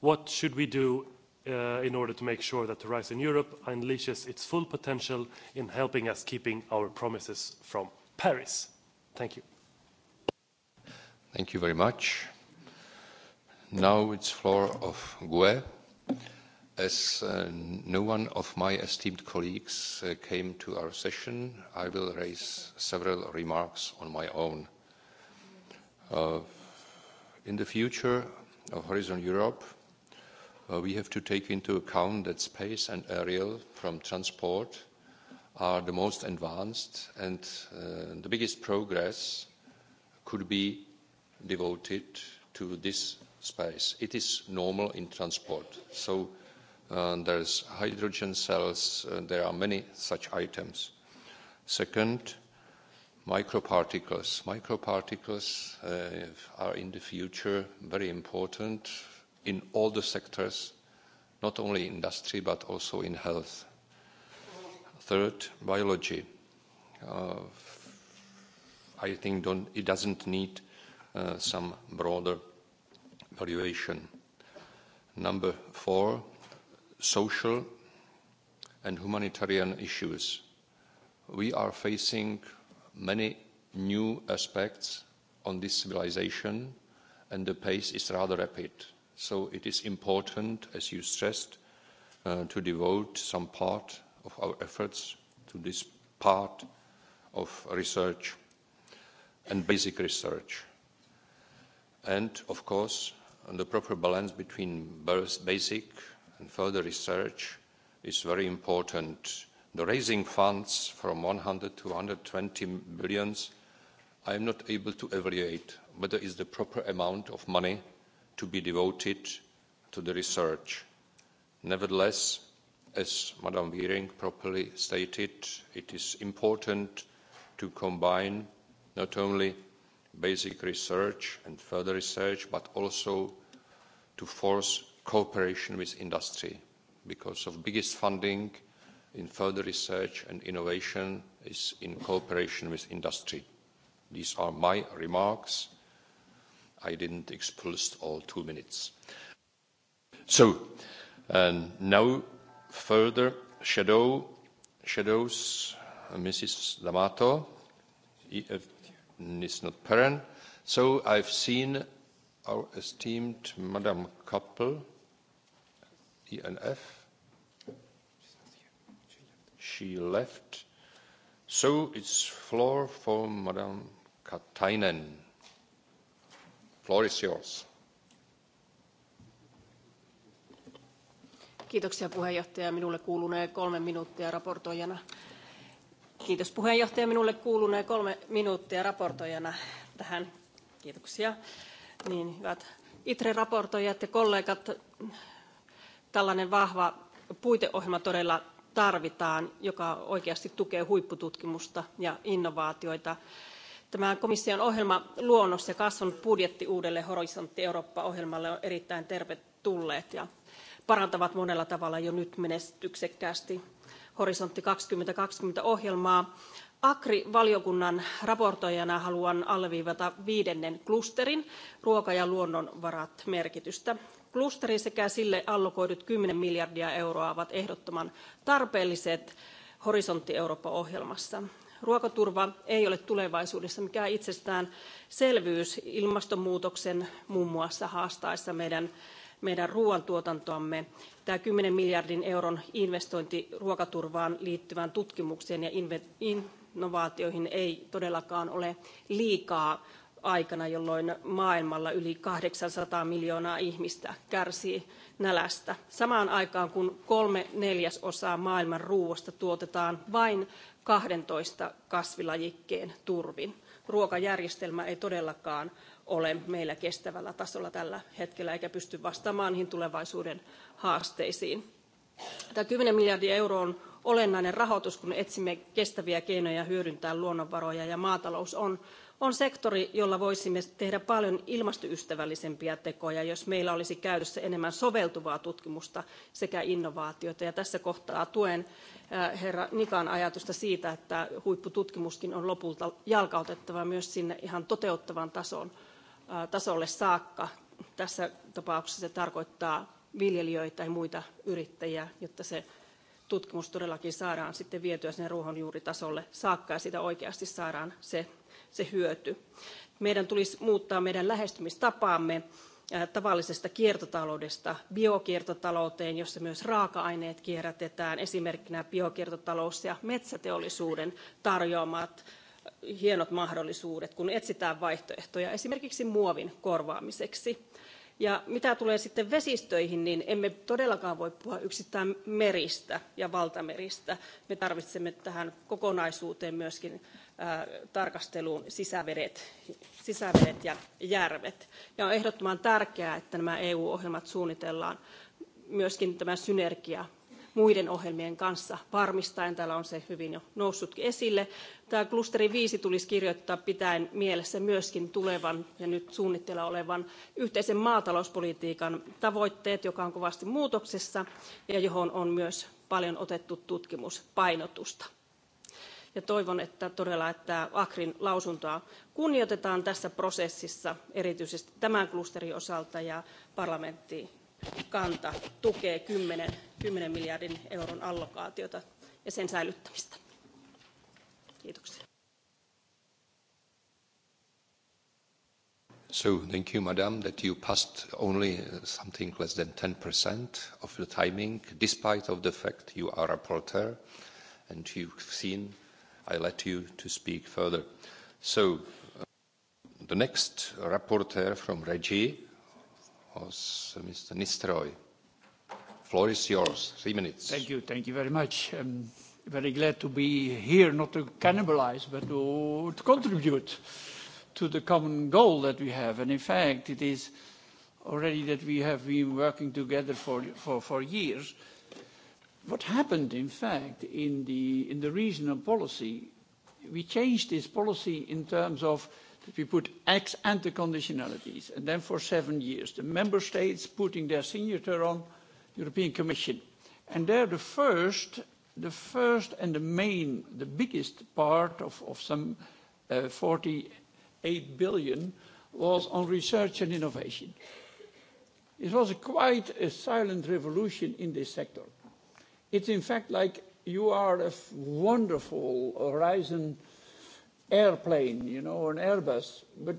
What should we do uh, in order to make sure that Horizon Europe unleashes its full potential in helping us keeping our promises from Paris? Thank you. Thank you very much. Now it's floor of GUE. As uh, no one of my esteemed colleagues uh, came to our session, I will raise several remarks on my own. Uh, in the future of Horizon Europe, we have to take into account that space and aerial from transport are the most advanced and the biggest progress could be devoted to this space. It is normal in transport. So there' uh, there's hydrogen cells, uh, there are many such items. Second, microparticles. Microparticles uh, are in the future very important in all the sectors, not only industry but also in health. Third, biology. I think it doesn't need some broader valuation. Number four, social and humanitarian issues. We are facing many new aspects on this civilization and the pace is rather rapid. So it is important, as you stressed, uh, to devote some part of our efforts to this part of research and basic research. And of course, And the proper balance between basic and further research is very important. The raising funds from 100 to 120 billions, I am not able to evaluate whether is the proper amount of money to be devoted to the research. Nevertheless, as Madam Wiering properly stated, it is important to combine not only basic research and further research, but also to force cooperation with industry because of biggest funding in further research and innovation is in cooperation with industry. These are my remarks. I didn't expose all two minutes. So and now further shadow shadows Mrs. D'Amato, EF, is not So I've seen our esteemed Madame Koppel, ENF. She left. So it's floor for Madame Katainen. Floor is yours. Kiitoksia puheenjohtaja. Minulle kuulunee kolme minuuttia raportoijana. Kiitos puheenjohtaja. Minulle kuulunee kolme minuuttia raportoijana tähän. Kiitoksia. Niin, hyvät ITRE-raportoijat ja kollegat, tällainen vahva puiteohjelma todella tarvitaan, joka oikeasti tukee huippututkimusta ja innovaatioita. Tämä komission ohjelma Luonnos ja kasvanut budjetti uudelle Horisontti Eurooppa-ohjelmalle on erittäin tervetulleet ja parantavat monella tavalla jo nyt menestyksekkäästi horisontti 2020 ohjelmaa agri valiokunnan esittelijänä haluan alleviivata viidennen klusterin ruoka ja luonnonvarat merkitystä. klusteri sekä sille allokoidut 10 miljardia euroa ovat ehdottoman tarpeelliset horisontti eurooppa ohjelmassa. ruokaturva ei ole tulevaisuudessa mikään selvyys ilmastonmuutoksen muun muassa haastaessa meidän meidän ruoantuotantoamme tämä 10 miljardin euron investointi ruokaturvaan liittyvään tutkimukseen ja innovaatioihin ei todellakaan ole liikaa aikana jolloin maailmalla yli 800 miljoonaa ihmistä kärsii nälästä samaan aikaan kun kolme neljäsosaa maailman ruoasta tuotetaan vain 12 kasvilajikkeen turvin. ruokajärjestelmä ei todellakaan ole meillä kestävällä tasolla tällä hetkellä eikä pysty vastaamaan niihin tulevaisuuden haasteisiin. Tämä 10 miljardia euroa on olennainen rahoitus, kun etsimme kestäviä keinoja hyödyntää luonnonvaroja ja maatalous on, on sektori, jolla voisimme tehdä paljon ilmastoystävällisempiä tekoja, jos meillä olisi käytössä enemmän soveltuvaa tutkimusta sekä innovaatioita. Ja tässä kohtaa tuen äh, herra Nikan ajatusta siitä, että huippututkimuskin on lopulta jalkautettava myös sinne ihan toteuttavan tason tasolle saakka. Tässä tapauksessa se tarkoittaa viljelijöitä tai muita yrittäjiä, jotta se tutkimus todellakin saadaan sitten vietyä sinne ruohonjuuritasolle saakka ja siitä oikeasti saadaan se, se hyöty. Meidän tulisi muuttaa meidän lähestymistapaamme tavallisesta kiertotaloudesta biokiertotalouteen, jossa myös raaka-aineet kierrätetään, esimerkkinä biokiertotalous ja metsäteollisuuden tarjoamat hienot mahdollisuudet, kun etsitään vaihtoehtoja esimerkiksi muovin korvaamiseksi. Ja mitä tulee sitten vesistöihin, niin emme todellakaan voi puhua yksittäin meristä ja valtameristä. Me tarvitsemme tähän kokonaisuuteen myöskin tarkasteluun sisävedet, sisävedet ja järvet. Ja on ehdottoman tärkeää, että nämä EU-ohjelmat suunnitellaan myöskin tämä synergia muiden ohjelmien kanssa varmistaen. Täällä on se hyvin jo noussutkin esille. Tämä klusteri 5 tulisi kirjoittaa pitäen mielessä myöskin tulevan ja nyt suunnitteilla olevan yhteisen maatalouspolitiikan tavoitteet, joka on kovasti muutoksessa ja johon on myös paljon otettu tutkimuspainotusta. Ja toivon että todella että Akrin lausuntoa kunnioitetaan tässä prosessissa erityisesti tämän klusterin osalta ja parlamentti kanta tukee 10, 10 miljardin euron allokaatiota ja sen säilyttämistä. Kiitoksia. So thank you, madam, that you passed only uh, something less than 10% of the timing, despite of the fact you are rapporteur and you've seen I let you to speak further. So uh, the next rapporteur from Reggie aus Mr. Nistroy. Floor is yours, three minutes. Thank you, thank you very much. I'm um, very glad to be here, not to cannibalize, but to, to contribute to the common goal that we have. And in fact, it is already that we have been working together for, for, for years. What happened, in fact, in the, in the regional policy, we changed this policy in terms of we put ex ante conditionalities and then for seven years the member states putting their signature on the European Commission. And there the first, the first and the main, the biggest part of, of some uh, 48 billion was on research and innovation. It was a quite a silent revolution in this sector. It's in fact like you are a wonderful horizon airplane, you know, or an Airbus, but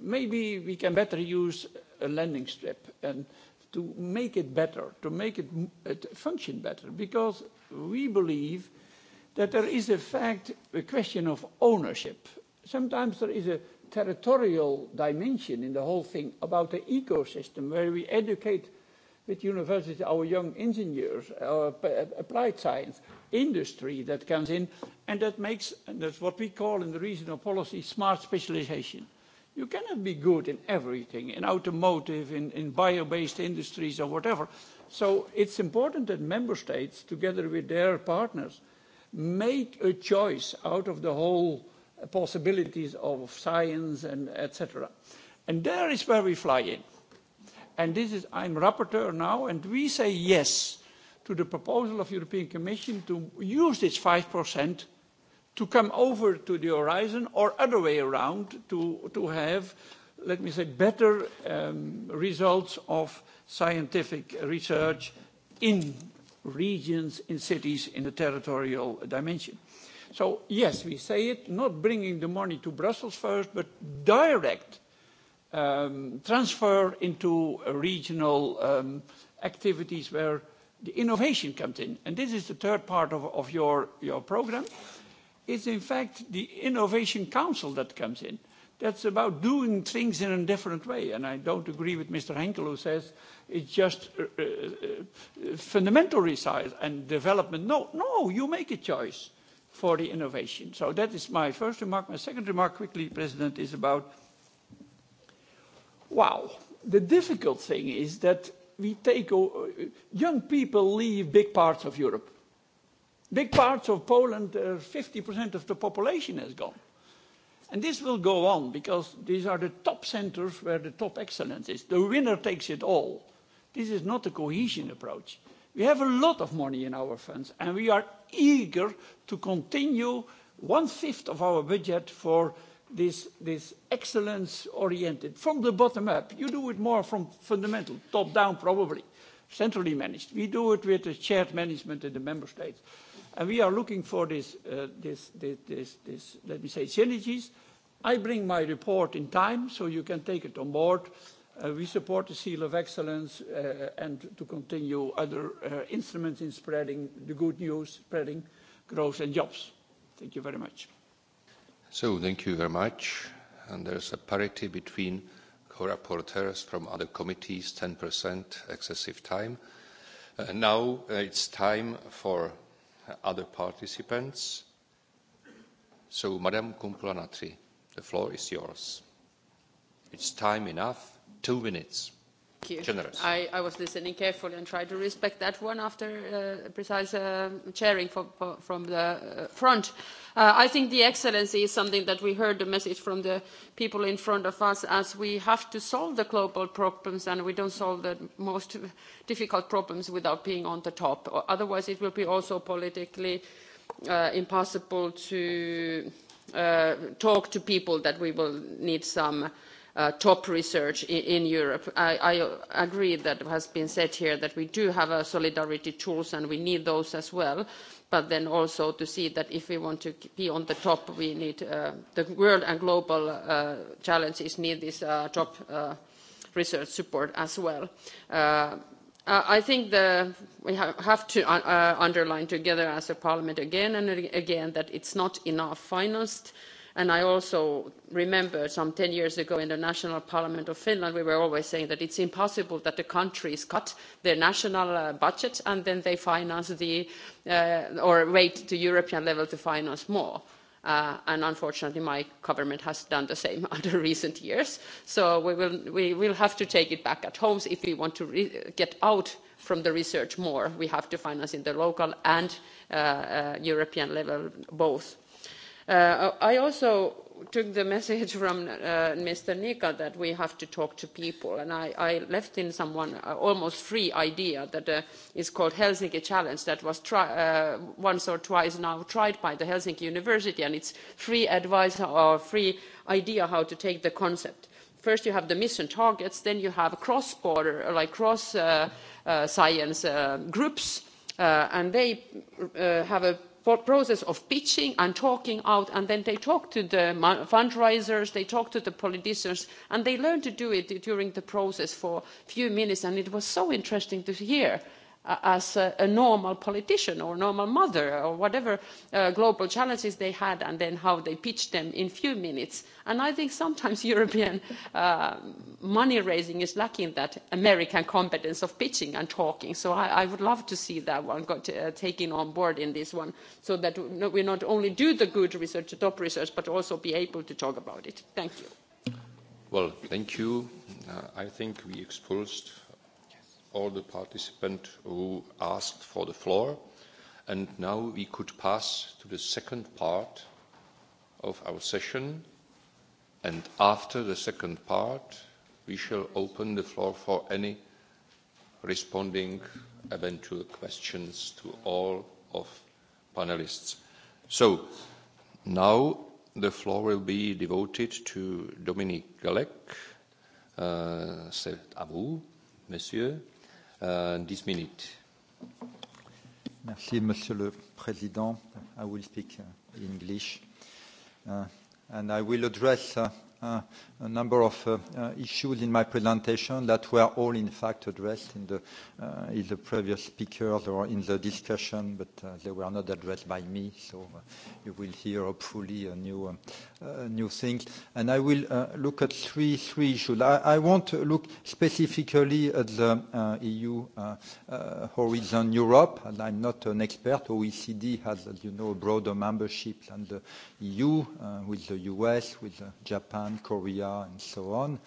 maybe we can better use a landing strip and to make it better, to make it, it function better, because we believe that there is a fact, a question of ownership. Sometimes there is a territorial dimension in the whole thing about the ecosystem where we educate with university, our young engineers, our applied science, industry that comes in, and that makes, and that's what we call in the regional policy, smart specialization. You cannot be good in everything, in automotive, in, in bio-based industries or whatever. So it's important that member states, together with their partners, make a choice out of the whole possibilities of science and etc. And there is where we fly in and this is I'm rapporteur now, and we say yes to the proposal of the European Commission to use this 5% to come over to the horizon or other way around to, to have, let me say, better um, results of scientific research in regions, in cities, in the territorial dimension. So yes, we say it, not bringing the money to Brussels first, but direct um, transfer into regional um, activities where the innovation comes in. And this is the third part of, your, your program. It's in fact the Innovation Council that comes in. That's about doing things in a different way. And I don't agree with Mr. Henkel who says it's just uh, uh, fundamental research and development. No, no, you make a choice for the innovation. So that is my first remark. My second remark quickly, President, is about wow, the difficult thing is that we take uh, young people leave big parts of Europe. Big parts of Poland, uh, 50% of the population has gone. And this will go on because these are the top centers where the top excellence is. The winner takes it all. This is not a cohesion approach. We have a lot of money in our funds and we are eager to continue one fifth of our budget for this, this excellence oriented from the bottom up. You do it more from fundamental, top down probably, centrally managed. We do it with the shared management in the member states. And we are looking for this, uh, this, this, this, let me say, synergies. I bring my report in time so you can take it on board. Uh, we support the seal of excellence uh, and to continue other instruments in spreading the good news, spreading growth and jobs. Thank you very much. So thank you very much. And there's a parity between co-rapporteurs from other committees, 10% excessive time. Uh, now uh, it's time for other participants. So, Madam Kumpulanatri, the floor is yours. It's time enough, two minutes. I, I was listening carefully and tried to respect that one after uh, precise uh, chairing from the uh, front. Uh, I think the excellency is something that we heard the message from the people in front of us as we have to solve the global problems and we don't solve the most difficult problems without being on the top. Otherwise it will be also politically uh, impossible to uh, talk to people that we will need some Uh, top research in Europe. I, agree that what has been said here that we do have solidarity tools and we need those as well, but then also to see that if we want to be on the top, we need uh, the world and global uh, challenges need this top research support as well. I think we have to underline together as a parliament again and again that it's not enough financed and i also remember some ten years ago in the national parliament of finland we were always saying that it's impossible that the countries cut their national uh, budgets and then they finance the uh, or wait to european level to finance more uh, and unfortunately my government has done the same *laughs* under recent years so we will we will have to take it back at home if we want to re get out from the research more we have to finance in the local and uh, uh european level both Uh, I also took the message from uh, Mr. Nika that we have to talk to people, and I, I left in someone uh, almost free idea that uh, is called Helsinki Challenge that was once or twice now tried by the Helsinki University, and it's free advice or free idea how to take the concept first you have the mission targets then you have cross border like cross science groups and they have a process of pitching and talking out and then they talk to the fundraisers they talk to the politicians and they learn to do it during the process for a few minutes and it was so interesting to hear as a, normal politician or normal mother or whatever uh, global challenges they had and then how they pitched them in few minutes. And I think sometimes *laughs* European uh, money raising is lacking that American competence of pitching and talking. So I, I would love to see that one got uh, taken on board in this one so that we not only do the good research, the top research, but also be able to talk about it. Thank you. Well, thank you. Uh, I think we exposed all the participants who asked for the floor. And now we could pass to the second part of our session. And after the second part, we shall open the floor for any responding eventual questions to all of panelists. So now the floor will be devoted to Dominique Galec. Uh, C'est à vous, monsieur uh, this minute. Merci, Monsieur le Président. I will speak in uh, English. Uh, and I will address uh, Uh, a number of uh, uh, issues in my presentation that were all, in fact, addressed in the, in the previous speakers or in the discussion, but they were not addressed by me. So you will hear, hopefully, a new, new things. And I will look at three, three issues. I, I want to look specifically at the EU Horizon Europe, and I'm not an expert. OECD has, as you know, a broader membership than the EU, with the U.S., with Japan, Japan, Korea, and so on.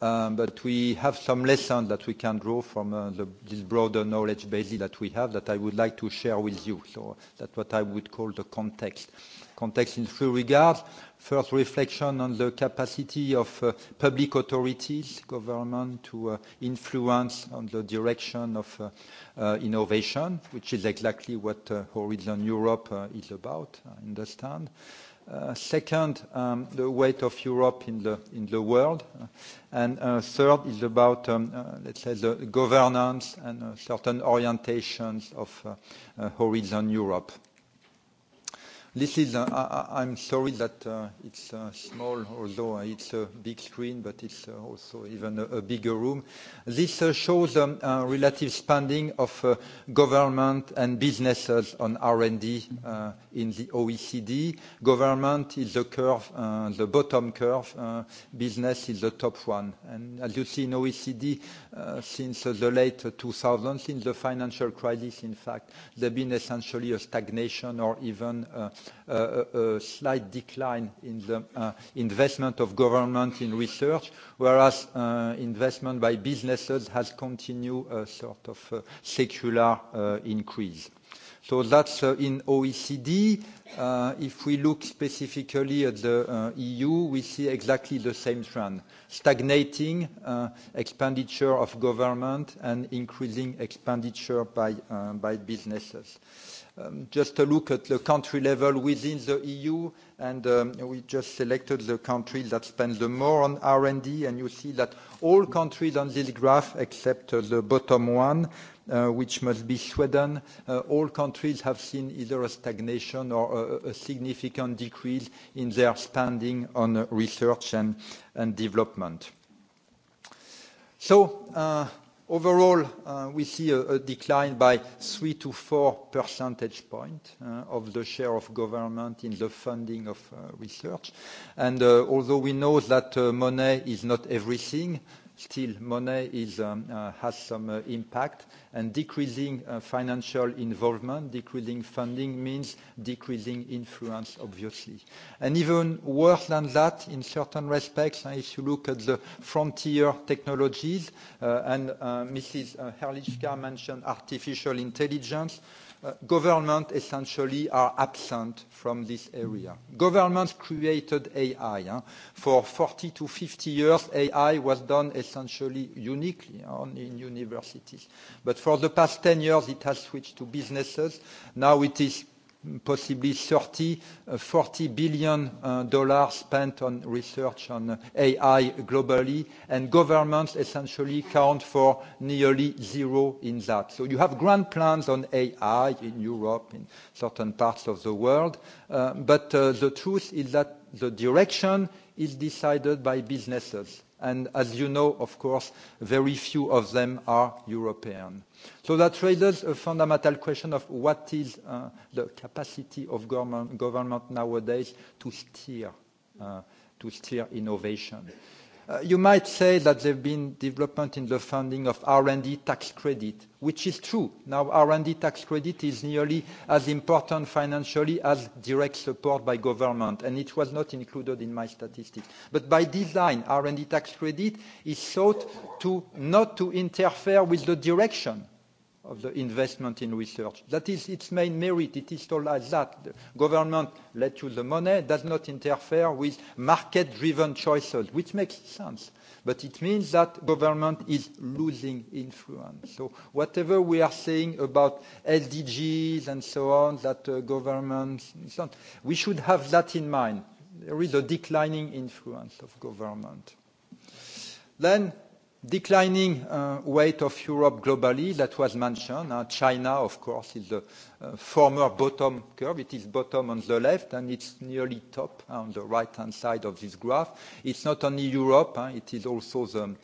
Um, but we have some lessons that we can draw from uh, the, this broader knowledge base that we have that I would like to share with you. So that's what I would call the context. Context in three regards. First, reflection on the capacity of uh, public authorities, government, to uh, influence on the direction of innovation, which is exactly what Horizon Europe is about, I understand. Uh, second, um, the weight of Europe in the, in the world. Uh, and uh, third is about, um, let's say, the governance and certain orientations of Horizon Europe. This uh, is, I'm sorry that uh, it's uh, small, although it's a big screen, but it's also even a bigger room. This shows um, relative spending of government and businesses on R&D in the OECD. Government is the curve, the bottom curve. Business is the top one. And as you see in OECD, since the late 2000s, since the financial crisis, in fact, there's been essentially a stagnation or even Uh, uh, a slight decline in the uh, investment of government in research, whereas investment by businesses has continued a sort of secular increase. So that's in OECD. If we look specifically at the EU, we see exactly the same trend: stagnating expenditure of government and increasing expenditure by businesses. Um, just a look at the country level within the EU, and um, we just selected the countries that spend the more on R&D, and you see that all countries on this graph, except uh, the bottom one, uh, which must be Sweden, uh, all countries have seen either a stagnation or a, significant decrease in their spending on research and development. So, Overall, uh, we see a decline by 3-4 percentage point uh, of the share of government in the funding of uh, research. Although we know that money is not everything, still money is, um, uh, has some uh, impact. And decreasing uh, financial involvement, decreasing funding means decreasing influence, obviously. And even worse than that, in certain respects, if you look at the frontier technologies, and Mrs. Herlichka mentioned artificial intelligence, government essentially are absent from this area. Governments created AI. For 40 to 50 years, AI was done essentially uniquely only in universities. But for the past 10 years, it has switched to businesses. Now it is possibly $30 40 uh, billion uh, dollars spent on research on uh, AI globally, and governments essentially count for nearly zero in that. So you have grand plans on AI in Europe, in certain parts of the world, but the truth is that the direction is decided by businesses and as you know, of course, very few of them are European. So that raises a fundamental question of what is uh, the capacity of government, government nowadays to steer, uh, to steer innovation. Uh, you might say that there have been development in the funding of R&D tax credit, which is true. Now, R&D tax credit is nearly as important financially as direct support by government, and it was not included in my statistics. But by design, R&D tax credit is sought to not to interfere with the direction of the investment in research. That is its main merit. It is all like that. The government let you the money, does not interfere with market-driven choices, which makes sense. But it means that government is losing influence. So whatever we are saying about SDGs and so on, that uh, governments, so on, we should have that in mind. There is a declining influence of government. Then declining uh, weight of Europe globally, that was mentioned. Uh, China, of course, is the Uh, former bottom curve. It is bottom on the left, and it's nearly top on the right-hand side of this graph. It's not only Europe, it is also the,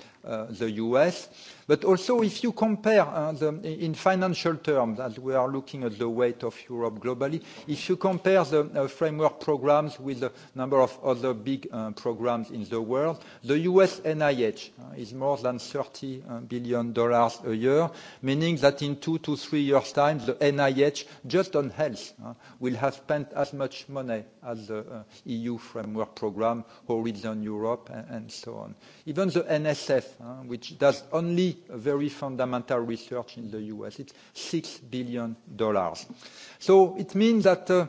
U.S. Uh, But also, if you compare uh, in financial terms, as we are looking at the weight of Europe globally, if you compare the framework programs with the number of other big programs in the world, the U.S. NIH is more than $30 billion dollars a year, meaning that in two to three years' time, the NIH just on health will have spent as much money as the uh, EU framework program, Horizon Europe, and so on. Even the NSF, which does only very fundamental research in the US, it's $6 billion. So it means that uh,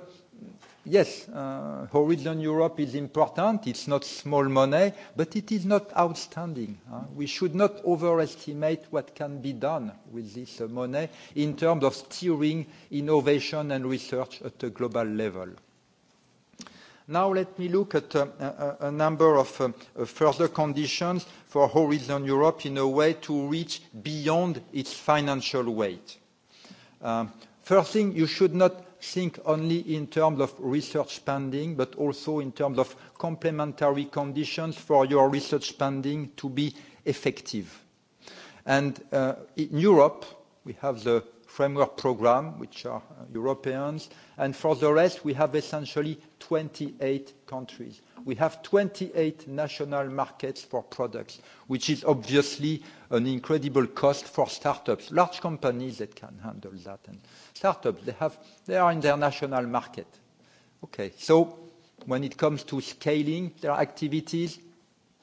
Yes, Horizon uh, uh, Europe is important. It's not small money, but it is not outstanding. We should not overestimate what can be done with this uh, money in terms of steering innovation and research at a global level. Now let me look at a, a number of uh, further conditions for Horizon Europe in a way to reach beyond its financial weight. Um, first thing, you should not think only in terms of research spending, but also in terms of complementary conditions for your research spending to be effective. Uh, in Europe, we have the framework program, which are uh, Europeans. And for the rest, we have essentially 28 countries. We have 28 national markets for products, which is obviously an incredible cost for startups. Large companies that can handle that. And startups, they, have, they are in their national market. Okay, so when it comes to scaling their activities,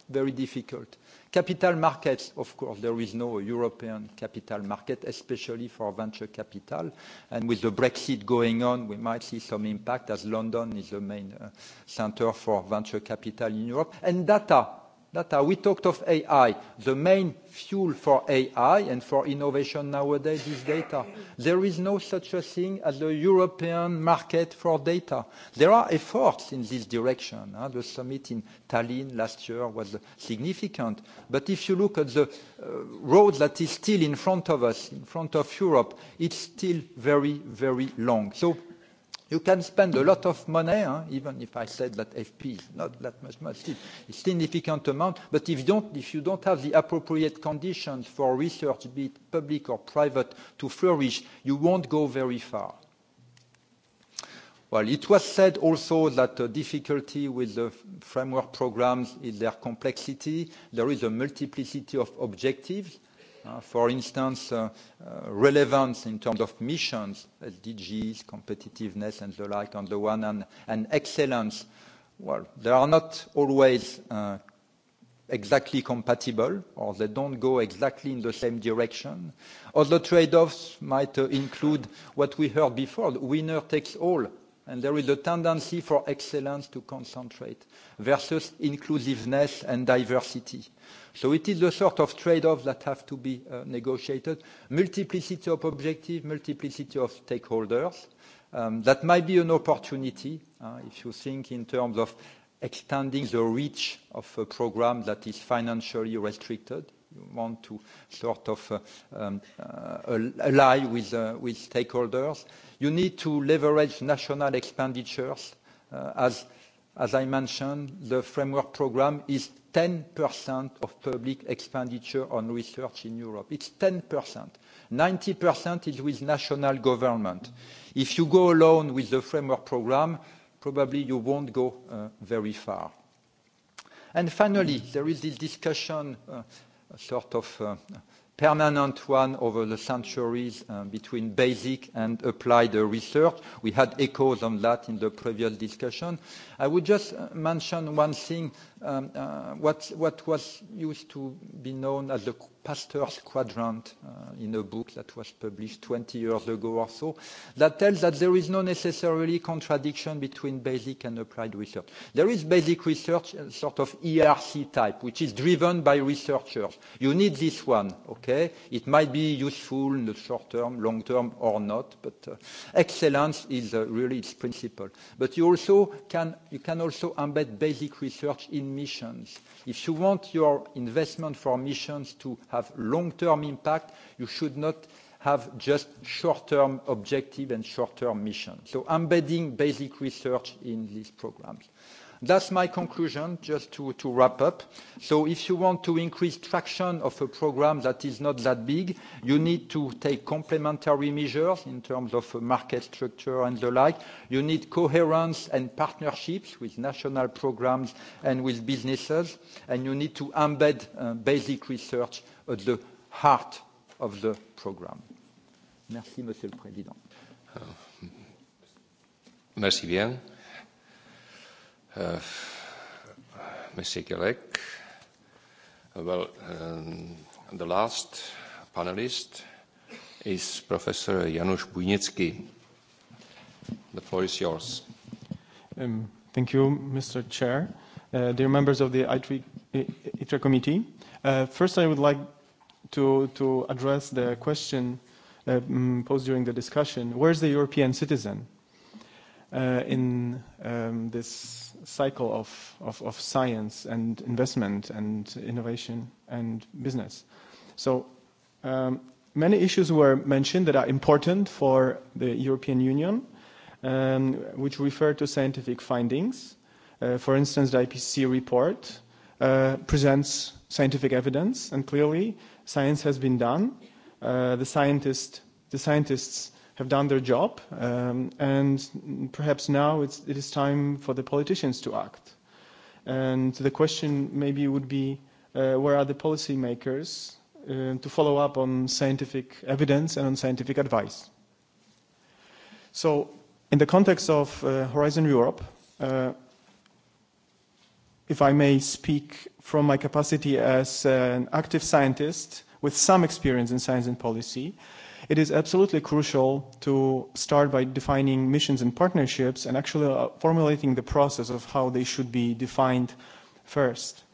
very difficult. Capital markets, of course, there is no European capital market, especially for venture capital. And with the Brexit going on, we might see some impact as London is the main uh, center for venture capital in Europe. And data, data. We talked of AI. The main fuel for AI and for innovation nowadays is data. There is no such a thing as a European market for data. There are efforts in this direction. The summit in Tallinn last year was significant. But if you look at the uh, road that is still in front of us, in front of Europe, it's still very, very long. So You can spend a lot of money, even if I said that FP is not that much money, it's significant amount. But if you don't, if you don't have the appropriate conditions for research, be it public or private, to flourish, you won't go very far. Well, it was said also that the uh, difficulty with the framework programs is their complexity. There is a multiplicity of objectives Uh, for instance, uh, uh, relevance in terms of missions, SDGs, competitiveness, and the like on the one hand, and excellence. Well, they are not always uh, exactly compatible, or they don't go exactly in the same direction. Other trade-offs might uh, include what we heard before, the winner takes all and there is a tendency for excellence to concentrate versus inclusiveness and diversity. So it is the sort of trade-off that have to be uh, negotiated. Multiplicity of objectives, multiplicity of stakeholders. Um, that might be an opportunity uh, if you think in terms of extending the reach of a program that is financially restricted you want to sort of uh, um, uh, ally with, uh, with stakeholders. You need to leverage national expenditures. As, as I mentioned, the framework program is 10% of public expenditure on research in Europe. It's 10%. 90% is with national government. If you go alone with the framework program, probably you won't go uh, very far. And finally, there is this discussion sort of uh, permanent one over the centuries uh, between basic and applied research. We had echoes on that in the previous discussion. I would just uh, mention one thing um, uh, what, what was used to be known as the Pasteur's Quadrant uh, in a book that was published 20 years ago or so, that tells that there is no necessarily contradiction between basic and applied research. There is basic research, uh, sort of ERC type, which is driven by researchers. You need this one, okay? It might be useful in the short term, long term, or not, but excellence is really its principle. But you also can, you can also embed basic research in missions. If you want your investment for missions to have long-term impact, you should not have just short-term objective and short-term mission. So embedding basic research in these programs. That's my conclusion, just to, wrap up. So if you want to increase traction of a program that is not that big, you need to take complementary measures in terms of market structure and the like. You need coherence and partnerships with national programs and with businesses, and you need to embed uh, basic research at the heart of the program. Merci, Monsieur le Président. Merci bien. Mr. well, um, the last panelist is Professor Janusz Bujnicki. The floor is yours. Um, thank you, Mr. Chair. Uh, dear members of the ITRE, ITRE Committee, uh, first I would like to, to address the question uh, mm, posed during the discussion, where is the European citizen uh, in um, this cycle of, of, of science and investment and innovation and business. So um, many issues were mentioned that are important for the European Union, um, which refer to scientific findings. Uh, for instance, the IPCC report uh, presents scientific evidence, and clearly science has been done. Uh, the, scientist, the scientists have done their job um, and perhaps now it's, it is time for the politicians to act. And the question maybe would be uh, where are the policymakers uh, to follow up on scientific evidence and on scientific advice? So in the context of uh, Horizon Europe, uh, if I may speak from my capacity as an active scientist with some experience in science and policy, it is absolutely crucial to start by defining missions and partnerships and actually uh, formulating the process of how they should be defined first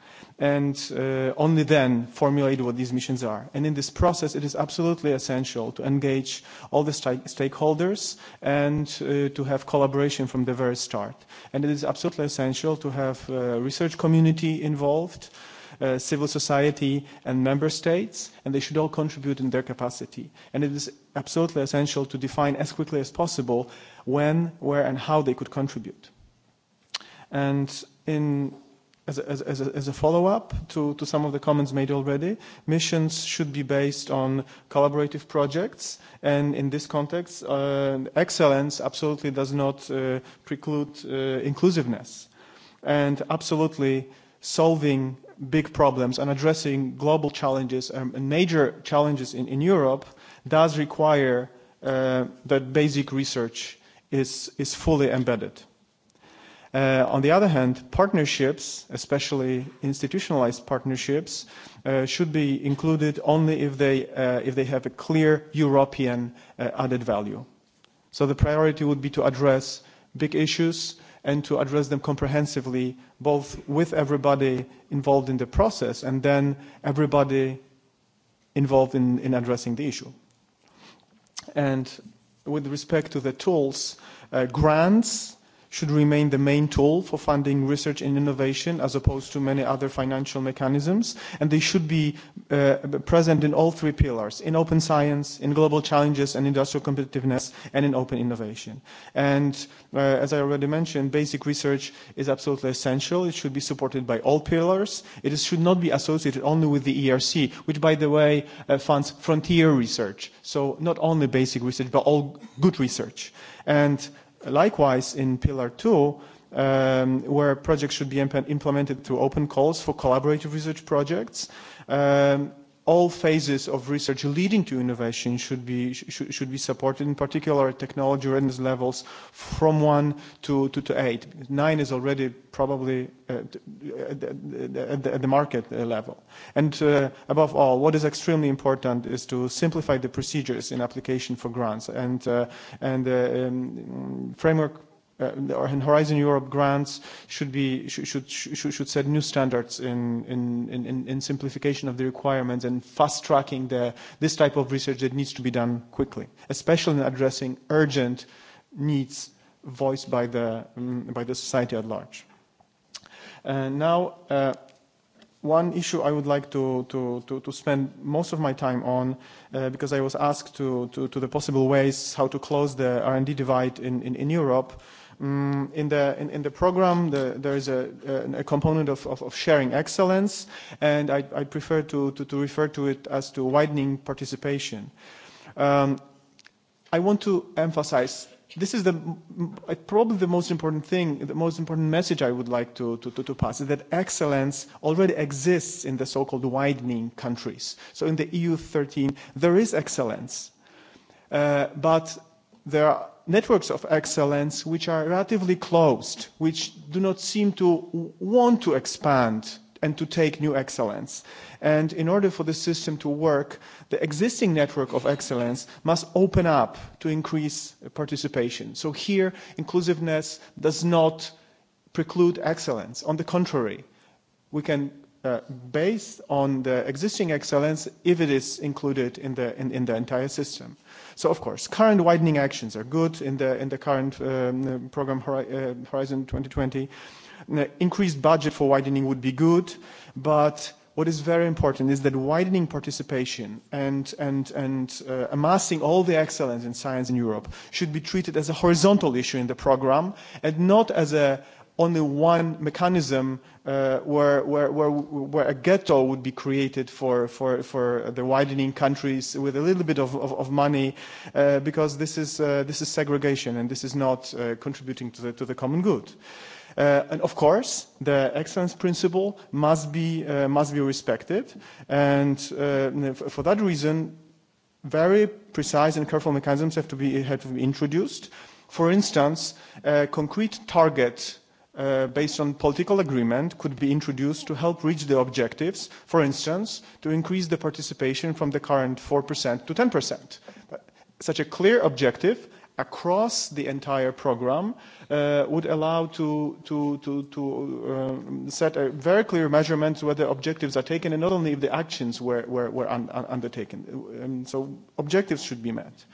and uh, only then formulate what these missions are. And in this process, it is absolutely essential to engage all the st stakeholders and uh, to have collaboration from the very start. And it is absolutely essential to have uh, research community involved, Uh, civil society and member states, and they should all contribute in their capacity. And it is absolutely essential to define as quickly as possible when, where, and how they could contribute. And in as a, as a, as a follow-up to, to some of the comments made already, missions should be based on collaborative projects. And in this context, uh, excellence absolutely does not uh, preclude uh, inclusiveness. And absolutely solving big problems and addressing global challenges um, and major challenges in, in Europe does require uh, that basic research is, is fully embedded. Uh, on the other hand, partnerships, especially institutionalized partnerships, uh, should be included only if they, uh, if they have a clear European uh, added value. So the priority would be to address big issues and to address them comprehensively, both with everybody involved in the process and then everybody involved in, in addressing the issue. And with respect to the tools, uh, grants should remain the main tool for funding research and innovation as opposed to many other financial mechanisms and they should be uh, present in all three pillars in open science in global challenges and industrial competitiveness and in open innovation and uh, as i already mentioned basic research is absolutely essential it should be supported by all pillars it is, should not be associated only with the erc which by the way uh, funds frontier research so not only basic research but all good research and Likewise, in Pillar 2, um, where projects should be implemented through open calls for collaborative research projects, um, all phases of research leading to innovation should be should, should be supported in particular at technology readiness levels from 1 to to, to 8 9 is already probably at, at, at the market level and uh, above all what is extremely important is to simplify the procedures in application for grants and uh, and uh, um, framework uh, and Horizon Europe grants should be should should should set new standards in in in in simplification of the requirements and fast tracking the this type of research that needs to be done quickly, especially in addressing urgent needs voiced by the um, by the society at large. Uh, now. Uh, one issue I would like to, to, to, to spend most of my time on, uh, because I was asked to, to, to the possible ways how to close the R&D divide in, in, in Europe, Um, in, the, in, in the program, the, there is a, a component of, of, of sharing excellence, and I, I prefer to, to, to refer to it as to widening participation. Um, I want to emphasize this is the probably the most important thing, the most important message I would like to, to, to pass is that excellence already exists in the so-called widening countries. So in the EU 13, there is excellence, uh, but there are networks of excellence which are relatively closed, which do not seem to want to expand and to take new excellence. And in order for the system to work, the existing network of excellence must open up to increase participation. So here, inclusiveness does not preclude excellence. On the contrary, we can Uh, based on the existing excellence if it is included in the, in, in the entire system. So, of course, current widening actions are good in the, in the current um, program uh, Horizon 2020. Increased budget for widening would be good, but what is very important is that widening participation and, and, and uh, amassing all the excellence in science in Europe should be treated as a horizontal issue in the program and not as a only one mechanism uh, where, where, where, where a ghetto would be created for, for, for the widening countries with a little bit of, of, of money, uh, because this is, uh, this is segregation and this is not uh, contributing to the, to the common good. Uh, and of course, the excellence principle must be, uh, must be respected. And uh, for that reason, very precise and careful mechanisms have to be, have to be introduced. For instance, a uh, concrete target uh, based on political agreement could be introduced to help reach the objectives, for instance, to increase the participation from the current 4% to 10%. Such a clear objective across the entire program uh, would allow to, to, to, to uh, set a very clear measurement whether objectives are taken and not only if the actions were, were, were un, un undertaken. Um, so objectives should be met.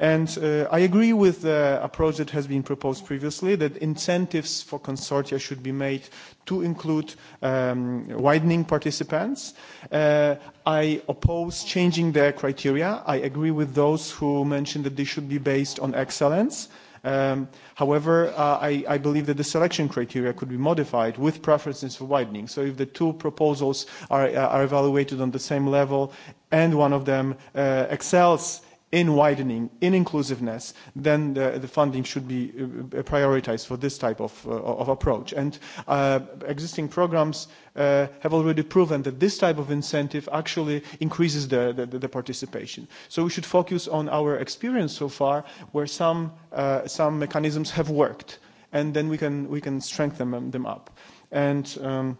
And uh, I agree with the approach that has been proposed previously that incentives for consortia should be made to include um, widening participants. Uh, I oppose changing their criteria. I agree with those who mentioned that they should be based on excellence. Um, however, uh, I, I believe that the selection criteria could be modified with preferences for widening. So if the two proposals are, uh, are evaluated on the same level and one of them uh, excels in widening, in inclusiveness, then the, the funding should be uh, prioritized for this type of, uh, of approach. And uh, existing programs uh, have already proven that this type of incentive actually increases the, the, the participation. So we should focus on our experience so far where some, uh, some mechanisms have worked, and then we can, we can strengthen them, them up. And... Um,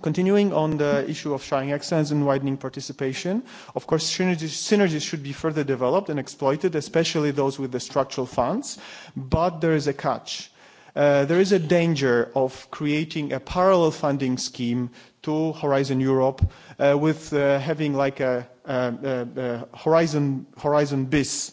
Continuing on the issue of sharing excellence and widening participation, of course, synergies, should be further developed and exploited, especially those with the structural funds, but there is a catch. Uh, there is a danger of creating a parallel funding scheme to Horizon Europe uh, with uh, having like a, Horizon, BIS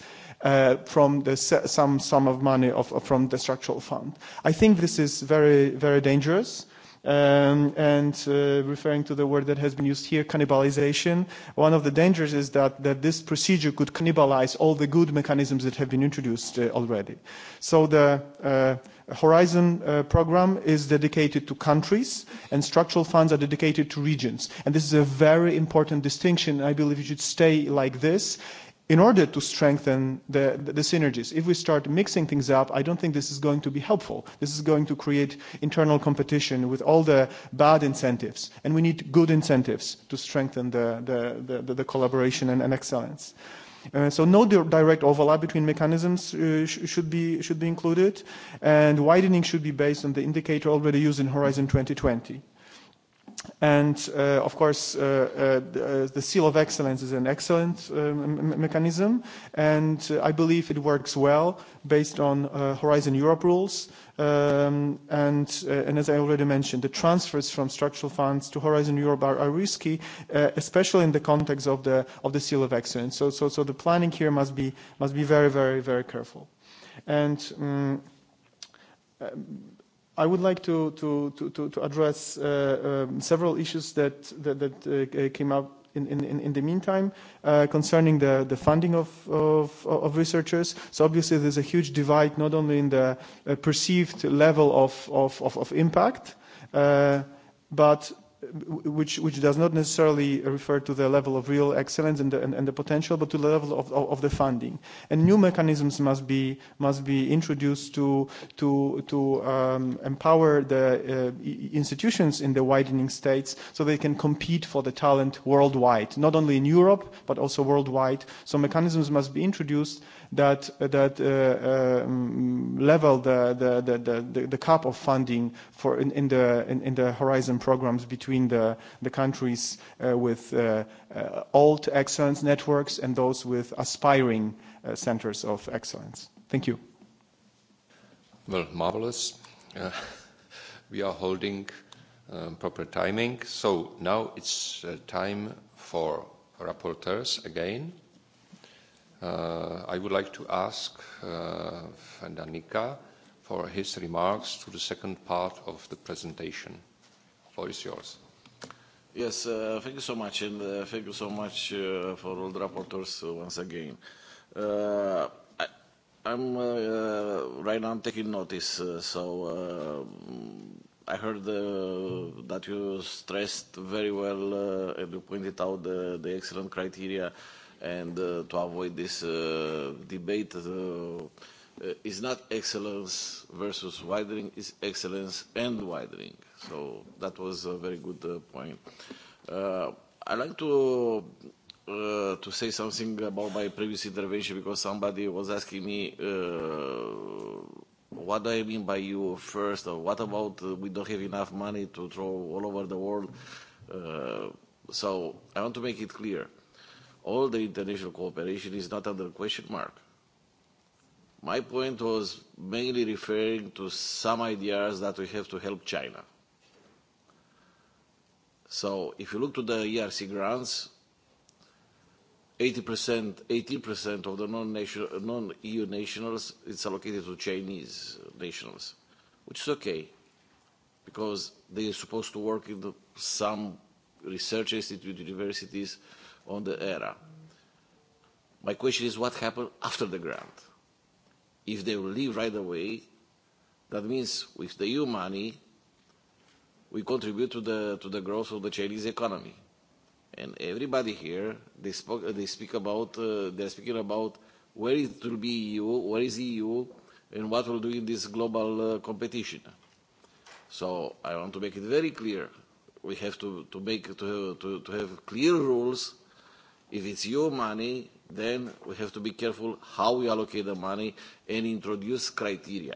from the some sum of money of, from the structural fund. I think this is very, very dangerous um, and uh, referring to the word that has been used here, cannibalization. One of the dangers is that, that this procedure could cannibalize all the good mechanisms that have been introduced uh, already. So the uh, Horizon uh, program is dedicated to countries, and structural funds are dedicated to regions. And this is a very important distinction. I believe it should stay like this in order to strengthen the, the, the synergies. If we start mixing things up, I don't think this is going to be helpful. This is going to create internal competition with all the bad incentives. And we need good incentives to strengthen the, the, the, the collaboration and, and excellence. Uh, so no di direct overlap between mechanisms uh, sh should be should be included, and widening should be based on the indicator already used in Horizon 2020. And uh, of course, uh, uh, uh, the, seal of excellence is an excellent um, mechanism, and uh, I believe it works well based on uh, Horizon Europe rules. Um, and, and as I already mentioned, the transfers from structural funds to Horizon Europe are, are risky, especially in the context of the of the seal of excellence. So, so, so the planning here must be must be very, very, very careful. And. Mm, um, i would like to, to, to, to address uh, um, several issues that, that, that uh, came up in, in, in the meantime uh, concerning the, the funding of, of, of researchers. So obviously there's a huge divide not only in the uh, perceived level of, of, of, of impact, uh, but which which does not necessarily refer to the level of real excellence and the, and, and the potential, but to the level of, of, of, the funding. And new mechanisms must be must be introduced to to to um, empower the uh, institutions in the widening states so they can compete for the talent worldwide, not only in Europe but also worldwide. So mechanisms must be introduced that that uh, um, level the, the the the the cap of funding for in, in the in, in the horizon programs between the the countries uh, with uh, uh, old excellence networks and those with aspiring uh, centers of excellence thank you well marvelous uh, *laughs* we are holding um, proper timing so now it's uh, time for rapporteurs again Uh, I would like to ask uh, for his remarks to the second part of the presentation. The floor is yours. Yes, uh, thank you so much, and uh, thank you so much uh, for all the rapporteurs uh, once again. Uh, I, I'm uh, uh right now taking notice, uh, so uh, I heard uh, that you stressed very well uh, and you pointed out the, the excellent criteria uh, and uh, to avoid this uh, debate uh, uh, is not excellence versus widening is excellence and widening so that was a very good uh, point uh, i like to to say something about my previous intervention because somebody was asking me what do i mean by you first or what about we don't have enough money to throw all over the world so i want to make it clear all the international cooperation is not under question mark. My point was mainly referring to some ideas that we have to help China. So if you look to the ERC grants, 80%, 18% of the non-EU non nationals, it's allocated to Chinese nationals, which is okay because they are supposed to work in the, some research institute universities on the era. My question is what happened after the grant? If they will leave right away, that means with the EU money, we contribute to the, to the growth of the Chinese economy. And everybody here, they, spoke, they speak about, uh, they're speaking about where it will be EU, where is EU, and what will do in this global uh, competition. So I want to make it very clear. We have to, to make to, to, to have clear rules If it's your money, then we have to be careful how we allocate the money and introduce criteria.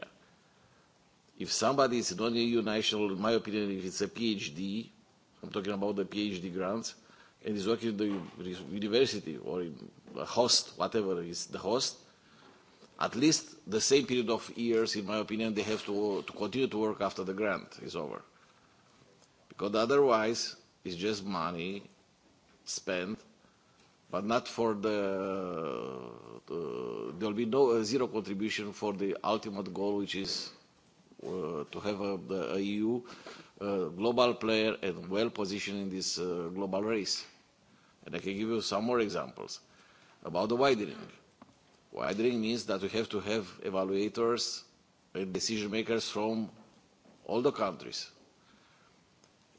If somebody is not a EU national, in my opinion, if it's a PhD, I'm talking about the PhD grants, and is working in the university or in a host, whatever is the host, at least the same period of years, in my opinion, they have to, to continue to work after the grant is over. Because otherwise, it's just money spent but not for the uh, there will be no uh, zero contribution for the ultimate goal which is uh, to have a, uh, the eu uh, global player and well positioned in this uh, global race and i can give you some more examples about the widening widening means that we have to have evaluators and decision makers from all the countries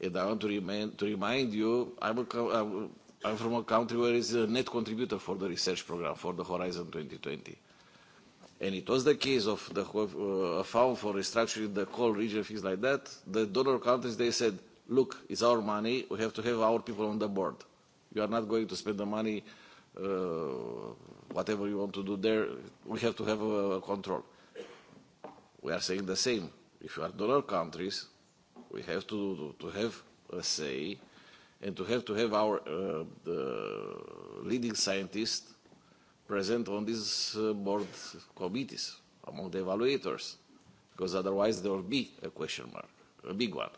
and i want to, remind to remind you i will, I will I'm from a country where is a uh, net contributor for the research program for the Horizon 2020. And it was the case of the uh, fund for restructuring the coal region, things like that. The donor countries, they said, look, it's our money. We have to have our people on the board. You are not going to spend the money, uh, whatever you want to do there. We have to have a uh, control. We are saying the same. If you are donor countries, we have to, to have a say and to have to have our uh, the leading scientists present on these uh, board committees among the evaluators, because otherwise there will be a question mark, a big one.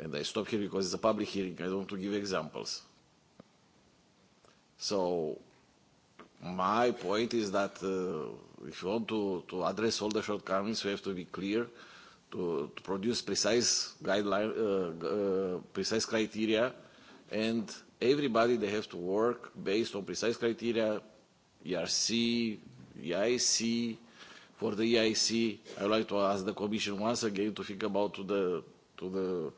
And I stop here because it's a public hearing. I don't want to give examples. So my point is that uh, if you want to, to address all the shortcomings, we have to be clear to, to produce precise guideline, uh, uh, precise criteria, and everybody they have to work based on precise criteria, ERC, EIC. For the EIC, I would like to ask the Commission once again to think about to the to the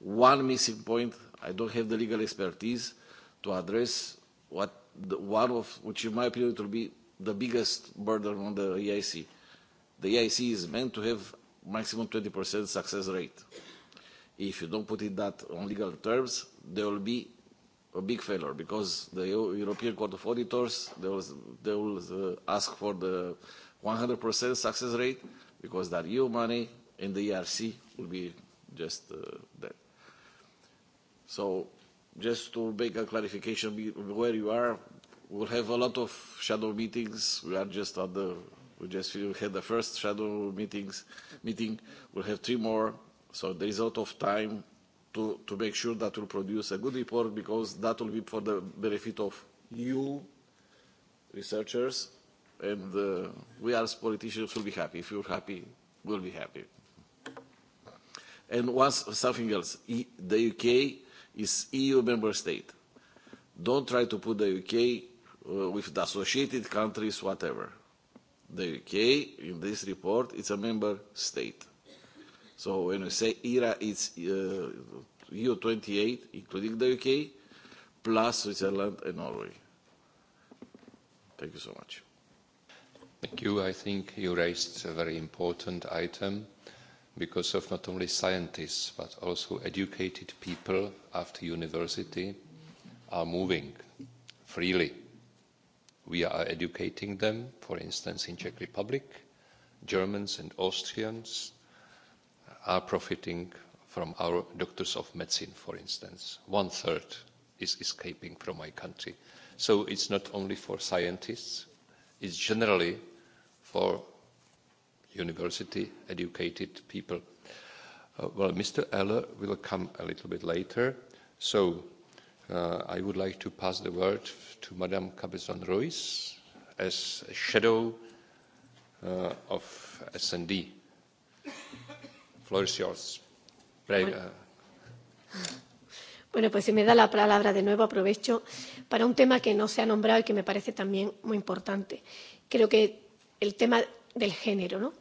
one missing point. I don't have the legal expertise to address what the, one of which, in my opinion, will be the biggest burden on the EIC. The EIC is meant to have maximum 20% success rate. If you don't put it that on legal terms, there will be a big failure because the European Court of Auditors, they will, they will uh, ask for the 100% success rate because that EU money in the ERC will be just uh, that. So just to make a clarification where you are, we'll have a lot of shadow meetings. We are just at the We just we had the first shadow meetings meeting. We'll have three more. So there is a lot of time to, to make sure that we'll produce a good report because that will be for the benefit of you researchers and uh, we as politicians will be happy. If you're happy, we'll be happy. And once something else, e, the UK is EU member state. Don't try to put the UK uh, with the associated countries, whatever The UK, in this report, it's a member state. So when we say ERA, it's uh, EU 28, including the UK, plus Switzerland and Norway. Thank you so much. Thank you. I think you raised a very important item because of not only scientists but also educated people after university are moving freely we are educating them for instance in czech republic germans and austrians are profiting from our doctors of medicine for instance one third is escaping from my country so it's not only for scientists it's generally for university educated people uh, well mr eller will come a little bit later so Uh, I would like to pass the word to Madame Cabezon Ruiz as a shadow uh, of SND. Floor is yours. Pray, uh... Bueno, pues si me da la palabra de nuevo, aprovecho para un tema que no se ha nombrado y que me parece también muy importante. Creo que el tema del género, ¿no?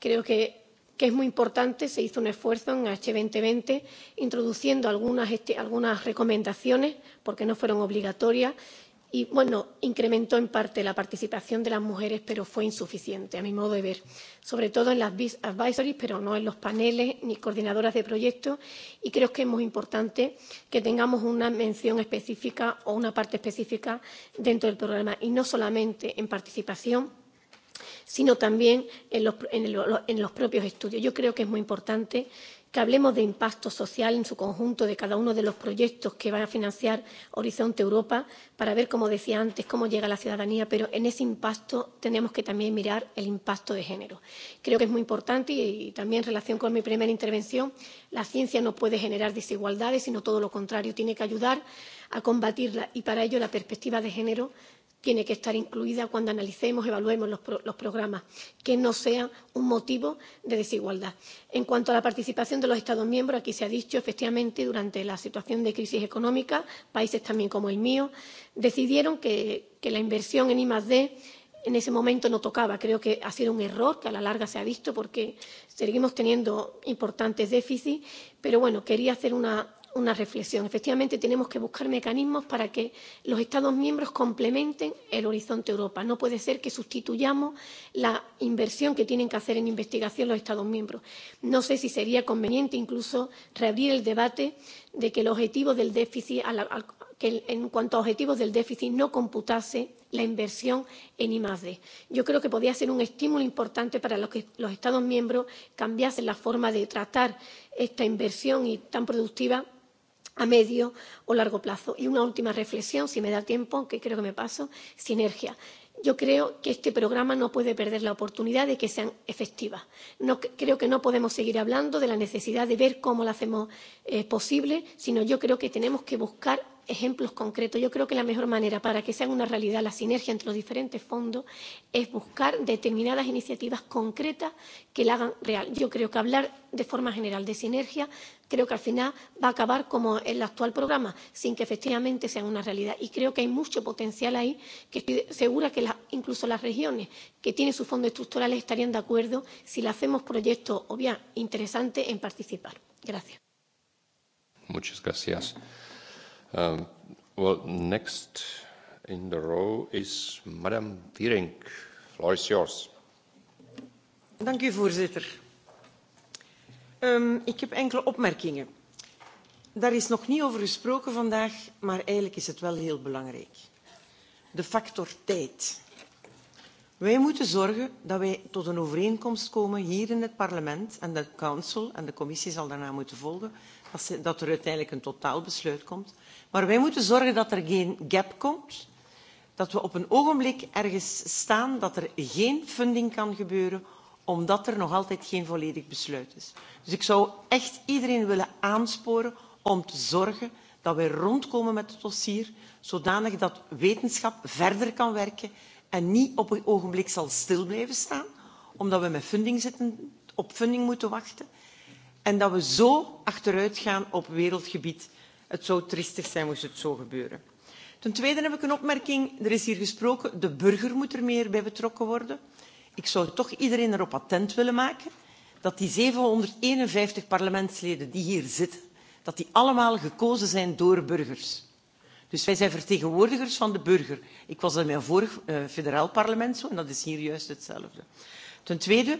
Creo que que es muy importante se hizo un esfuerzo en h dos veinte introduciendo algunas, algunas recomendaciones porque no fueron obligatorias y bueno incrementó en parte la participación de las mujeres pero fue insuficiente a mi modo de ver sobre todo en las advisory pero no en los paneles ni coordinadoras de proyectos y creo que es muy importante que tengamos una mención específica o una parte específica dentro del programa y no solamente en participación sino también en los, en, el, en los propios estudios. yo creo que es muy importante que hablemos de impacto social en su conjunto de cada uno de los proyectos que va a financiar horizonte europa para ver como decía antes cómo llega la ciudadanía pero en ese impacto tenemos que también mirar el impacto de género. creo que es muy importante y también en relación con mi primera intervención la ciencia no puede generar desigualdades sino todo lo contrario tiene que ayudar a combatirla y para ello la perspectiva de género tiene que estar incluida cuando analicemos evaluemos los, los programas que no sea un motivo de desigualdad. en cuanto a la participación de los estados miembros aquí se ha dicho efectivamente durante la situación de crisis económica países también como el mío decidieron que, que la inversión en i+d en ese momento no tocaba. Creo que ha sido un error que a la larga se ha visto porque seguimos teniendo importantes déficits, pero bueno, quería hacer una, una reflexión. Efectivamente, tenemos que buscar mecanismos para que los Estados miembros complementen el Horizonte Europa. No puede ser que sustituyamos la inversión que tienen que hacer en investigación los Estados miembros. No sé si sería conveniente incluso reabrir el debate de que el objetivo del déficit, a que en cuanto a objetivos del déficit no computase la inversión en I+D. Yo creo que podría ser un estímulo importante para los que los Estados miembros cambiasen la forma de tratar esta inversión y tan productiva a medio o largo plazo. y una última reflexión si me da tiempo aunque creo que me paso sinergia. yo creo que este programa no puede perder la oportunidad de que sean efectivas. No, creo que no podemos seguir hablando de la necesidad de ver cómo lo hacemos eh, posible sino yo creo que tenemos que buscar ejemplos concretos. Yo creo que la mejor manera para que sea una realidad la sinergia entre los diferentes fondos es buscar determinadas iniciativas concretas que la hagan real. Yo creo que hablar de forma general de sinergia creo que al final va a acabar como el actual programa, sin que efectivamente sea una realidad. Y creo que hay mucho potencial ahí que estoy segura que la, incluso las regiones que tienen sus fondos estructurales estarían de acuerdo si le hacemos proyectos o bien interesantes en participar. Gracias. Muchas gracias. Um, well, next in the row is Dank u, voorzitter. Um, ik heb enkele opmerkingen. Daar is nog niet over gesproken vandaag, maar eigenlijk is het wel heel belangrijk. De factor tijd. Wij moeten zorgen dat wij tot een overeenkomst komen hier in het parlement en de council en de commissie zal daarna moeten volgen, dat er uiteindelijk een totaalbesluit komt, maar wij moeten zorgen dat er geen gap komt dat we op een ogenblik ergens staan dat er geen funding kan gebeuren omdat er nog altijd geen volledig besluit is. dus ik zou echt iedereen willen aansporen om te zorgen dat we rondkomen met het dossier zodanig dat wetenschap verder kan werken en niet op een ogenblik zal stil blijven staan omdat we met funding zitten, op funding moeten wachten en dat we zo achteruit gaan op wereldgebied Het zou triestig zijn moest het zo gebeuren. Ten tweede heb ik een opmerking. Er is hier gesproken, de burger moet er meer bij betrokken worden. Ik zou toch iedereen erop attent willen maken dat die 751 parlementsleden die hier zitten, dat die allemaal gekozen zijn door burgers. Dus wij zijn vertegenwoordigers van de burger. Ik was in mijn vorig uh, eh, federaal parlement zo en dat is hier juist hetzelfde. Ten tweede,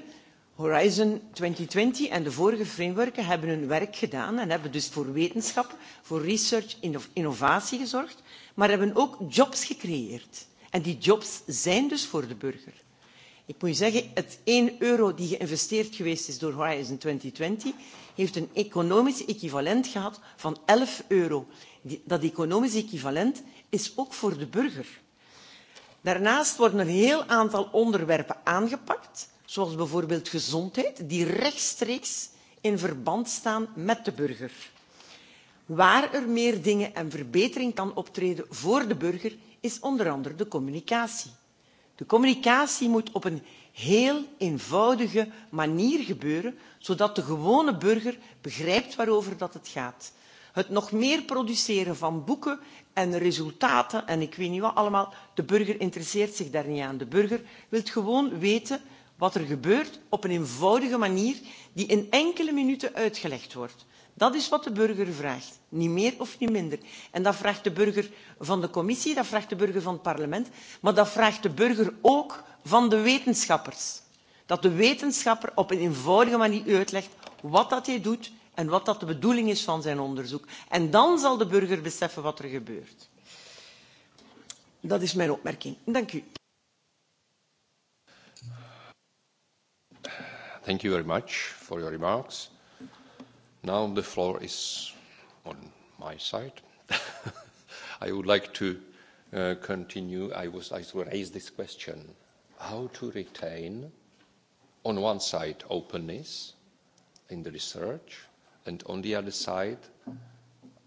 Horizon 2020 en de vorige frameworken hebben hun werk gedaan en hebben dus voor wetenschap, voor research en innovatie gezorgd, maar hebben ook jobs gecreëerd. En die jobs zijn dus voor de burger. Ik moet je zeggen, het 1 euro die geïnvesteerd geweest is door Horizon 2020 heeft een economisch equivalent gehad van 11 euro. Dat economisch equivalent is ook voor de burger. Daarnaast worden een heel aantal onderwerpen aangepakt zoals bijvoorbeeld gezondheid die rechtstreeks in verband staan met de burger. waar er meer dingen en verbetering kan optreden voor de burger is onder andere de communicatie. de communicatie moet op een heel eenvoudige manier gebeuren zodat de gewone burger begrijpt waarover dat het gaat. het nog meer produceren van boeken en resultaten en ik weet niet wat allemaal de burger interesseert zich daar niet aan. de burger wil gewoon weten wat er gebeurt op een eenvoudige manier die in enkele minuten uitgelegd wordt. Dat is wat de burger vraagt, niet meer of niet minder. En dat vraagt de burger van de commissie, dat vraagt de burger van het parlement, maar dat vraagt de burger ook van de wetenschappers. Dat de wetenschapper op een eenvoudige manier uitlegt wat dat hij doet en wat dat de bedoeling is van zijn onderzoek. En dan zal de burger beseffen wat er gebeurt. Dat is mijn opmerking. Dank u. Thank you very much for your remarks. Now the floor is on my side. *laughs* I would like to uh, continue. I was I raise this question: how to retain, on one side, openness in the research, and on the other side,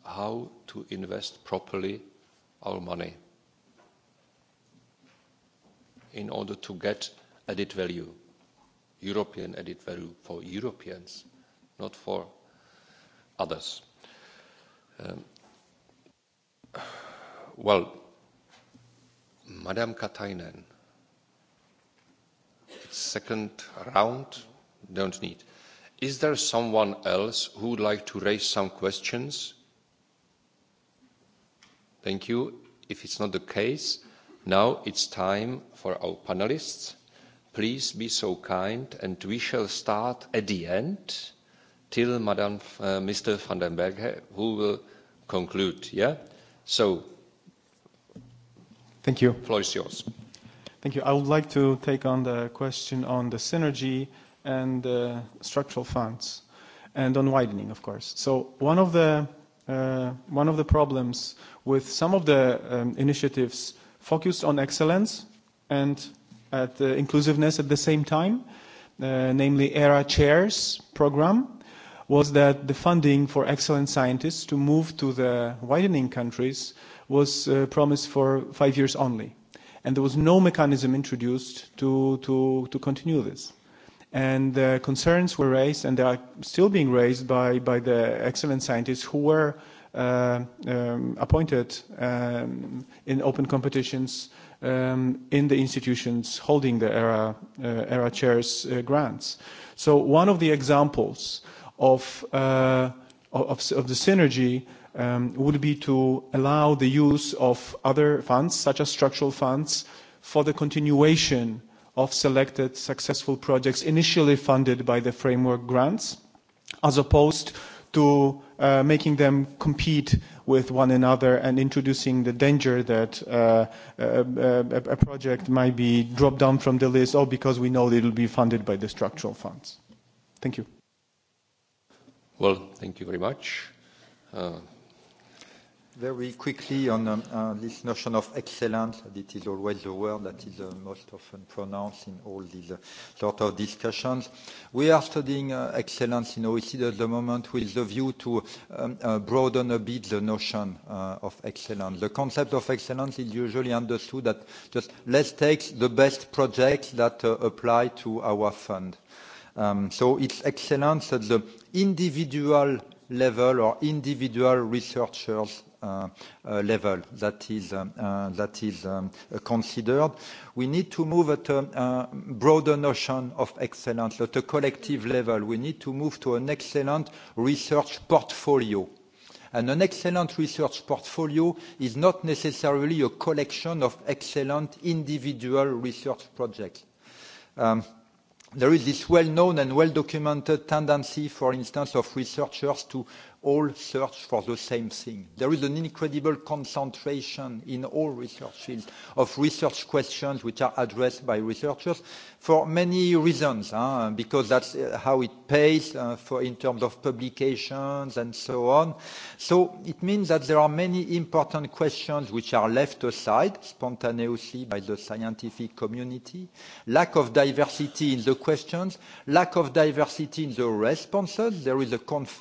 how to invest properly our money in order to get added value european added value for europeans not for others. Um, well Madame katainen second round don't need is there someone else who would like to raise some questions thank you if it's not the case now it's time for our panelists please be so kind and we shall start at the end till Madame, uh, Mr. van den Berg, who will conclude. Yeah? So, thank you. Floor is yours. Thank you. I would like to take on the question on the synergy and uh, structural funds and on widening, of course. So one of the, uh, one of the problems with some of the um, initiatives focused on excellence and at uh, inclusiveness at the same time, uh, namely ERA Chairs program, was that the funding for excellent scientists to move to the widening countries was uh, promised for five years only. And there was no mechanism introduced to, to, to continue this. And uh, concerns were raised, and they are still being raised by, by the excellent scientists who were uh, um, appointed um, in open competitions um, in the institutions holding the ERA, uh, ERA chairs uh, grants. So one of the examples of, uh, of, of the synergy um, would be to allow the use of other funds, such as structural funds, for the continuation of selected successful projects initially funded by the framework grants, as opposed to uh, making them compete with one another and introducing the danger that uh, uh a, a project might be dropped down from the list, or because we know it will be funded by the structural funds. Thank you. Well, thank you very much. Uh, Very quickly on um, uh, this notion of excellence, it is always the word that is uh, most often pronounced in all these uh, sort of discussions. We are studying excellence in OECD at the moment with the view to um, broaden a bit the notion of excellence. The concept of excellence is usually understood that just let's take the best projects that apply to our fund. Um, so it's excellence at the individual level or individual researchers Uh, uh, level that is um, uh, that is um, considered. We need to move at a broader notion of excellence at a collective level. We need to move to an excellent research portfolio. And an excellent research portfolio is not necessarily a collection of excellent individual research projects. Um, there is this well-known and well-documented tendency, for instance, of researchers to all search for the same thing. There is an incredible concentration in all research fields of research questions which are addressed by researchers, for many reasons, because that's uh, how it pays uh, for in terms of publications and so on. So it means that there are many important questions which are left aside spontaneously by the scientific community, lack of diversity in the questions, lack of diversity in the responses. There is a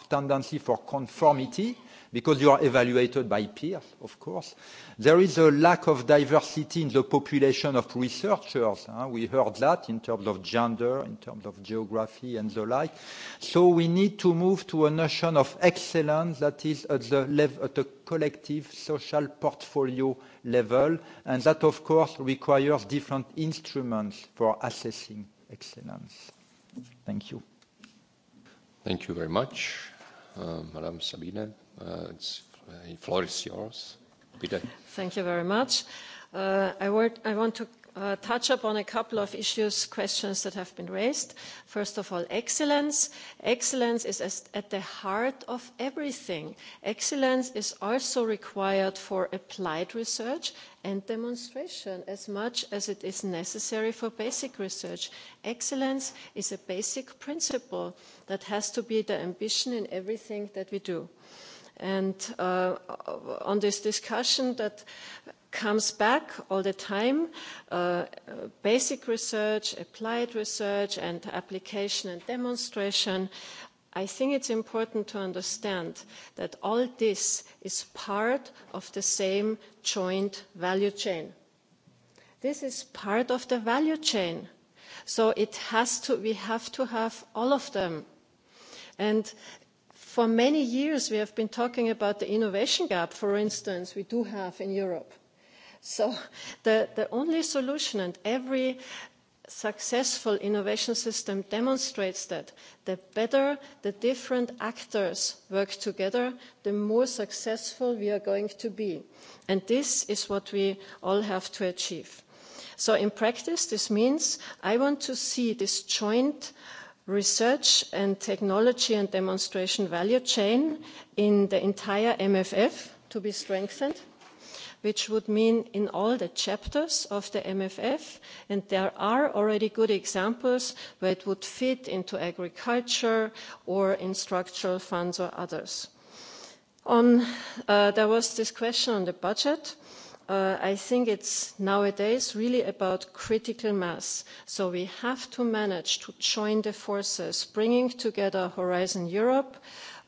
tendency for conformity because you are evaluated by peers, of course. There is a lack of diversity in the population of researchers. Huh? We heard that in terms of gender, in terms of geography and the like. So we need to move to a notion of excellence that is at the level, at the collective social portfolio level. And that, of course, requires different instruments for assessing excellence. Thank you. Thank you very much. Uh, Madame Sabine. Uh, uh floor is yours. Thank you very much. Uh, I, work, I want to Uh, touch upon a couple of issues questions that have been raised first of all excellence excellence is at the heart of everything excellence is also required for applied research and demonstration as much as it is necessary for basic research excellence is a basic principle that has to be the ambition in everything that we do and uh, on this discussion that comes back all the time uh, basic research applied research and application and demonstration i think it's important to understand that all this is part of the same joint value chain this is part of the value chain so it has to we have to have all of them and for many years we have been talking about the innovation gap for instance we do have in europe so the, the only solution and every successful innovation system demonstrates that the better the different actors work together the more successful we are going to be and this is what we all have to achieve. so in practice this means i want to see this joint research and technology and demonstration value chain in the entire mff to be strengthened which would mean in all the chapters of the mff and there are already good examples where it would fit into agriculture or in structural funds or others. On, uh, there was this question on the budget Uh, I think it's nowadays really about critical mass. So we have to manage to join the forces, bringing together Horizon Europe,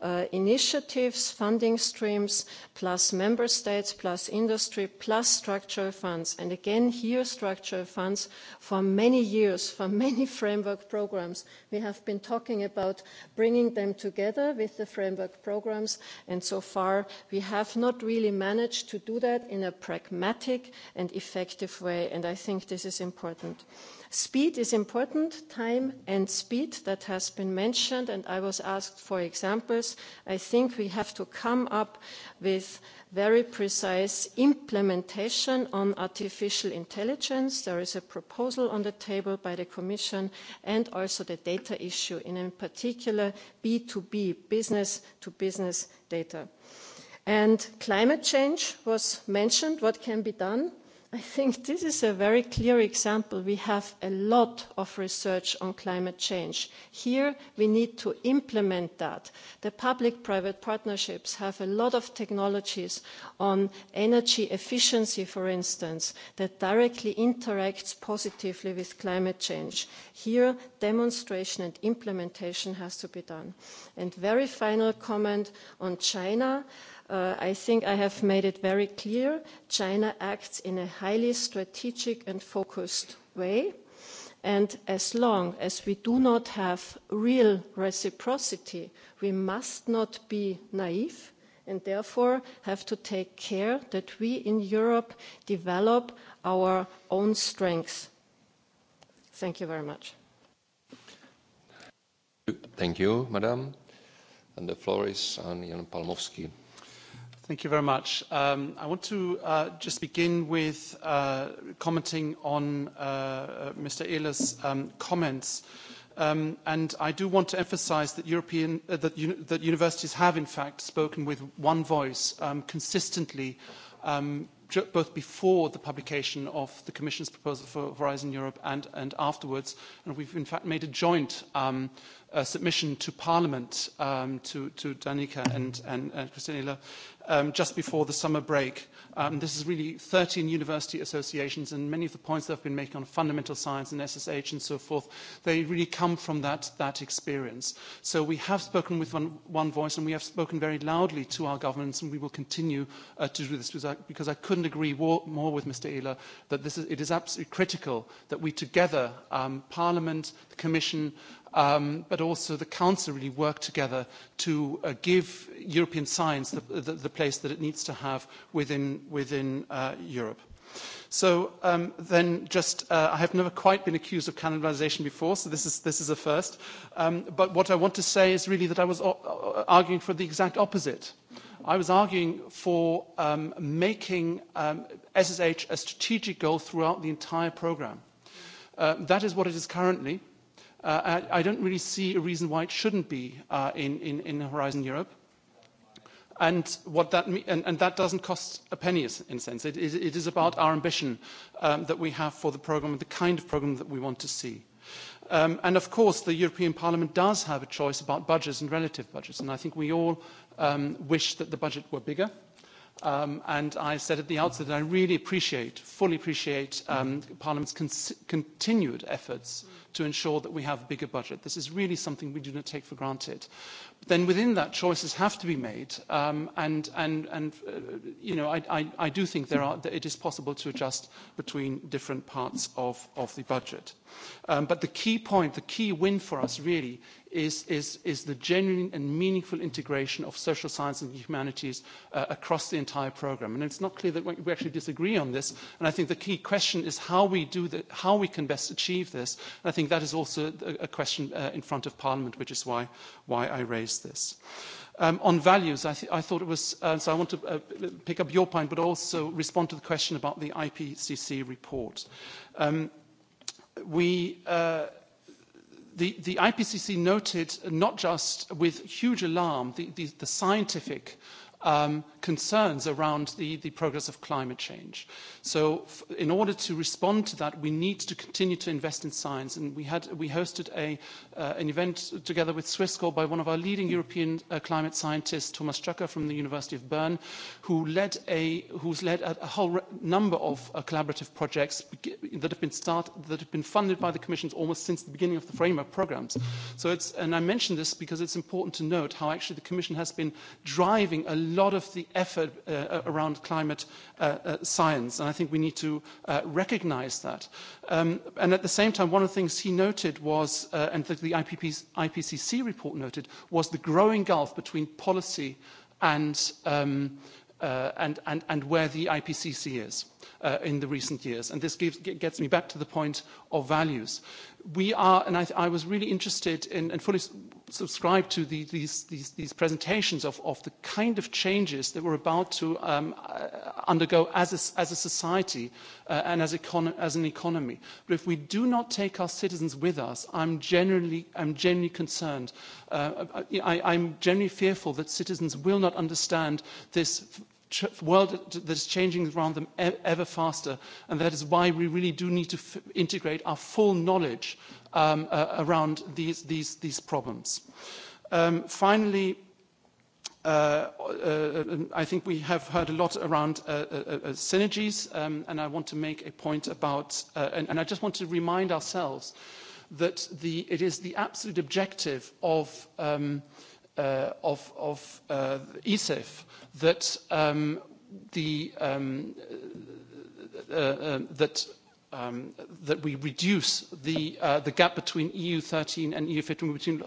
Uh, initiatives funding streams plus member states plus industry plus structural funds and again here structural funds for many years for many *laughs* framework programs we have been talking about bringing them together with the framework programs and so far we have not really managed to do that in a pragmatic and effective way and i think this is important speed is important time and speed that has been mentioned and i was asked for examples i think we have to come up with very precise implementation on artificial intelligence there is a proposal on the table by the commission and also the data issue in particular b 2 b business to business data. And climate change was mentioned what can be done? I think this is a very clear example. We have a lot of research on climate change. Here we need to implement that. The public private partnerships have a lot of technologies on energy efficiency, for instance, that directly interacts positively with climate change. Here demonstration and implementation has to be done. And very final comment on China. Uh, I think I have made it very clear China acts in a highly strategic and focused way, and as long as we do not have real reciprocity, we must not be naive and therefore have to take care that we in Europe develop our own strengths. Thank you very much. Thank you, Madam. And the floor is on Thank you very much. Um, I want to uh, just begin with uh, commenting on uh, uh Mr. Ehler's um, comments. Um, and I do want to emphasize that, European, uh, that, un that universities have, in fact, spoken with one voice um, consistently, um, both before the publication of the Commission's proposal for Horizon Europe and, and afterwards. And we've, in fact, made a joint um, submission to Parliament um, to, to Danica and, and, and um, just before the summer break. Um, this is really 13 university associations, and many of the points that have been making on fundamental science and SSH and so forth, they really come from that, that experience. So we have spoken with one, one voice, and we have spoken very loudly to our governments, and we will continue uh, to do this because I, because I couldn't agree more, more with Mr. Ehler that this is, it is absolutely critical that we together, um, Parliament, the Commission, um, but also the Council really work together to uh, give European science the, the, the place that it needs to have within, within uh, Europe. So um, then just, uh, I have never quite been accused of cannibalization before, so this is, this is a first. Um, but what I want to say is really that I was uh, uh, arguing for the exact opposite. I was arguing for um, making um, SSH a strategic goal throughout the entire program. Uh, that is what it is currently Uh, I, I don't really see a reason why it shouldn't be uh, in, in, in Horizon Europe. And, what that, and, and that doesn't cost a penny in a sense. It, it, it is about our ambition um, that we have for the programme and the kind of programme that we want to see. Um, and of course, the European Parliament does have a choice about budgets and relative budgets. And I think we all um, wish that the budget were bigger Um, and I said at the outset that I really appreciate, fully appreciate um, Parliament's con continued efforts to ensure that we have a bigger budget. This is really something we do not take for granted. But then within that, choices have to be made. Um, and and, and uh, you know, I, I, I do think there are, that it is possible to adjust between different parts of, of the budget. Um, but the key point, the key win for us really is, is, is the genuine and meaningful integration of social science and humanities uh, across the entire program. And it's not clear that we actually disagree on this. And I think the key question is how we do that, how we can best achieve this. And I think that is also a, question uh, in front of Parliament, which is why, why I raised this. Um, on values, I, I thought it was, uh, so I want to pick up your point, but also respond to the question about the IPCC report. Um, we, The, the IPCC noted, not just with huge alarm, the, the, the scientific um, concerns around the, the progress of climate change. So in order to respond to that, we need to continue to invest in science. And we, had, we hosted a, uh, an event together with Swissco by one of our leading European uh, climate scientists, Thomas Strucker from the University of Bern, who led a, who's led a, whole number of uh, collaborative projects that have been started, that have been funded by the Commission almost since the beginning of the framework programs. So it's, and I mention this because it's important to note how actually the Commission has been driving a lot of the effort uh, uh around climate uh, uh, science, and I think we need to uh, recognize that. Um, and at the same time, one of the things he noted was, and the, the IPCC report noted, was the growing gulf between policy and, um, and, and, and where the IPCC is uh, in the recent years. And this gives, gets me back to the point of values. We are, and I, I was really interested in and fully subscribe to the, these, these, these presentations of, of the kind of changes that we're about to um, uh, undergo as a, as a society uh, and as, as an economy. But if we do not take our citizens with us, I'm generally, I'm generally concerned. Uh, I, I'm generally fearful that citizens will not understand this world that is changing around them e, ever faster. And that is why we really do need to f integrate our full knowledge um, uh, around these, these, these problems. Um, finally, Uh, uh, I think we have heard a lot around uh, uh, uh synergies, um, and I want to make a point about, uh, and, and I just want to remind ourselves that the, it is the absolute objective of um, Uh, of, of uh, ESEF that um, the um, uh, uh, that um, that we reduce the uh, the gap between EU 13 and EU 15 between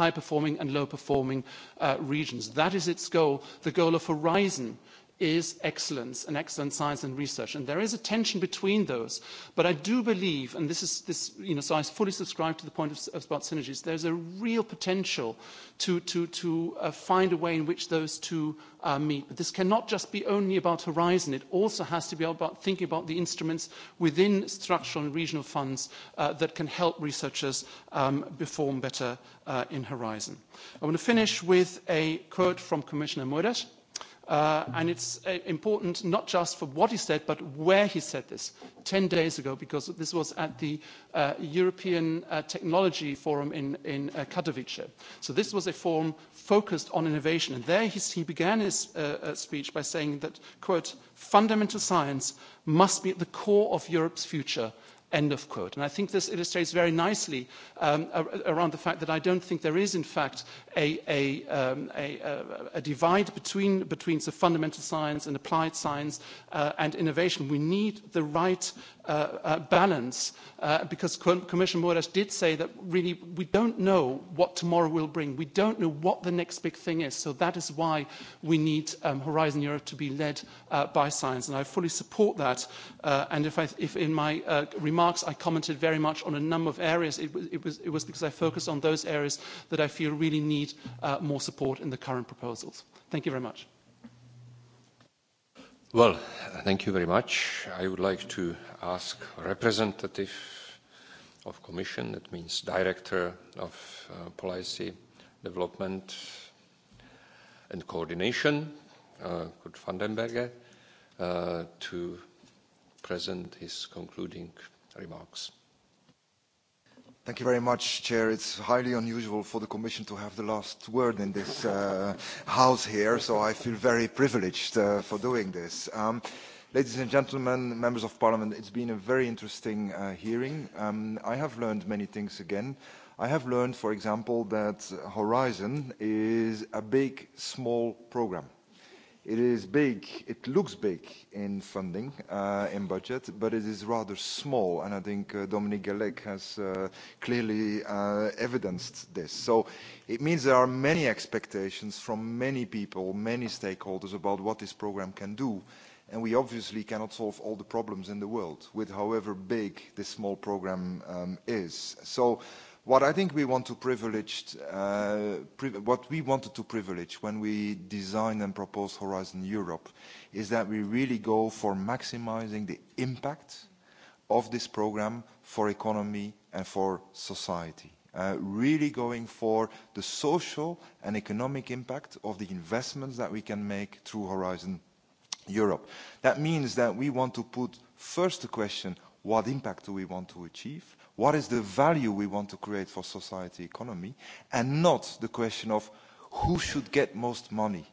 high performing and low performing regions. That is its goal. The goal of Horizon is excellence and excellent science and research. And there is a tension between those. But I do believe, and this is this, you know, so I fully subscribe to the point of, of about synergies, there's a real potential to, to, to uh, find a way in which those two uh, meet. But this cannot just be only about Horizon. It also has to be about thinking about the instruments within structural and regional funds uh, that can help researchers um, perform better uh, in Horizon. I want to finish with a quote from Commissioner Moedas Uh, and it's uh, important not just for what he said, but where he said this 10 days ago, because this was at the uh, European uh, Technology Forum in, in uh, Katowice. So this was a forum focused on innovation. And there he, began his uh, speech by saying that, quote, fundamental science must be at the core of Europe's future End of quote. And I think this illustrates very nicely um, around the fact that I don't think there is, in fact, a, a, um, a, divide between, between the fundamental science and applied science uh, and innovation. We need the right Uh, uh, balance uh, because Commissioner Moedas did say that really we don't know what tomorrow will bring. We don't know what the next big thing is. So that is why we need um, Horizon Europe to be led by science. And I fully support that. and if, I, if in my remarks I commented very much on a number of areas, it, it, was, it was because I focused on those areas that I feel really need more support in the current proposals. Thank you very much. Well, thank you very much. I would like to ask representative of Commission, that means Director of uh, Policy Development and Coordination, uh, Kurt Vandenberger, uh, to present his concluding remarks. Thank you very much, Chair. It's highly unusual for the Commission to have the last word in this uh, House here, so I feel very privileged uh, for doing this. Um, ladies and gentlemen, members of Parliament, it's been a very interesting uh, hearing. Um, I have learned many things again. I have learned, for example, that Horizon is a big, small program It is big. It looks big in funding, uh in budget, but it is rather small, and I think uh, Dominique Gallec has uh, clearly uh, evidenced this. So it means there are many expectations from many people, many stakeholders about what this program can do, and we obviously cannot solve all the problems in the world with however big this small program um, is. So What I think we want to privilege, uh, what we wanted to privilege when we designed and proposed Horizon Europe is that we really go for maximizing the impact of this program for economy and for society. Uh, really going for the social and economic impact of the investments that we can make through Horizon Europe. That means that we want to put first the question, what impact do we want to achieve? What is the value we want to create for society economy? And not the question of who should get most money?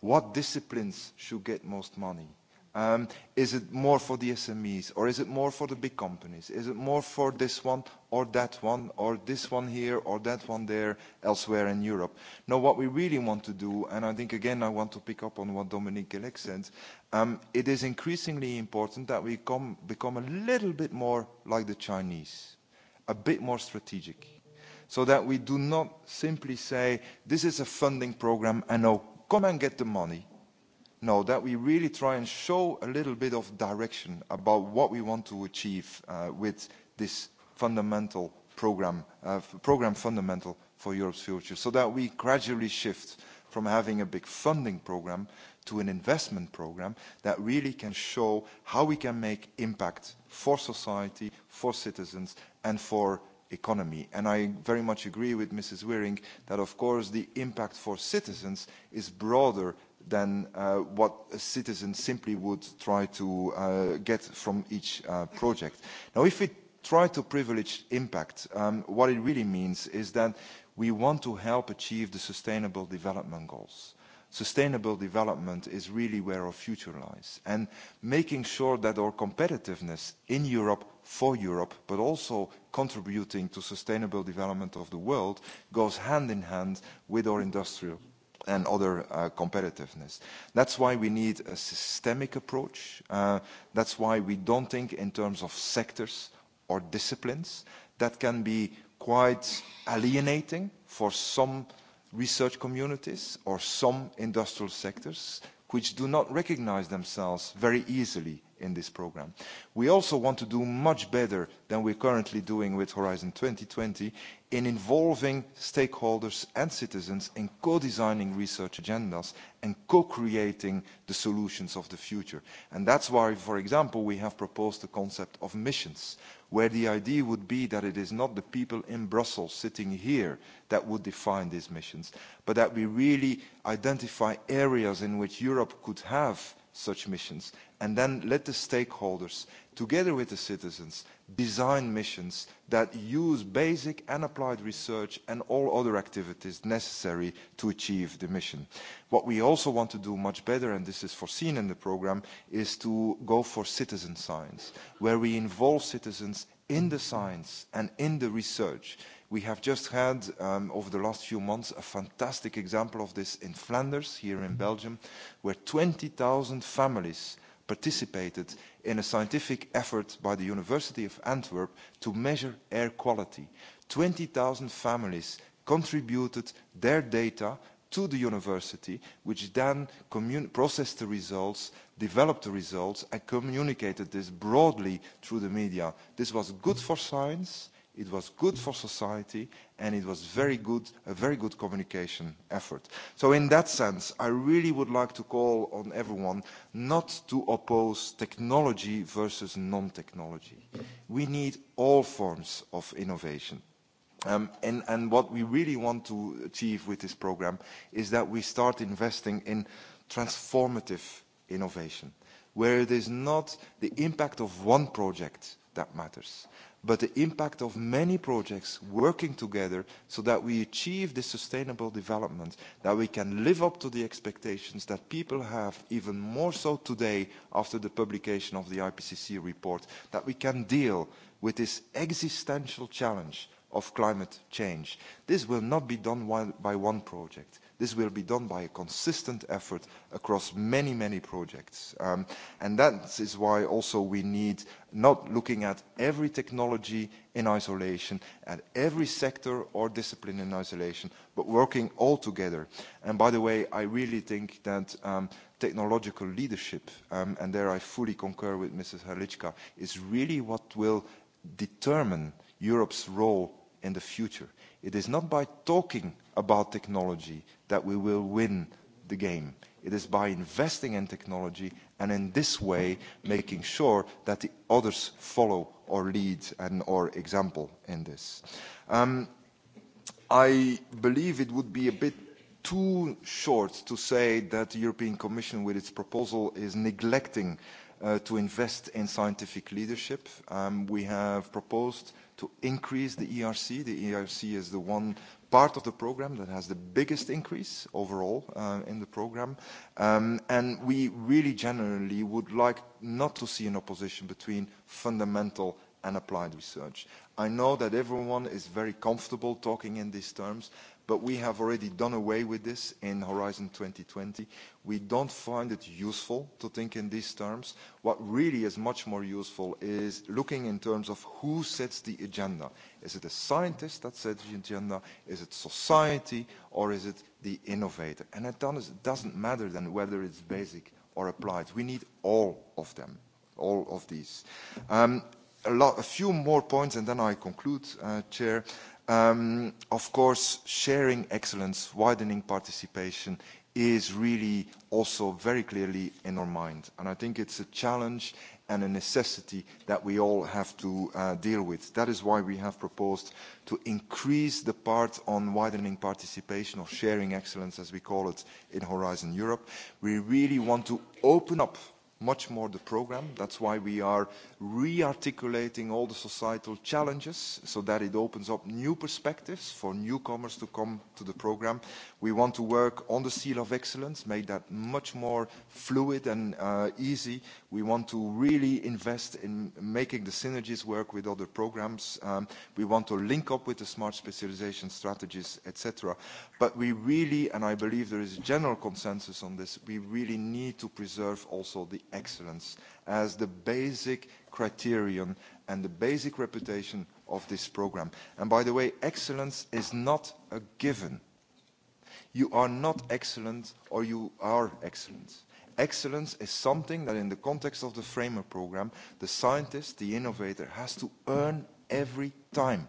What disciplines should get most money? Um, is it more for the SMEs or is it more for the big companies? Is it more for this one or that one or this one here or that one there elsewhere in Europe? No, what we really want to do, and I think again I want to pick up on what Dominique Gillick said, um, it is increasingly important that we come, become a little bit more like the Chinese, a bit more strategic. So that we do not simply say, this is a funding program and oh, come and get the money no, that we really try and show a little bit of direction about what we want to achieve uh, with this fundamental program, uh, program fundamental for Europe's future, so that we gradually shift from having a big funding program to an investment program that really can show how we can make impact for society, for citizens, and for economy. And I very much agree with Mrs. Wearing that, of course, the impact for citizens is broader than uh, what a citizen simply would try to uh, get from each uh, project. Now, if we try to privilege impact, um, what it really means is that we want to help achieve the sustainable development goals. Sustainable development is really where our future lies. And making sure that our competitiveness in Europe, for Europe, but also contributing to sustainable development of the world goes hand in hand with our industrial and other uh, competitiveness. That's why we need a systemic approach. Uh, that's why we don't think in terms of sectors or disciplines. That can be quite alienating for some research communities or some industrial sectors which do not recognize themselves very easily in this program. We also want to do much better than we're currently doing with Horizon 2020 in involving stakeholders and citizens in co-designing research agendas and co-creating the solutions of the future. And that's why, for example, we have proposed the concept of missions, where the idea would be that it is not the people in Brussels sitting here that would define these missions, but that we really identify areas in which Europe could have such missions and then let the stakeholders together with the citizens design missions that use basic and applied research and all other activities necessary to achieve the mission what we also want to do much better and this is foreseen in the program is to go for citizen science where we involve citizens in the science and in the research We have just had, um, over the last few months, a fantastic example of this in Flanders, here in mm-hmm. Belgium, where 20,000 families participated in a scientific effort by the University of Antwerp to measure air quality. 20,000 families contributed their data to the university, which then processed the results, developed the results, and communicated this broadly through the media. This was good for science, It was good for society, and it was very good, a very good communication effort. So in that sense, I really would like to call on everyone not to oppose technology versus non-technology. We need all forms of innovation. Um, and, and what we really want to achieve with this program is that we start investing in transformative innovation, where it is not the impact of one project that matters, but the impact of many projects working together so that we achieve this sustainable development, that we can live up to the expectations that people have even more so today after the publication of the IPCC report, that we can deal with this existential challenge of climate change. This will not be done by one project. This will be done by a consistent effort across many, many projects. Um, and that is why also we need not looking at every technology in isolation, at every sector or discipline in isolation, but working all together. And by the way, I really think that um, technological leadership, um, and there I fully concur with Mrs. Herlichka, is really what will determine Europe's role in the future. It is not by talking about technology that we will win the game. It is by investing in technology and in this way making sure that the others follow or lead and or example in this. Um, I believe it would be a bit too short to say that the European Commission with its proposal is neglecting uh, to invest in scientific leadership. Um, we have proposed to increase the ERC. The ERC is the one part of the program that has the biggest increase overall uh, in the program. Um, and we really generally would like not to see an opposition between fundamental and applied research. I know that everyone is very comfortable talking in these terms, but we have already done away with this in Horizon 2020. We don't find it useful to think in these terms. What really is much more useful is looking in terms of who sets the agenda. Is it a scientist that sets the agenda? Is it society? Or is it the innovator? And it doesn't matter then whether it's basic or applied. We need all of them, all of these. Um, a, a few more points and then I conclude, uh, Chair. Um, of course, sharing excellence, widening participation is really also very clearly in our mind. And I think it's a challenge and a necessity that we all have to uh, deal with. That is why we have proposed to increase the part on widening participation or sharing excellence, as we call it, in Horizon Europe. We really want to open up much more the program. That's why we are re-articulating all the societal challenges so that it opens up new perspectives for newcomers to come to the program. We want to work on the seal of excellence, make that much more fluid and uh, easy. We want to really invest in making the synergies work with other programs. Um, we want to link up with the smart specialization strategies, etc. But we really, and I believe there is a general consensus on this, we really need to preserve also the excellence as the basic criterion and the basic reputation of this program. And by the way, excellence is not a given. You are not excellent or you are excellent. Excellence is something that in the context of the Framer program, the scientist, the innovator has to earn every time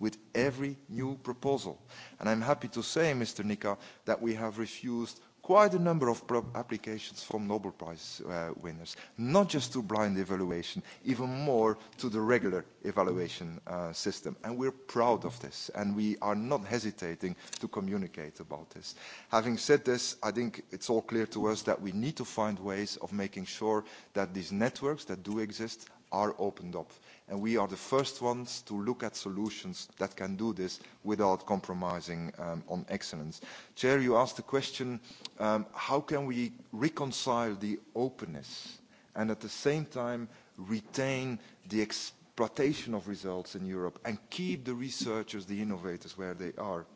with every new proposal. And I'm happy to say, Mr. Nika, that we have refused quite a number of pro applications from Nobel Prize uh, winners, not just to blind evaluation, even more to the regular evaluation uh, system. And we're proud of this, and we are not hesitating to communicate about this. Having said this, I think it's all clear to us that we need to find ways of making sure that these networks that do exist are opened up. And we are the first ones to look at solutions that can do this without compromising um, on excellence. Chair, you asked the question, um, how can we reconcile the openness and at the same time retain the exploitation of results in Europe and keep the researchers, the innovators where they are?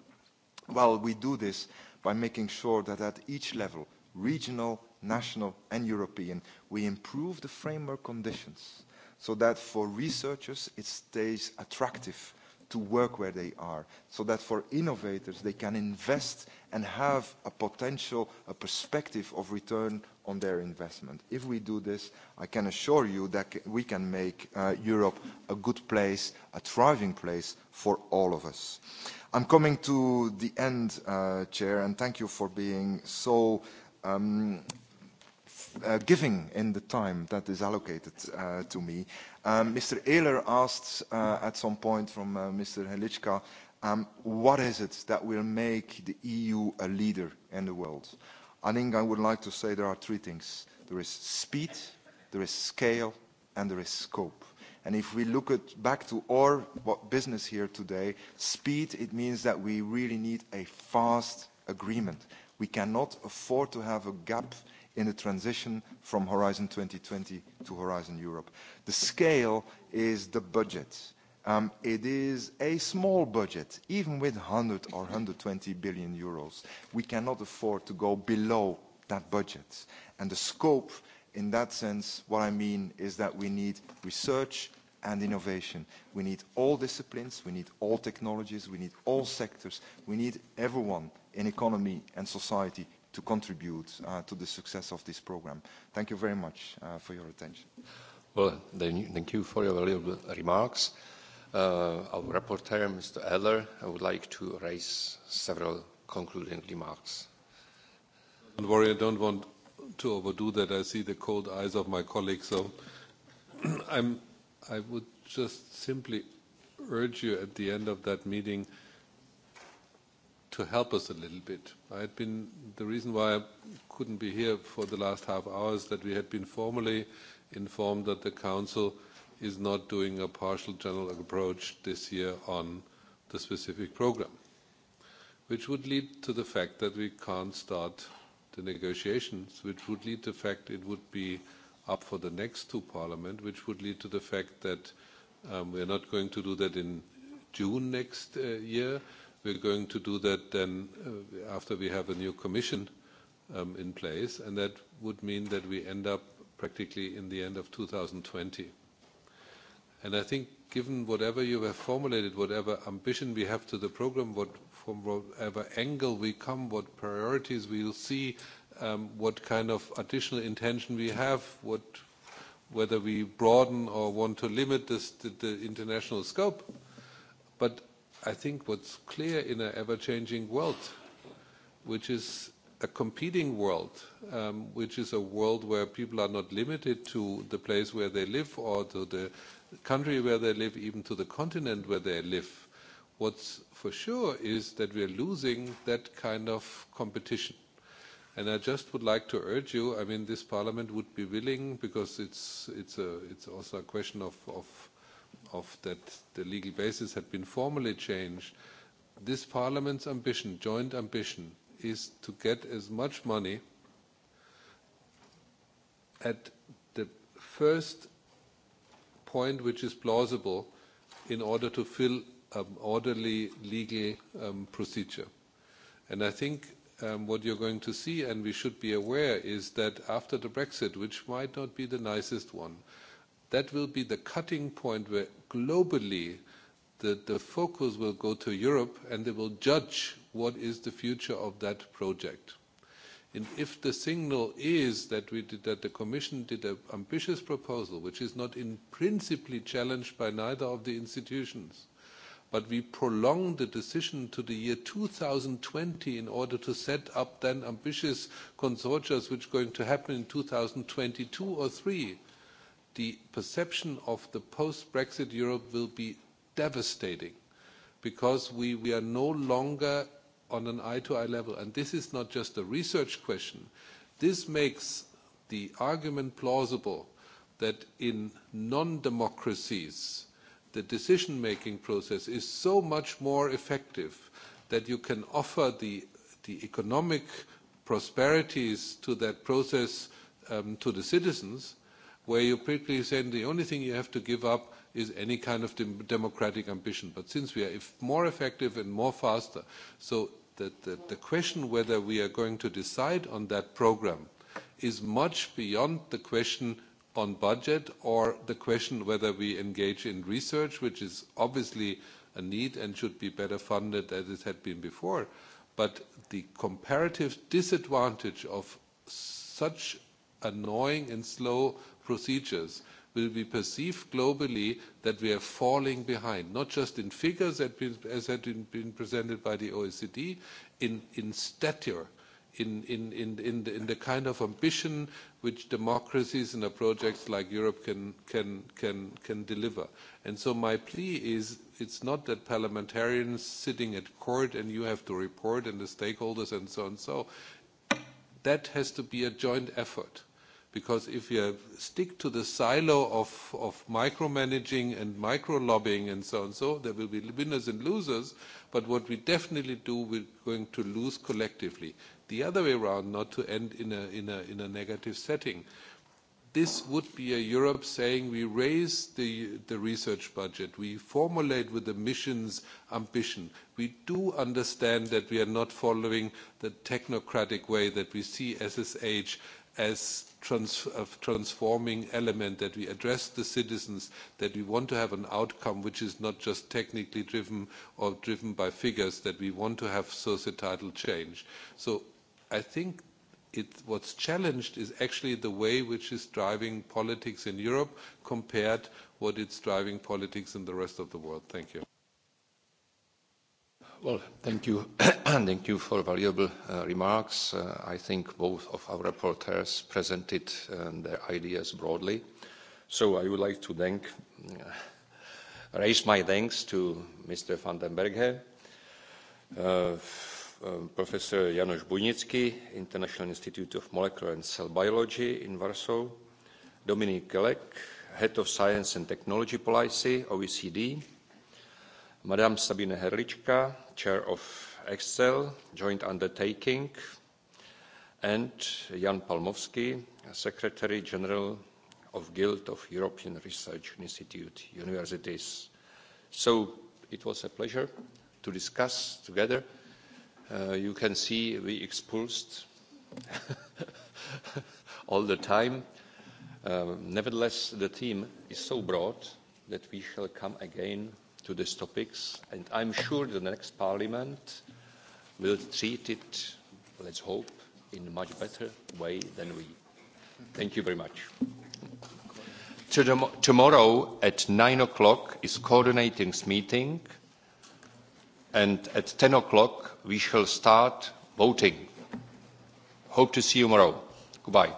Well, we do this by making sure that at each level, regional, national and European, we improve the framework conditions so that for researchers it stays attractive to work where they are, so that for innovators they can invest and have a potential, a perspective of return on their investment. If we do this, I can assure you that we can make uh, Europe a good place, a thriving place for all of us. I'm coming to the end, uh, Chair, and thank you for being so um, uh, giving in the time that is allocated uh, to me. Um, Mr. Ehler asked uh, at some point from uh, Mr. Helichka, um, what is it that will make the EU a leader in the world? I think I would like to say there are three things. There is speed, there is scale, and there is scope. And if we look at back to our what business here today, speed, it means that we really need a fast agreement. We cannot afford to have a gap in the transition from Horizon 2020 to Horizon Europe. The scale is the budget. Um, it is a small budget, even with 100 or 120 billion euros. We cannot afford to go below that budget. And the scope, in that sense, what I mean is that we need research and innovation. We need all disciplines, we need all technologies, we need all sectors, we need everyone in economy and society to contribute uh, to the success of this program. Thank you very much uh, for your attention. Well, thank you for your valuable remarks. Uh, our rapporteur, Mr. Eller, I would like to raise several concluding remarks. Don't worry, I don't want to overdo that. I see the cold eyes of my colleagues, so *clears throat* I'm, I would just simply urge you at the end of that meeting – to help us a little bit. I had been the reason why I couldn't be here for the last half hour is that we had been formally informed that the Council is not doing a partial general approach this year on the specific programme, which would lead to the fact that we can't start the negotiations, which would lead to the fact it would be up for the next two parliament, which would lead to the fact that um, we are not going to do that in June next uh, year. We're going to do that then uh, after we have a new commission um, in place, and that would mean that we end up practically in the end of 2020. And I think given whatever you have formulated, whatever ambition we have to the program, what, from whatever angle we come, what priorities we'll see, um, what kind of additional intention we have, what, whether we broaden or want to limit this, the, the international scope. But i think what's clear in an ever-changing world, which is a competing world, um, which is a world where people are not limited to the place where they live or to the country where they live, even to the continent where they live. What's for sure is that we are losing that kind of competition. And I just would like to urge you, I mean, this parliament would be willing, because it's, it's, a, it's also a question of, of of that the legal basis had been formally changed, this Parliament's ambition, joint ambition, is to get as much money at the first point which is plausible in order to fill an um, orderly legal um, procedure. And I think um, what you're going to see, and we should be aware, is that after the Brexit, which might not be the nicest one, that will be the cutting point where globally the, the focus will go to Europe and they will judge what is the future of that project. And if the signal is that, we did, that the Commission did an ambitious proposal, which is not in principle challenged by neither of the institutions, but we prolong the decision to the year 2020 in order to set up then ambitious consortia which are going to happen in 2022 or 3 the perception of the post-Brexit Europe will be devastating because we, we are no longer on an eye-to-eye level. And this is not just a research question. This makes the argument plausible that in non-democracies, the decision-making process is so much more effective that you can offer the, the economic prosperities to that process um, to the citizens where you quickly said the only thing you have to give up is any kind of democratic ambition. But since we are if more effective and more faster, so that the, the question whether we are going to decide on that program is much beyond the question on budget or the question whether we engage in research, which is obviously a need and should be better funded as it had been before. But the comparative disadvantage of such annoying and slow procedures will be perceived globally that we are falling behind, not just in figures as had been presented by the OECD, in, in stature, in, in, in, in, the, in the kind of ambition which democracies and projects like Europe can, can, can, can deliver. And so my plea is it's not that parliamentarians sitting at court and you have to report and the stakeholders and so on and so. That has to be a joint effort because if you stick to the silo of, of micromanaging and micro lobbying and so and so there will be winners and losers but what we definitely do we're going to lose collectively the other way around not to end in a in a in a negative setting this would be a Europe saying we raise the, the research budget, we formulate with the mission's ambition. We do understand that we are not following the technocratic way that we see SSH as trans of transforming element that we address the citizens that we want to have an outcome which is not just technically driven or driven by figures that we want to have societal change so i think it what's challenged is actually the way which is driving politics in europe compared what it's driving politics in the rest of the world thank you Well, thank you. *clears throat* thank you for valuable uh, remarks. Uh, I think both of our reporters presented um, their ideas broadly. So I would like to thank, uh, raise my thanks to Mr. van den Berghe, uh, um, Professor Janusz Bujnicki, International Institute of Molecular and Cell Biology in Warsaw, Dominik Kelek, Head of Science and Technology Policy, OECD, Madam Sabine Herlička, Chair of Excel Joint Undertaking, and Jan Palmovsky, Secretary General of Guild of European Research Institute Universities. So it was a pleasure to discuss together. Uh, you can see we expulsed *laughs* all the time. Um, nevertheless, the team is so broad that we shall come again to these topics, and I'm sure the next Parliament will treat it, let's hope, in a much better way than we. Thank you very much. Tomorrow at 9 o'clock is this meeting, and at 10 o'clock we shall start voting. Hope to see you tomorrow. Goodbye.